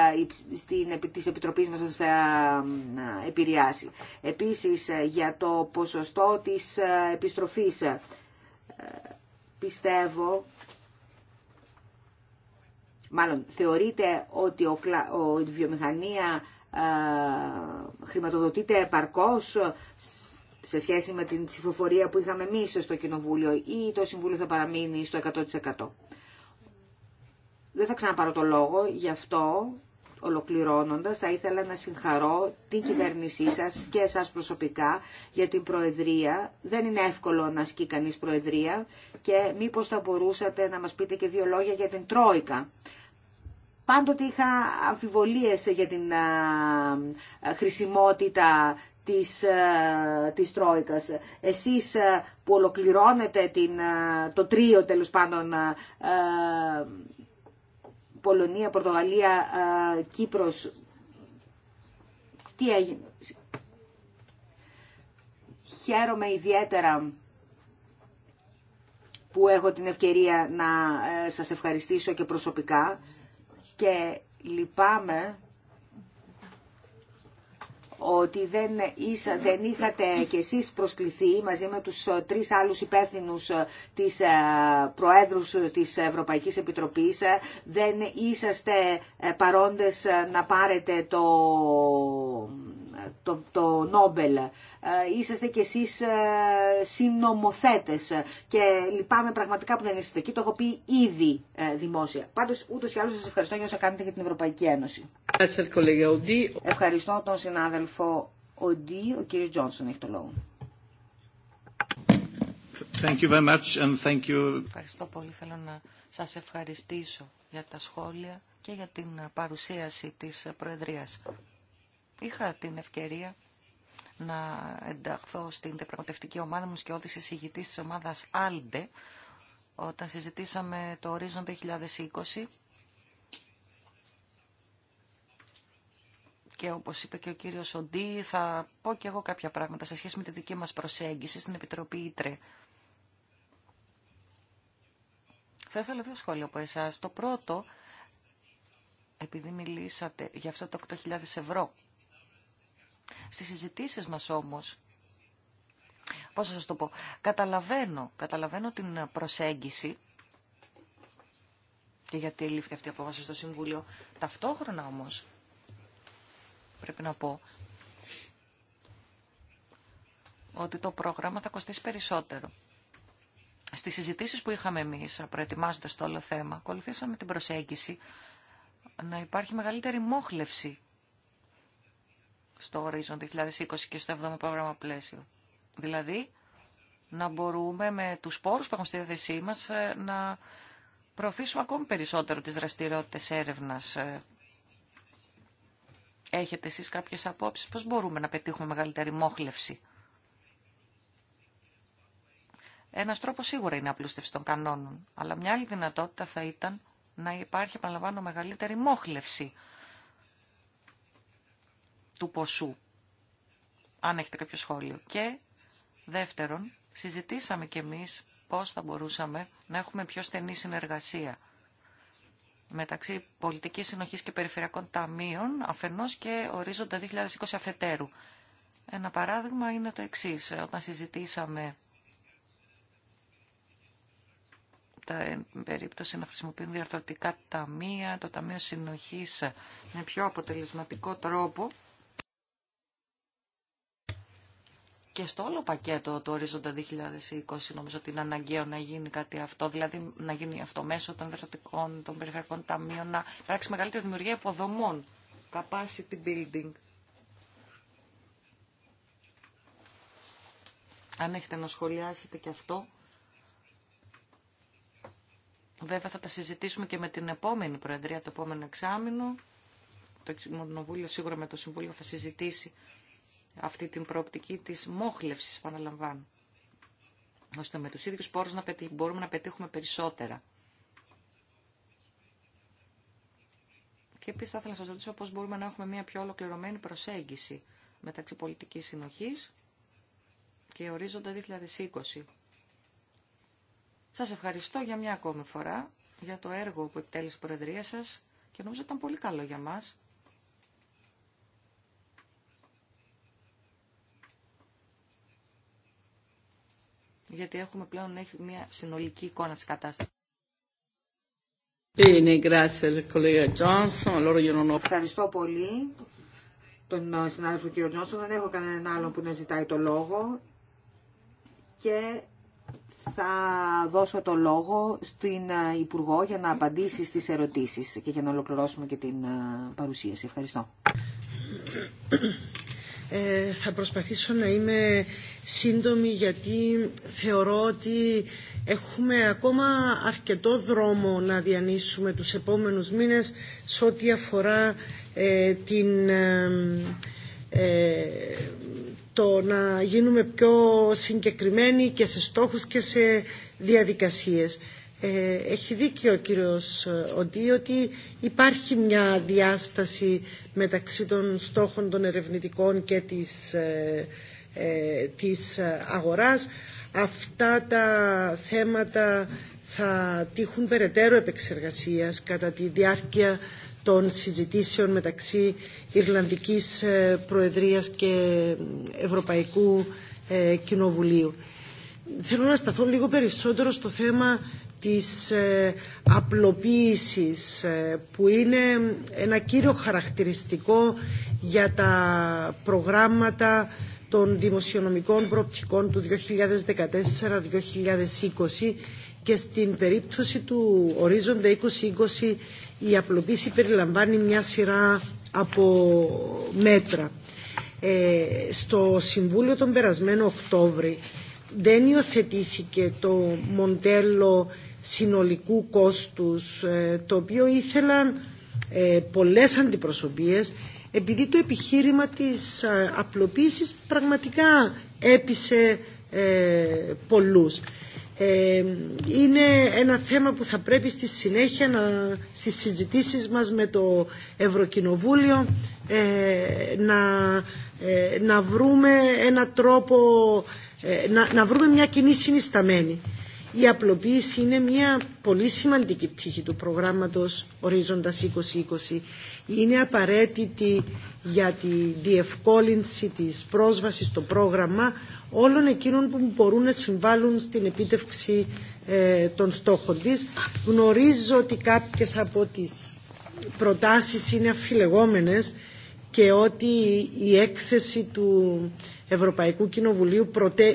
Speaker 2: στην, της Επιτροπής μας θα επηρεάσει. Επίσης, ε, για το ποσοστό της ε, επιστροφής, ε, πιστεύω, μάλλον θεωρείται ότι ο, η βιομηχανία χρηματοδοτείται επαρκώς σε σχέση με την ψηφοφορία που είχαμε εμεί στο Κοινοβούλιο ή το Συμβούλιο θα παραμείνει στο 100%. Δεν θα ξαναπάρω το λόγο, γι' αυτό ολοκληρώνοντας θα ήθελα να συγχαρώ την κυβέρνησή σας και εσάς προσωπικά για την Προεδρία. Δεν είναι εύκολο να ασκεί κανείς Προεδρία και μήπως θα μπορούσατε να μας πείτε και δύο λόγια για την Τρόικα. Πάντοτε είχα αμφιβολίες για την χρησιμότητα της, ε, της Τρόικας. Εσείς ε, που ολοκληρώνετε την, ε, το τρίο τέλος πάντων Πολωνία, Πορτογαλία, Κύπρος, τι έγινε. Χαίρομαι ιδιαίτερα που έχω την ευκαιρία να σας ευχαριστήσω και προσωπικά και λυπάμαι ότι δεν, είσα, δεν είχατε κι εσείς προσκληθεί μαζί με τους ε, τρεις άλλους υπεύθυνους ε, της ε, Προέδρους της Ευρωπαϊκής Επιτροπής. Δεν είσαστε παρόντες να πάρετε το, το, το Νόμπελ. Ε, είσαστε κι εσείς ε, συνομοθέτες και λυπάμαι πραγματικά που δεν είστε εκεί, το έχω πει ήδη ε, δημόσια. Πάντως ούτως ή άλλως σας ευχαριστώ για όσα κάνετε για την Ευρωπαϊκή Ένωση. Ευχαριστώ τον συνάδελφο Οντί, ο κύριος Τζόνσον έχει το λόγο.
Speaker 3: Thank you very much and thank you. Ευχαριστώ πολύ. Θέλω να σας ευχαριστήσω για τα σχόλια και για την παρουσίαση της Προεδρίας. Είχα την ευκαιρία να ενταχθώ στην διαπραγματευτική ομάδα μου και όδη ηγητή τη ομάδα Άλντε όταν συζητήσαμε το ορίζοντα 2020 και όπως είπε και ο κύριος Οντί θα πω και εγώ κάποια πράγματα σε σχέση με τη δική μας προσέγγιση στην Επιτροπή Ήτρε. Θα ήθελα δύο σχόλια από εσάς. Το πρώτο, επειδή μιλήσατε για αυτά τα 8.000 ευρώ στις συζητήσεις μας όμως, πώς θα σας το πω, καταλαβαίνω, καταλαβαίνω την προσέγγιση και γιατί λήφθη αυτή η απόφαση στο Συμβούλιο. Ταυτόχρονα όμως, πρέπει να πω, ότι το πρόγραμμα θα κοστίσει περισσότερο. Στις συζητήσεις που είχαμε εμείς, προετοιμάζοντας το όλο θέμα, ακολουθήσαμε την προσέγγιση να υπάρχει μεγαλύτερη μόχλευση στο Horizon 2020 και στο 7ο πρόγραμμα πλαίσιο. Δηλαδή, να μπορούμε με τους πόρους που έχουμε στη διάθεσή μας ε, να προωθήσουμε ακόμη περισσότερο τις δραστηριότητες έρευνας. Ε, έχετε εσείς κάποιες απόψεις πώς μπορούμε να πετύχουμε μεγαλύτερη μόχλευση. Ένα τρόπο σίγουρα είναι η απλούστευση των κανόνων, αλλά μια άλλη δυνατότητα θα ήταν να υπάρχει, επαναλαμβάνω, μεγαλύτερη μόχλευση του ποσού, αν έχετε κάποιο σχόλιο. Και δεύτερον, συζητήσαμε κι εμείς πώς θα μπορούσαμε να έχουμε πιο στενή συνεργασία μεταξύ πολιτικής συνοχής και περιφερειακών ταμείων αφενός και ορίζοντα 2020 αφετέρου. Ένα παράδειγμα είναι το εξής. Όταν συζητήσαμε τα περίπτωση να χρησιμοποιούν διαρθρωτικά ταμεία, το Ταμείο Συνοχής με πιο αποτελεσματικό τρόπο και στο όλο πακέτο του ορίζοντα 2020 νομίζω ότι είναι αναγκαίο να γίνει κάτι αυτό, δηλαδή να γίνει αυτό μέσω των δραστηριοτικών, των περιφερειακών ταμείων, να υπάρξει μεγαλύτερη δημιουργία υποδομών, capacity building. Αν έχετε να σχολιάσετε και αυτό, βέβαια θα τα συζητήσουμε και με την επόμενη Προεδρία, το επόμενο εξάμεινο. Το Κοινοβούλιο σίγουρα με το Συμβούλιο θα συζητήσει αυτή την προοπτική της μόχλευσης, παραλαμβάνω, ώστε με τους ίδιους πόρους να μπορούμε να πετύχουμε περισσότερα. Και επίσης θα ήθελα να σας ρωτήσω πώς μπορούμε να έχουμε μια πιο ολοκληρωμένη προσέγγιση μεταξύ πολιτικής συνοχής και ορίζοντα 2020. Σας ευχαριστώ για μια ακόμη φορά για το έργο που εκτέλεσε η Προεδρία σας και νομίζω ήταν πολύ καλό για μας γιατί έχουμε πλέον έχει μια συνολική εικόνα της κατάστασης. Ευχαριστώ πολύ τον
Speaker 2: ε, συνάδελφο κύριο Τζόνσον. Δεν έχω κανέναν άλλον που να ζητάει το λόγο και θα δώσω το λόγο στην ε, Υπουργό για να απαντήσει στις ερωτήσεις και για να ολοκληρώσουμε και την ε, παρουσίαση. Ευχαριστώ.
Speaker 1: θα προσπαθήσω να είμαι σύντομη γιατί θεωρώ ότι έχουμε ακόμα αρκετό δρόμο να διανύσουμε τους επόμενους μήνες σε ό,τι αφορά ε, την, ε, ε, το να γίνουμε πιο συγκεκριμένοι και σε στόχους και σε διαδικασίες. Ε, έχει δίκιο ο κύριος ε, Οντή ότι υπάρχει μια διάσταση μεταξύ των στόχων των ερευνητικών και της ε, της ε, αγοράς. Αυτά τα θέματα θα τύχουν περαιτέρω επεξεργασίας κατά τη διάρκεια των συζητήσεων μεταξύ Ιρλανδικής ε, Προεδρίας και Ευρωπαϊκού Κοινοβουλίου. Θέλω να σταθώ λίγο περισσότερο στο θέμα της απλοποίησης που είναι ένα κύριο χαρακτηριστικό για τα προγράμματα των δημοσιονομικών προοπτικών του 2014-2020 και στην περίπτωση του ορίζοντα 2020 η απλοποίηση περιλαμβάνει μια σειρά από μέτρα. Ε, στο Συμβούλιο τον περασμένο Οκτώβρη δεν υιοθετήθηκε το μοντέλο συνολικού κόστους ε, το οποίο ήθελαν ε, πολλές αντιπροσωπείες επειδή το επιχείρημα της ε, απλοποίησης πραγματικά έπεισε ε, πολλούς. Ε, είναι ένα θέμα που θα πρέπει στη συνέχεια να, στις συζητήσεις μας με το Ευρωκοινοβούλιο να, βρούμε ένα τρόπο, να, να βρούμε μια κοινή συνισταμένη. Η απλοποίηση είναι μια πολύ σημαντική πτυχή του προγράμματος Ορίζοντας 2020 είναι απαραίτητη για τη διευκόλυνση της πρόσβασης στο πρόγραμμα όλων εκείνων που μπορούν να συμβάλλουν στην επίτευξη ε, των στόχων της. Γνωρίζω ότι κάποιες από τις προτάσεις είναι αφιλεγόμενες και ότι η έκθεση του Ευρωπαϊκού Κοινοβουλίου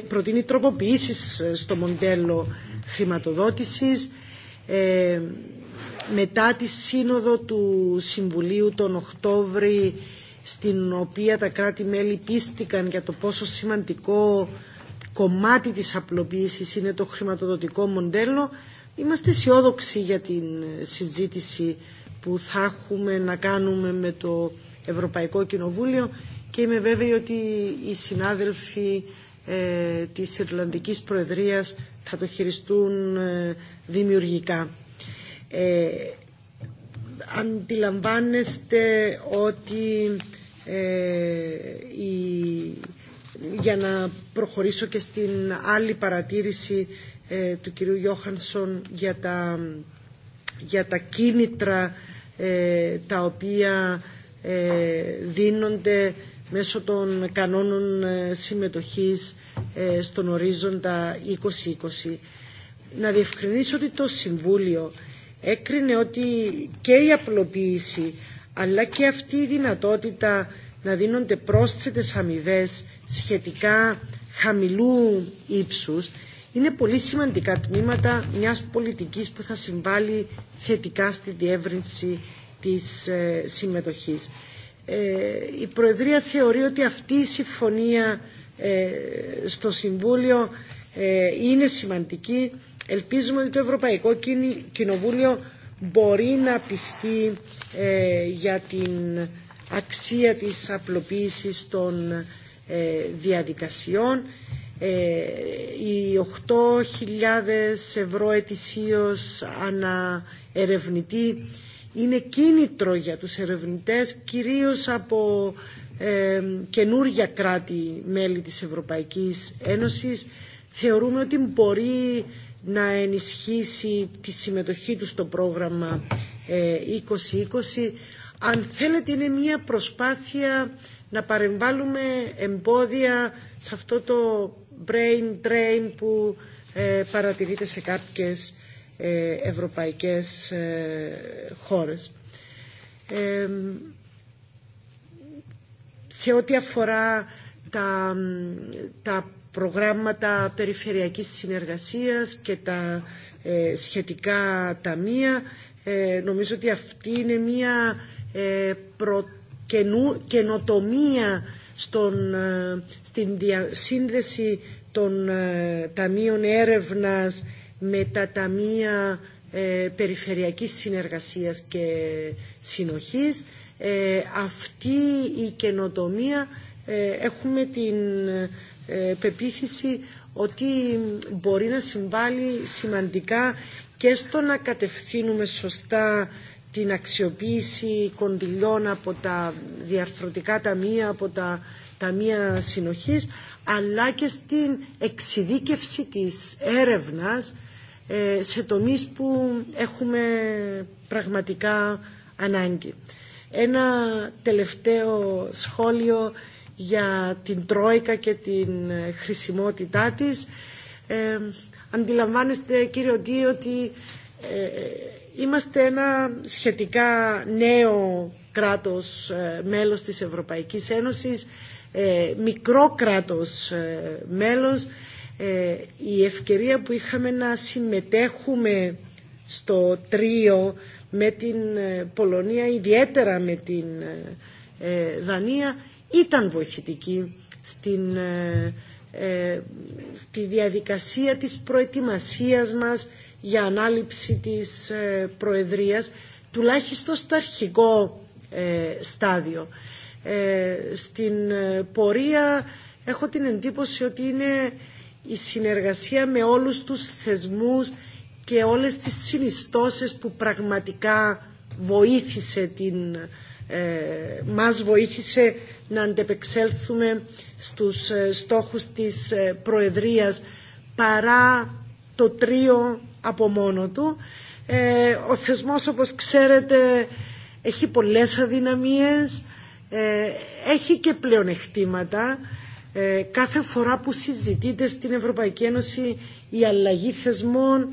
Speaker 1: προτείνει τροποποιήσεις ε, στο μοντέλο χρηματοδότησης. Ε, μετά τη σύνοδο του Συμβουλίου τον Οκτώβρη στην οποία τα κράτη-μέλη πίστηκαν για το πόσο σημαντικό κομμάτι της απλοποίησης είναι το χρηματοδοτικό μοντέλο είμαστε αισιόδοξοι για την συζήτηση που θα έχουμε να κάνουμε με το Ευρωπαϊκό Κοινοβούλιο και είμαι βέβαιη ότι οι συνάδελφοι ε, της Ιρλανδικής Προεδρίας θα το χειριστούν ε, δημιουργικά. Ε, αντιλαμβάνεστε ότι ε, για να προχωρήσω και στην άλλη παρατήρηση ε, του κυρίου Γιώχανσον για τα, για τα κίνητρα τα οποία δίνονται μέσω των κανόνων συμμετοχής στον ορίζοντα 2020. Να διευκρινίσω ότι το Συμβούλιο έκρινε ότι και η απλοποίηση αλλά και αυτή η δυνατότητα να δίνονται πρόσθετες αμοιβέ σχετικά χαμηλού ύψους είναι πολύ σημαντικά τμήματα μιας πολιτικής που θα συμβάλλει θετικά στη διεύρυνση της ε, συμμετοχής. Ε, η Προεδρία θεωρεί ότι αυτή η συμφωνία ε, στο Συμβούλιο είναι σημαντική Ελπίζουμε ότι το Ευρωπαϊκό Κοινοβούλιο μπορεί να πιστεί ε, για την αξία της απλοποίησης των ε, διαδικασιών. Ε, οι 8.000 ευρώ ετησίως ανά ερευνητή είναι κίνητρο για τους ερευνητές κυρίως από ε, καινούργια κράτη μέλη της Ευρωπαϊκής Ένωσης. Θεωρούμε ότι μπορεί να ενισχύσει τη συμμετοχή του στο πρόγραμμα 2020. Ε, Αν θέλετε είναι μια προσπάθεια να παρεμβάλλουμε εμπόδια σε αυτό το brain drain που ε, παρατηρείται σε κάποιες ε, ευρωπαϊκές χώρες. Σε ό,τι αφορά τα, τα προγράμματα περιφερειακής συνεργασίας και τα ε, σχετικά ταμεία. Ε, νομίζω ότι αυτή είναι μια ε, καινοτομία στον, ε, στην σύνδεση των ταμείων έρευνας με τα ταμεία περιφερειακής συνεργασίας και συνοχής. Αυτή η καινοτομία έχουμε την ε, πεποίθηση ότι μπορεί να συμβάλλει σημαντικά και στο να κατευθύνουμε σωστά την αξιοποίηση κοντιλιών από τα διαρθρωτικά ταμεία, από τα ταμεία συνοχής, αλλά και στην εξειδίκευση της έρευνας ε, σε τομείς που έχουμε πραγματικά ανάγκη. Ένα τελευταίο σχόλιο για την Τρόικα και την ε, χρησιμότητά της. Ε, αντιλαμβάνεστε κύριε ότι ε, είμαστε ένα σχετικά νέο κράτος ε, μέλος της Ευρωπαϊκής Ένωσης, μικρό κράτος μέλος. Η ευκαιρία που είχαμε να συμμετέχουμε στο τρίο με την Πολωνία, ιδιαίτερα με την Δανία, ήταν βοηθητική στην, ε, ε, στη διαδικασία της προετοιμασίας μας για ανάληψη της ε, Προεδρίας, τουλάχιστον στο αρχικό ε, στάδιο. Ε, στην πορεία έχω την εντύπωση ότι είναι η συνεργασία με όλους τους θεσμούς και όλες τις συνιστώσεις που πραγματικά βοήθησε την, μας βοήθησε να αντεπεξέλθουμε στους ε, στόχους της ε, Προεδρίας παρά το τρίο από μόνο του. Ε, ο θεσμός, όπως ξέρετε, έχει πολλές αδυναμίες, έχει και πλεονεκτήματα. Κάθε φορά που συζητείται στην Ευρωπαϊκή Ένωση η αλλαγή θεσμών,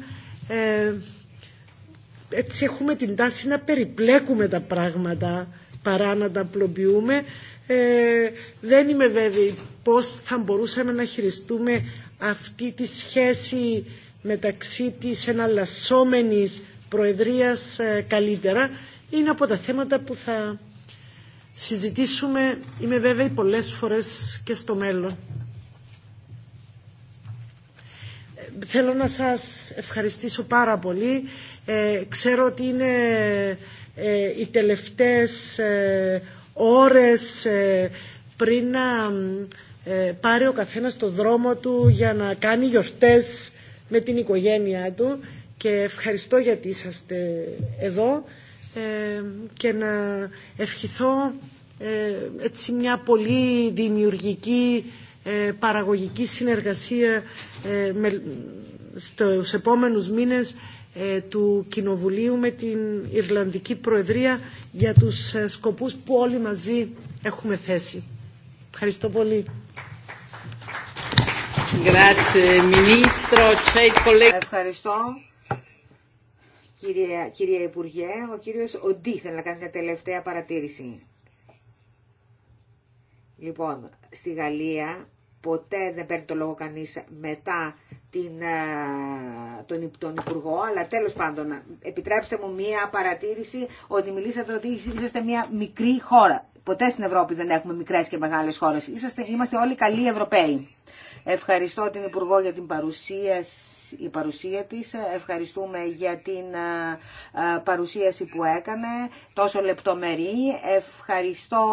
Speaker 1: έτσι έχουμε την τάση να περιπλέκουμε τα πράγματα παρά να τα απλοποιούμε. Ε, δεν είμαι βέβαιη πώς θα μπορούσαμε να χειριστούμε αυτή τη σχέση μεταξύ της εναλλασσόμενης προεδρίας ε, καλύτερα. Είναι από τα θέματα που θα συζητήσουμε, είμαι βέβαιη, πολλές φορές και στο μέλλον. Θέλω να σας ευχαριστήσω πάρα πολύ. Ε, ξέρω ότι είναι ε, οι τελευταίες ώρες ε, πριν να ε, πάρει ο καθένας το δρόμο του για να κάνει γιορτές με την οικογένειά του και ευχαριστώ γιατί είσαστε εδώ ε, και να ευχηθώ έτσι μια πολύ δημιουργική παραγωγική συνεργασία με, στους επόμενους μήνες ε, του Κοινοβουλίου με την Ιρλανδική Προεδρία για τους ε, σκοπούς που όλοι μαζί έχουμε θέσει. Ευχαριστώ πολύ.
Speaker 2: Ευχαριστώ. Κυρία, Υπουργέ, ο κύριος Οντί θέλει να κάνει μια τελευταία παρατήρηση. Λοιπόν, στη Γαλλία ποτέ δεν παίρνει το λόγο κανείς μετά την, ε, τον, τον Υπουργό, αλλά τέλος πάντων επιτρέψτε μου μία παρατήρηση ότι μιλήσατε ότι είσαστε μία μικρή χώρα. Ποτέ στην Ευρώπη δεν έχουμε μικρές και μεγάλες χώρες. είμαστε όλοι καλοί Ευρωπαίοι. Ευχαριστώ την Υπουργό για την παρουσία, η παρουσία της. Ευχαριστούμε για την ε, ε, παρουσίαση που έκανε, τόσο λεπτομερή. Ευχαριστώ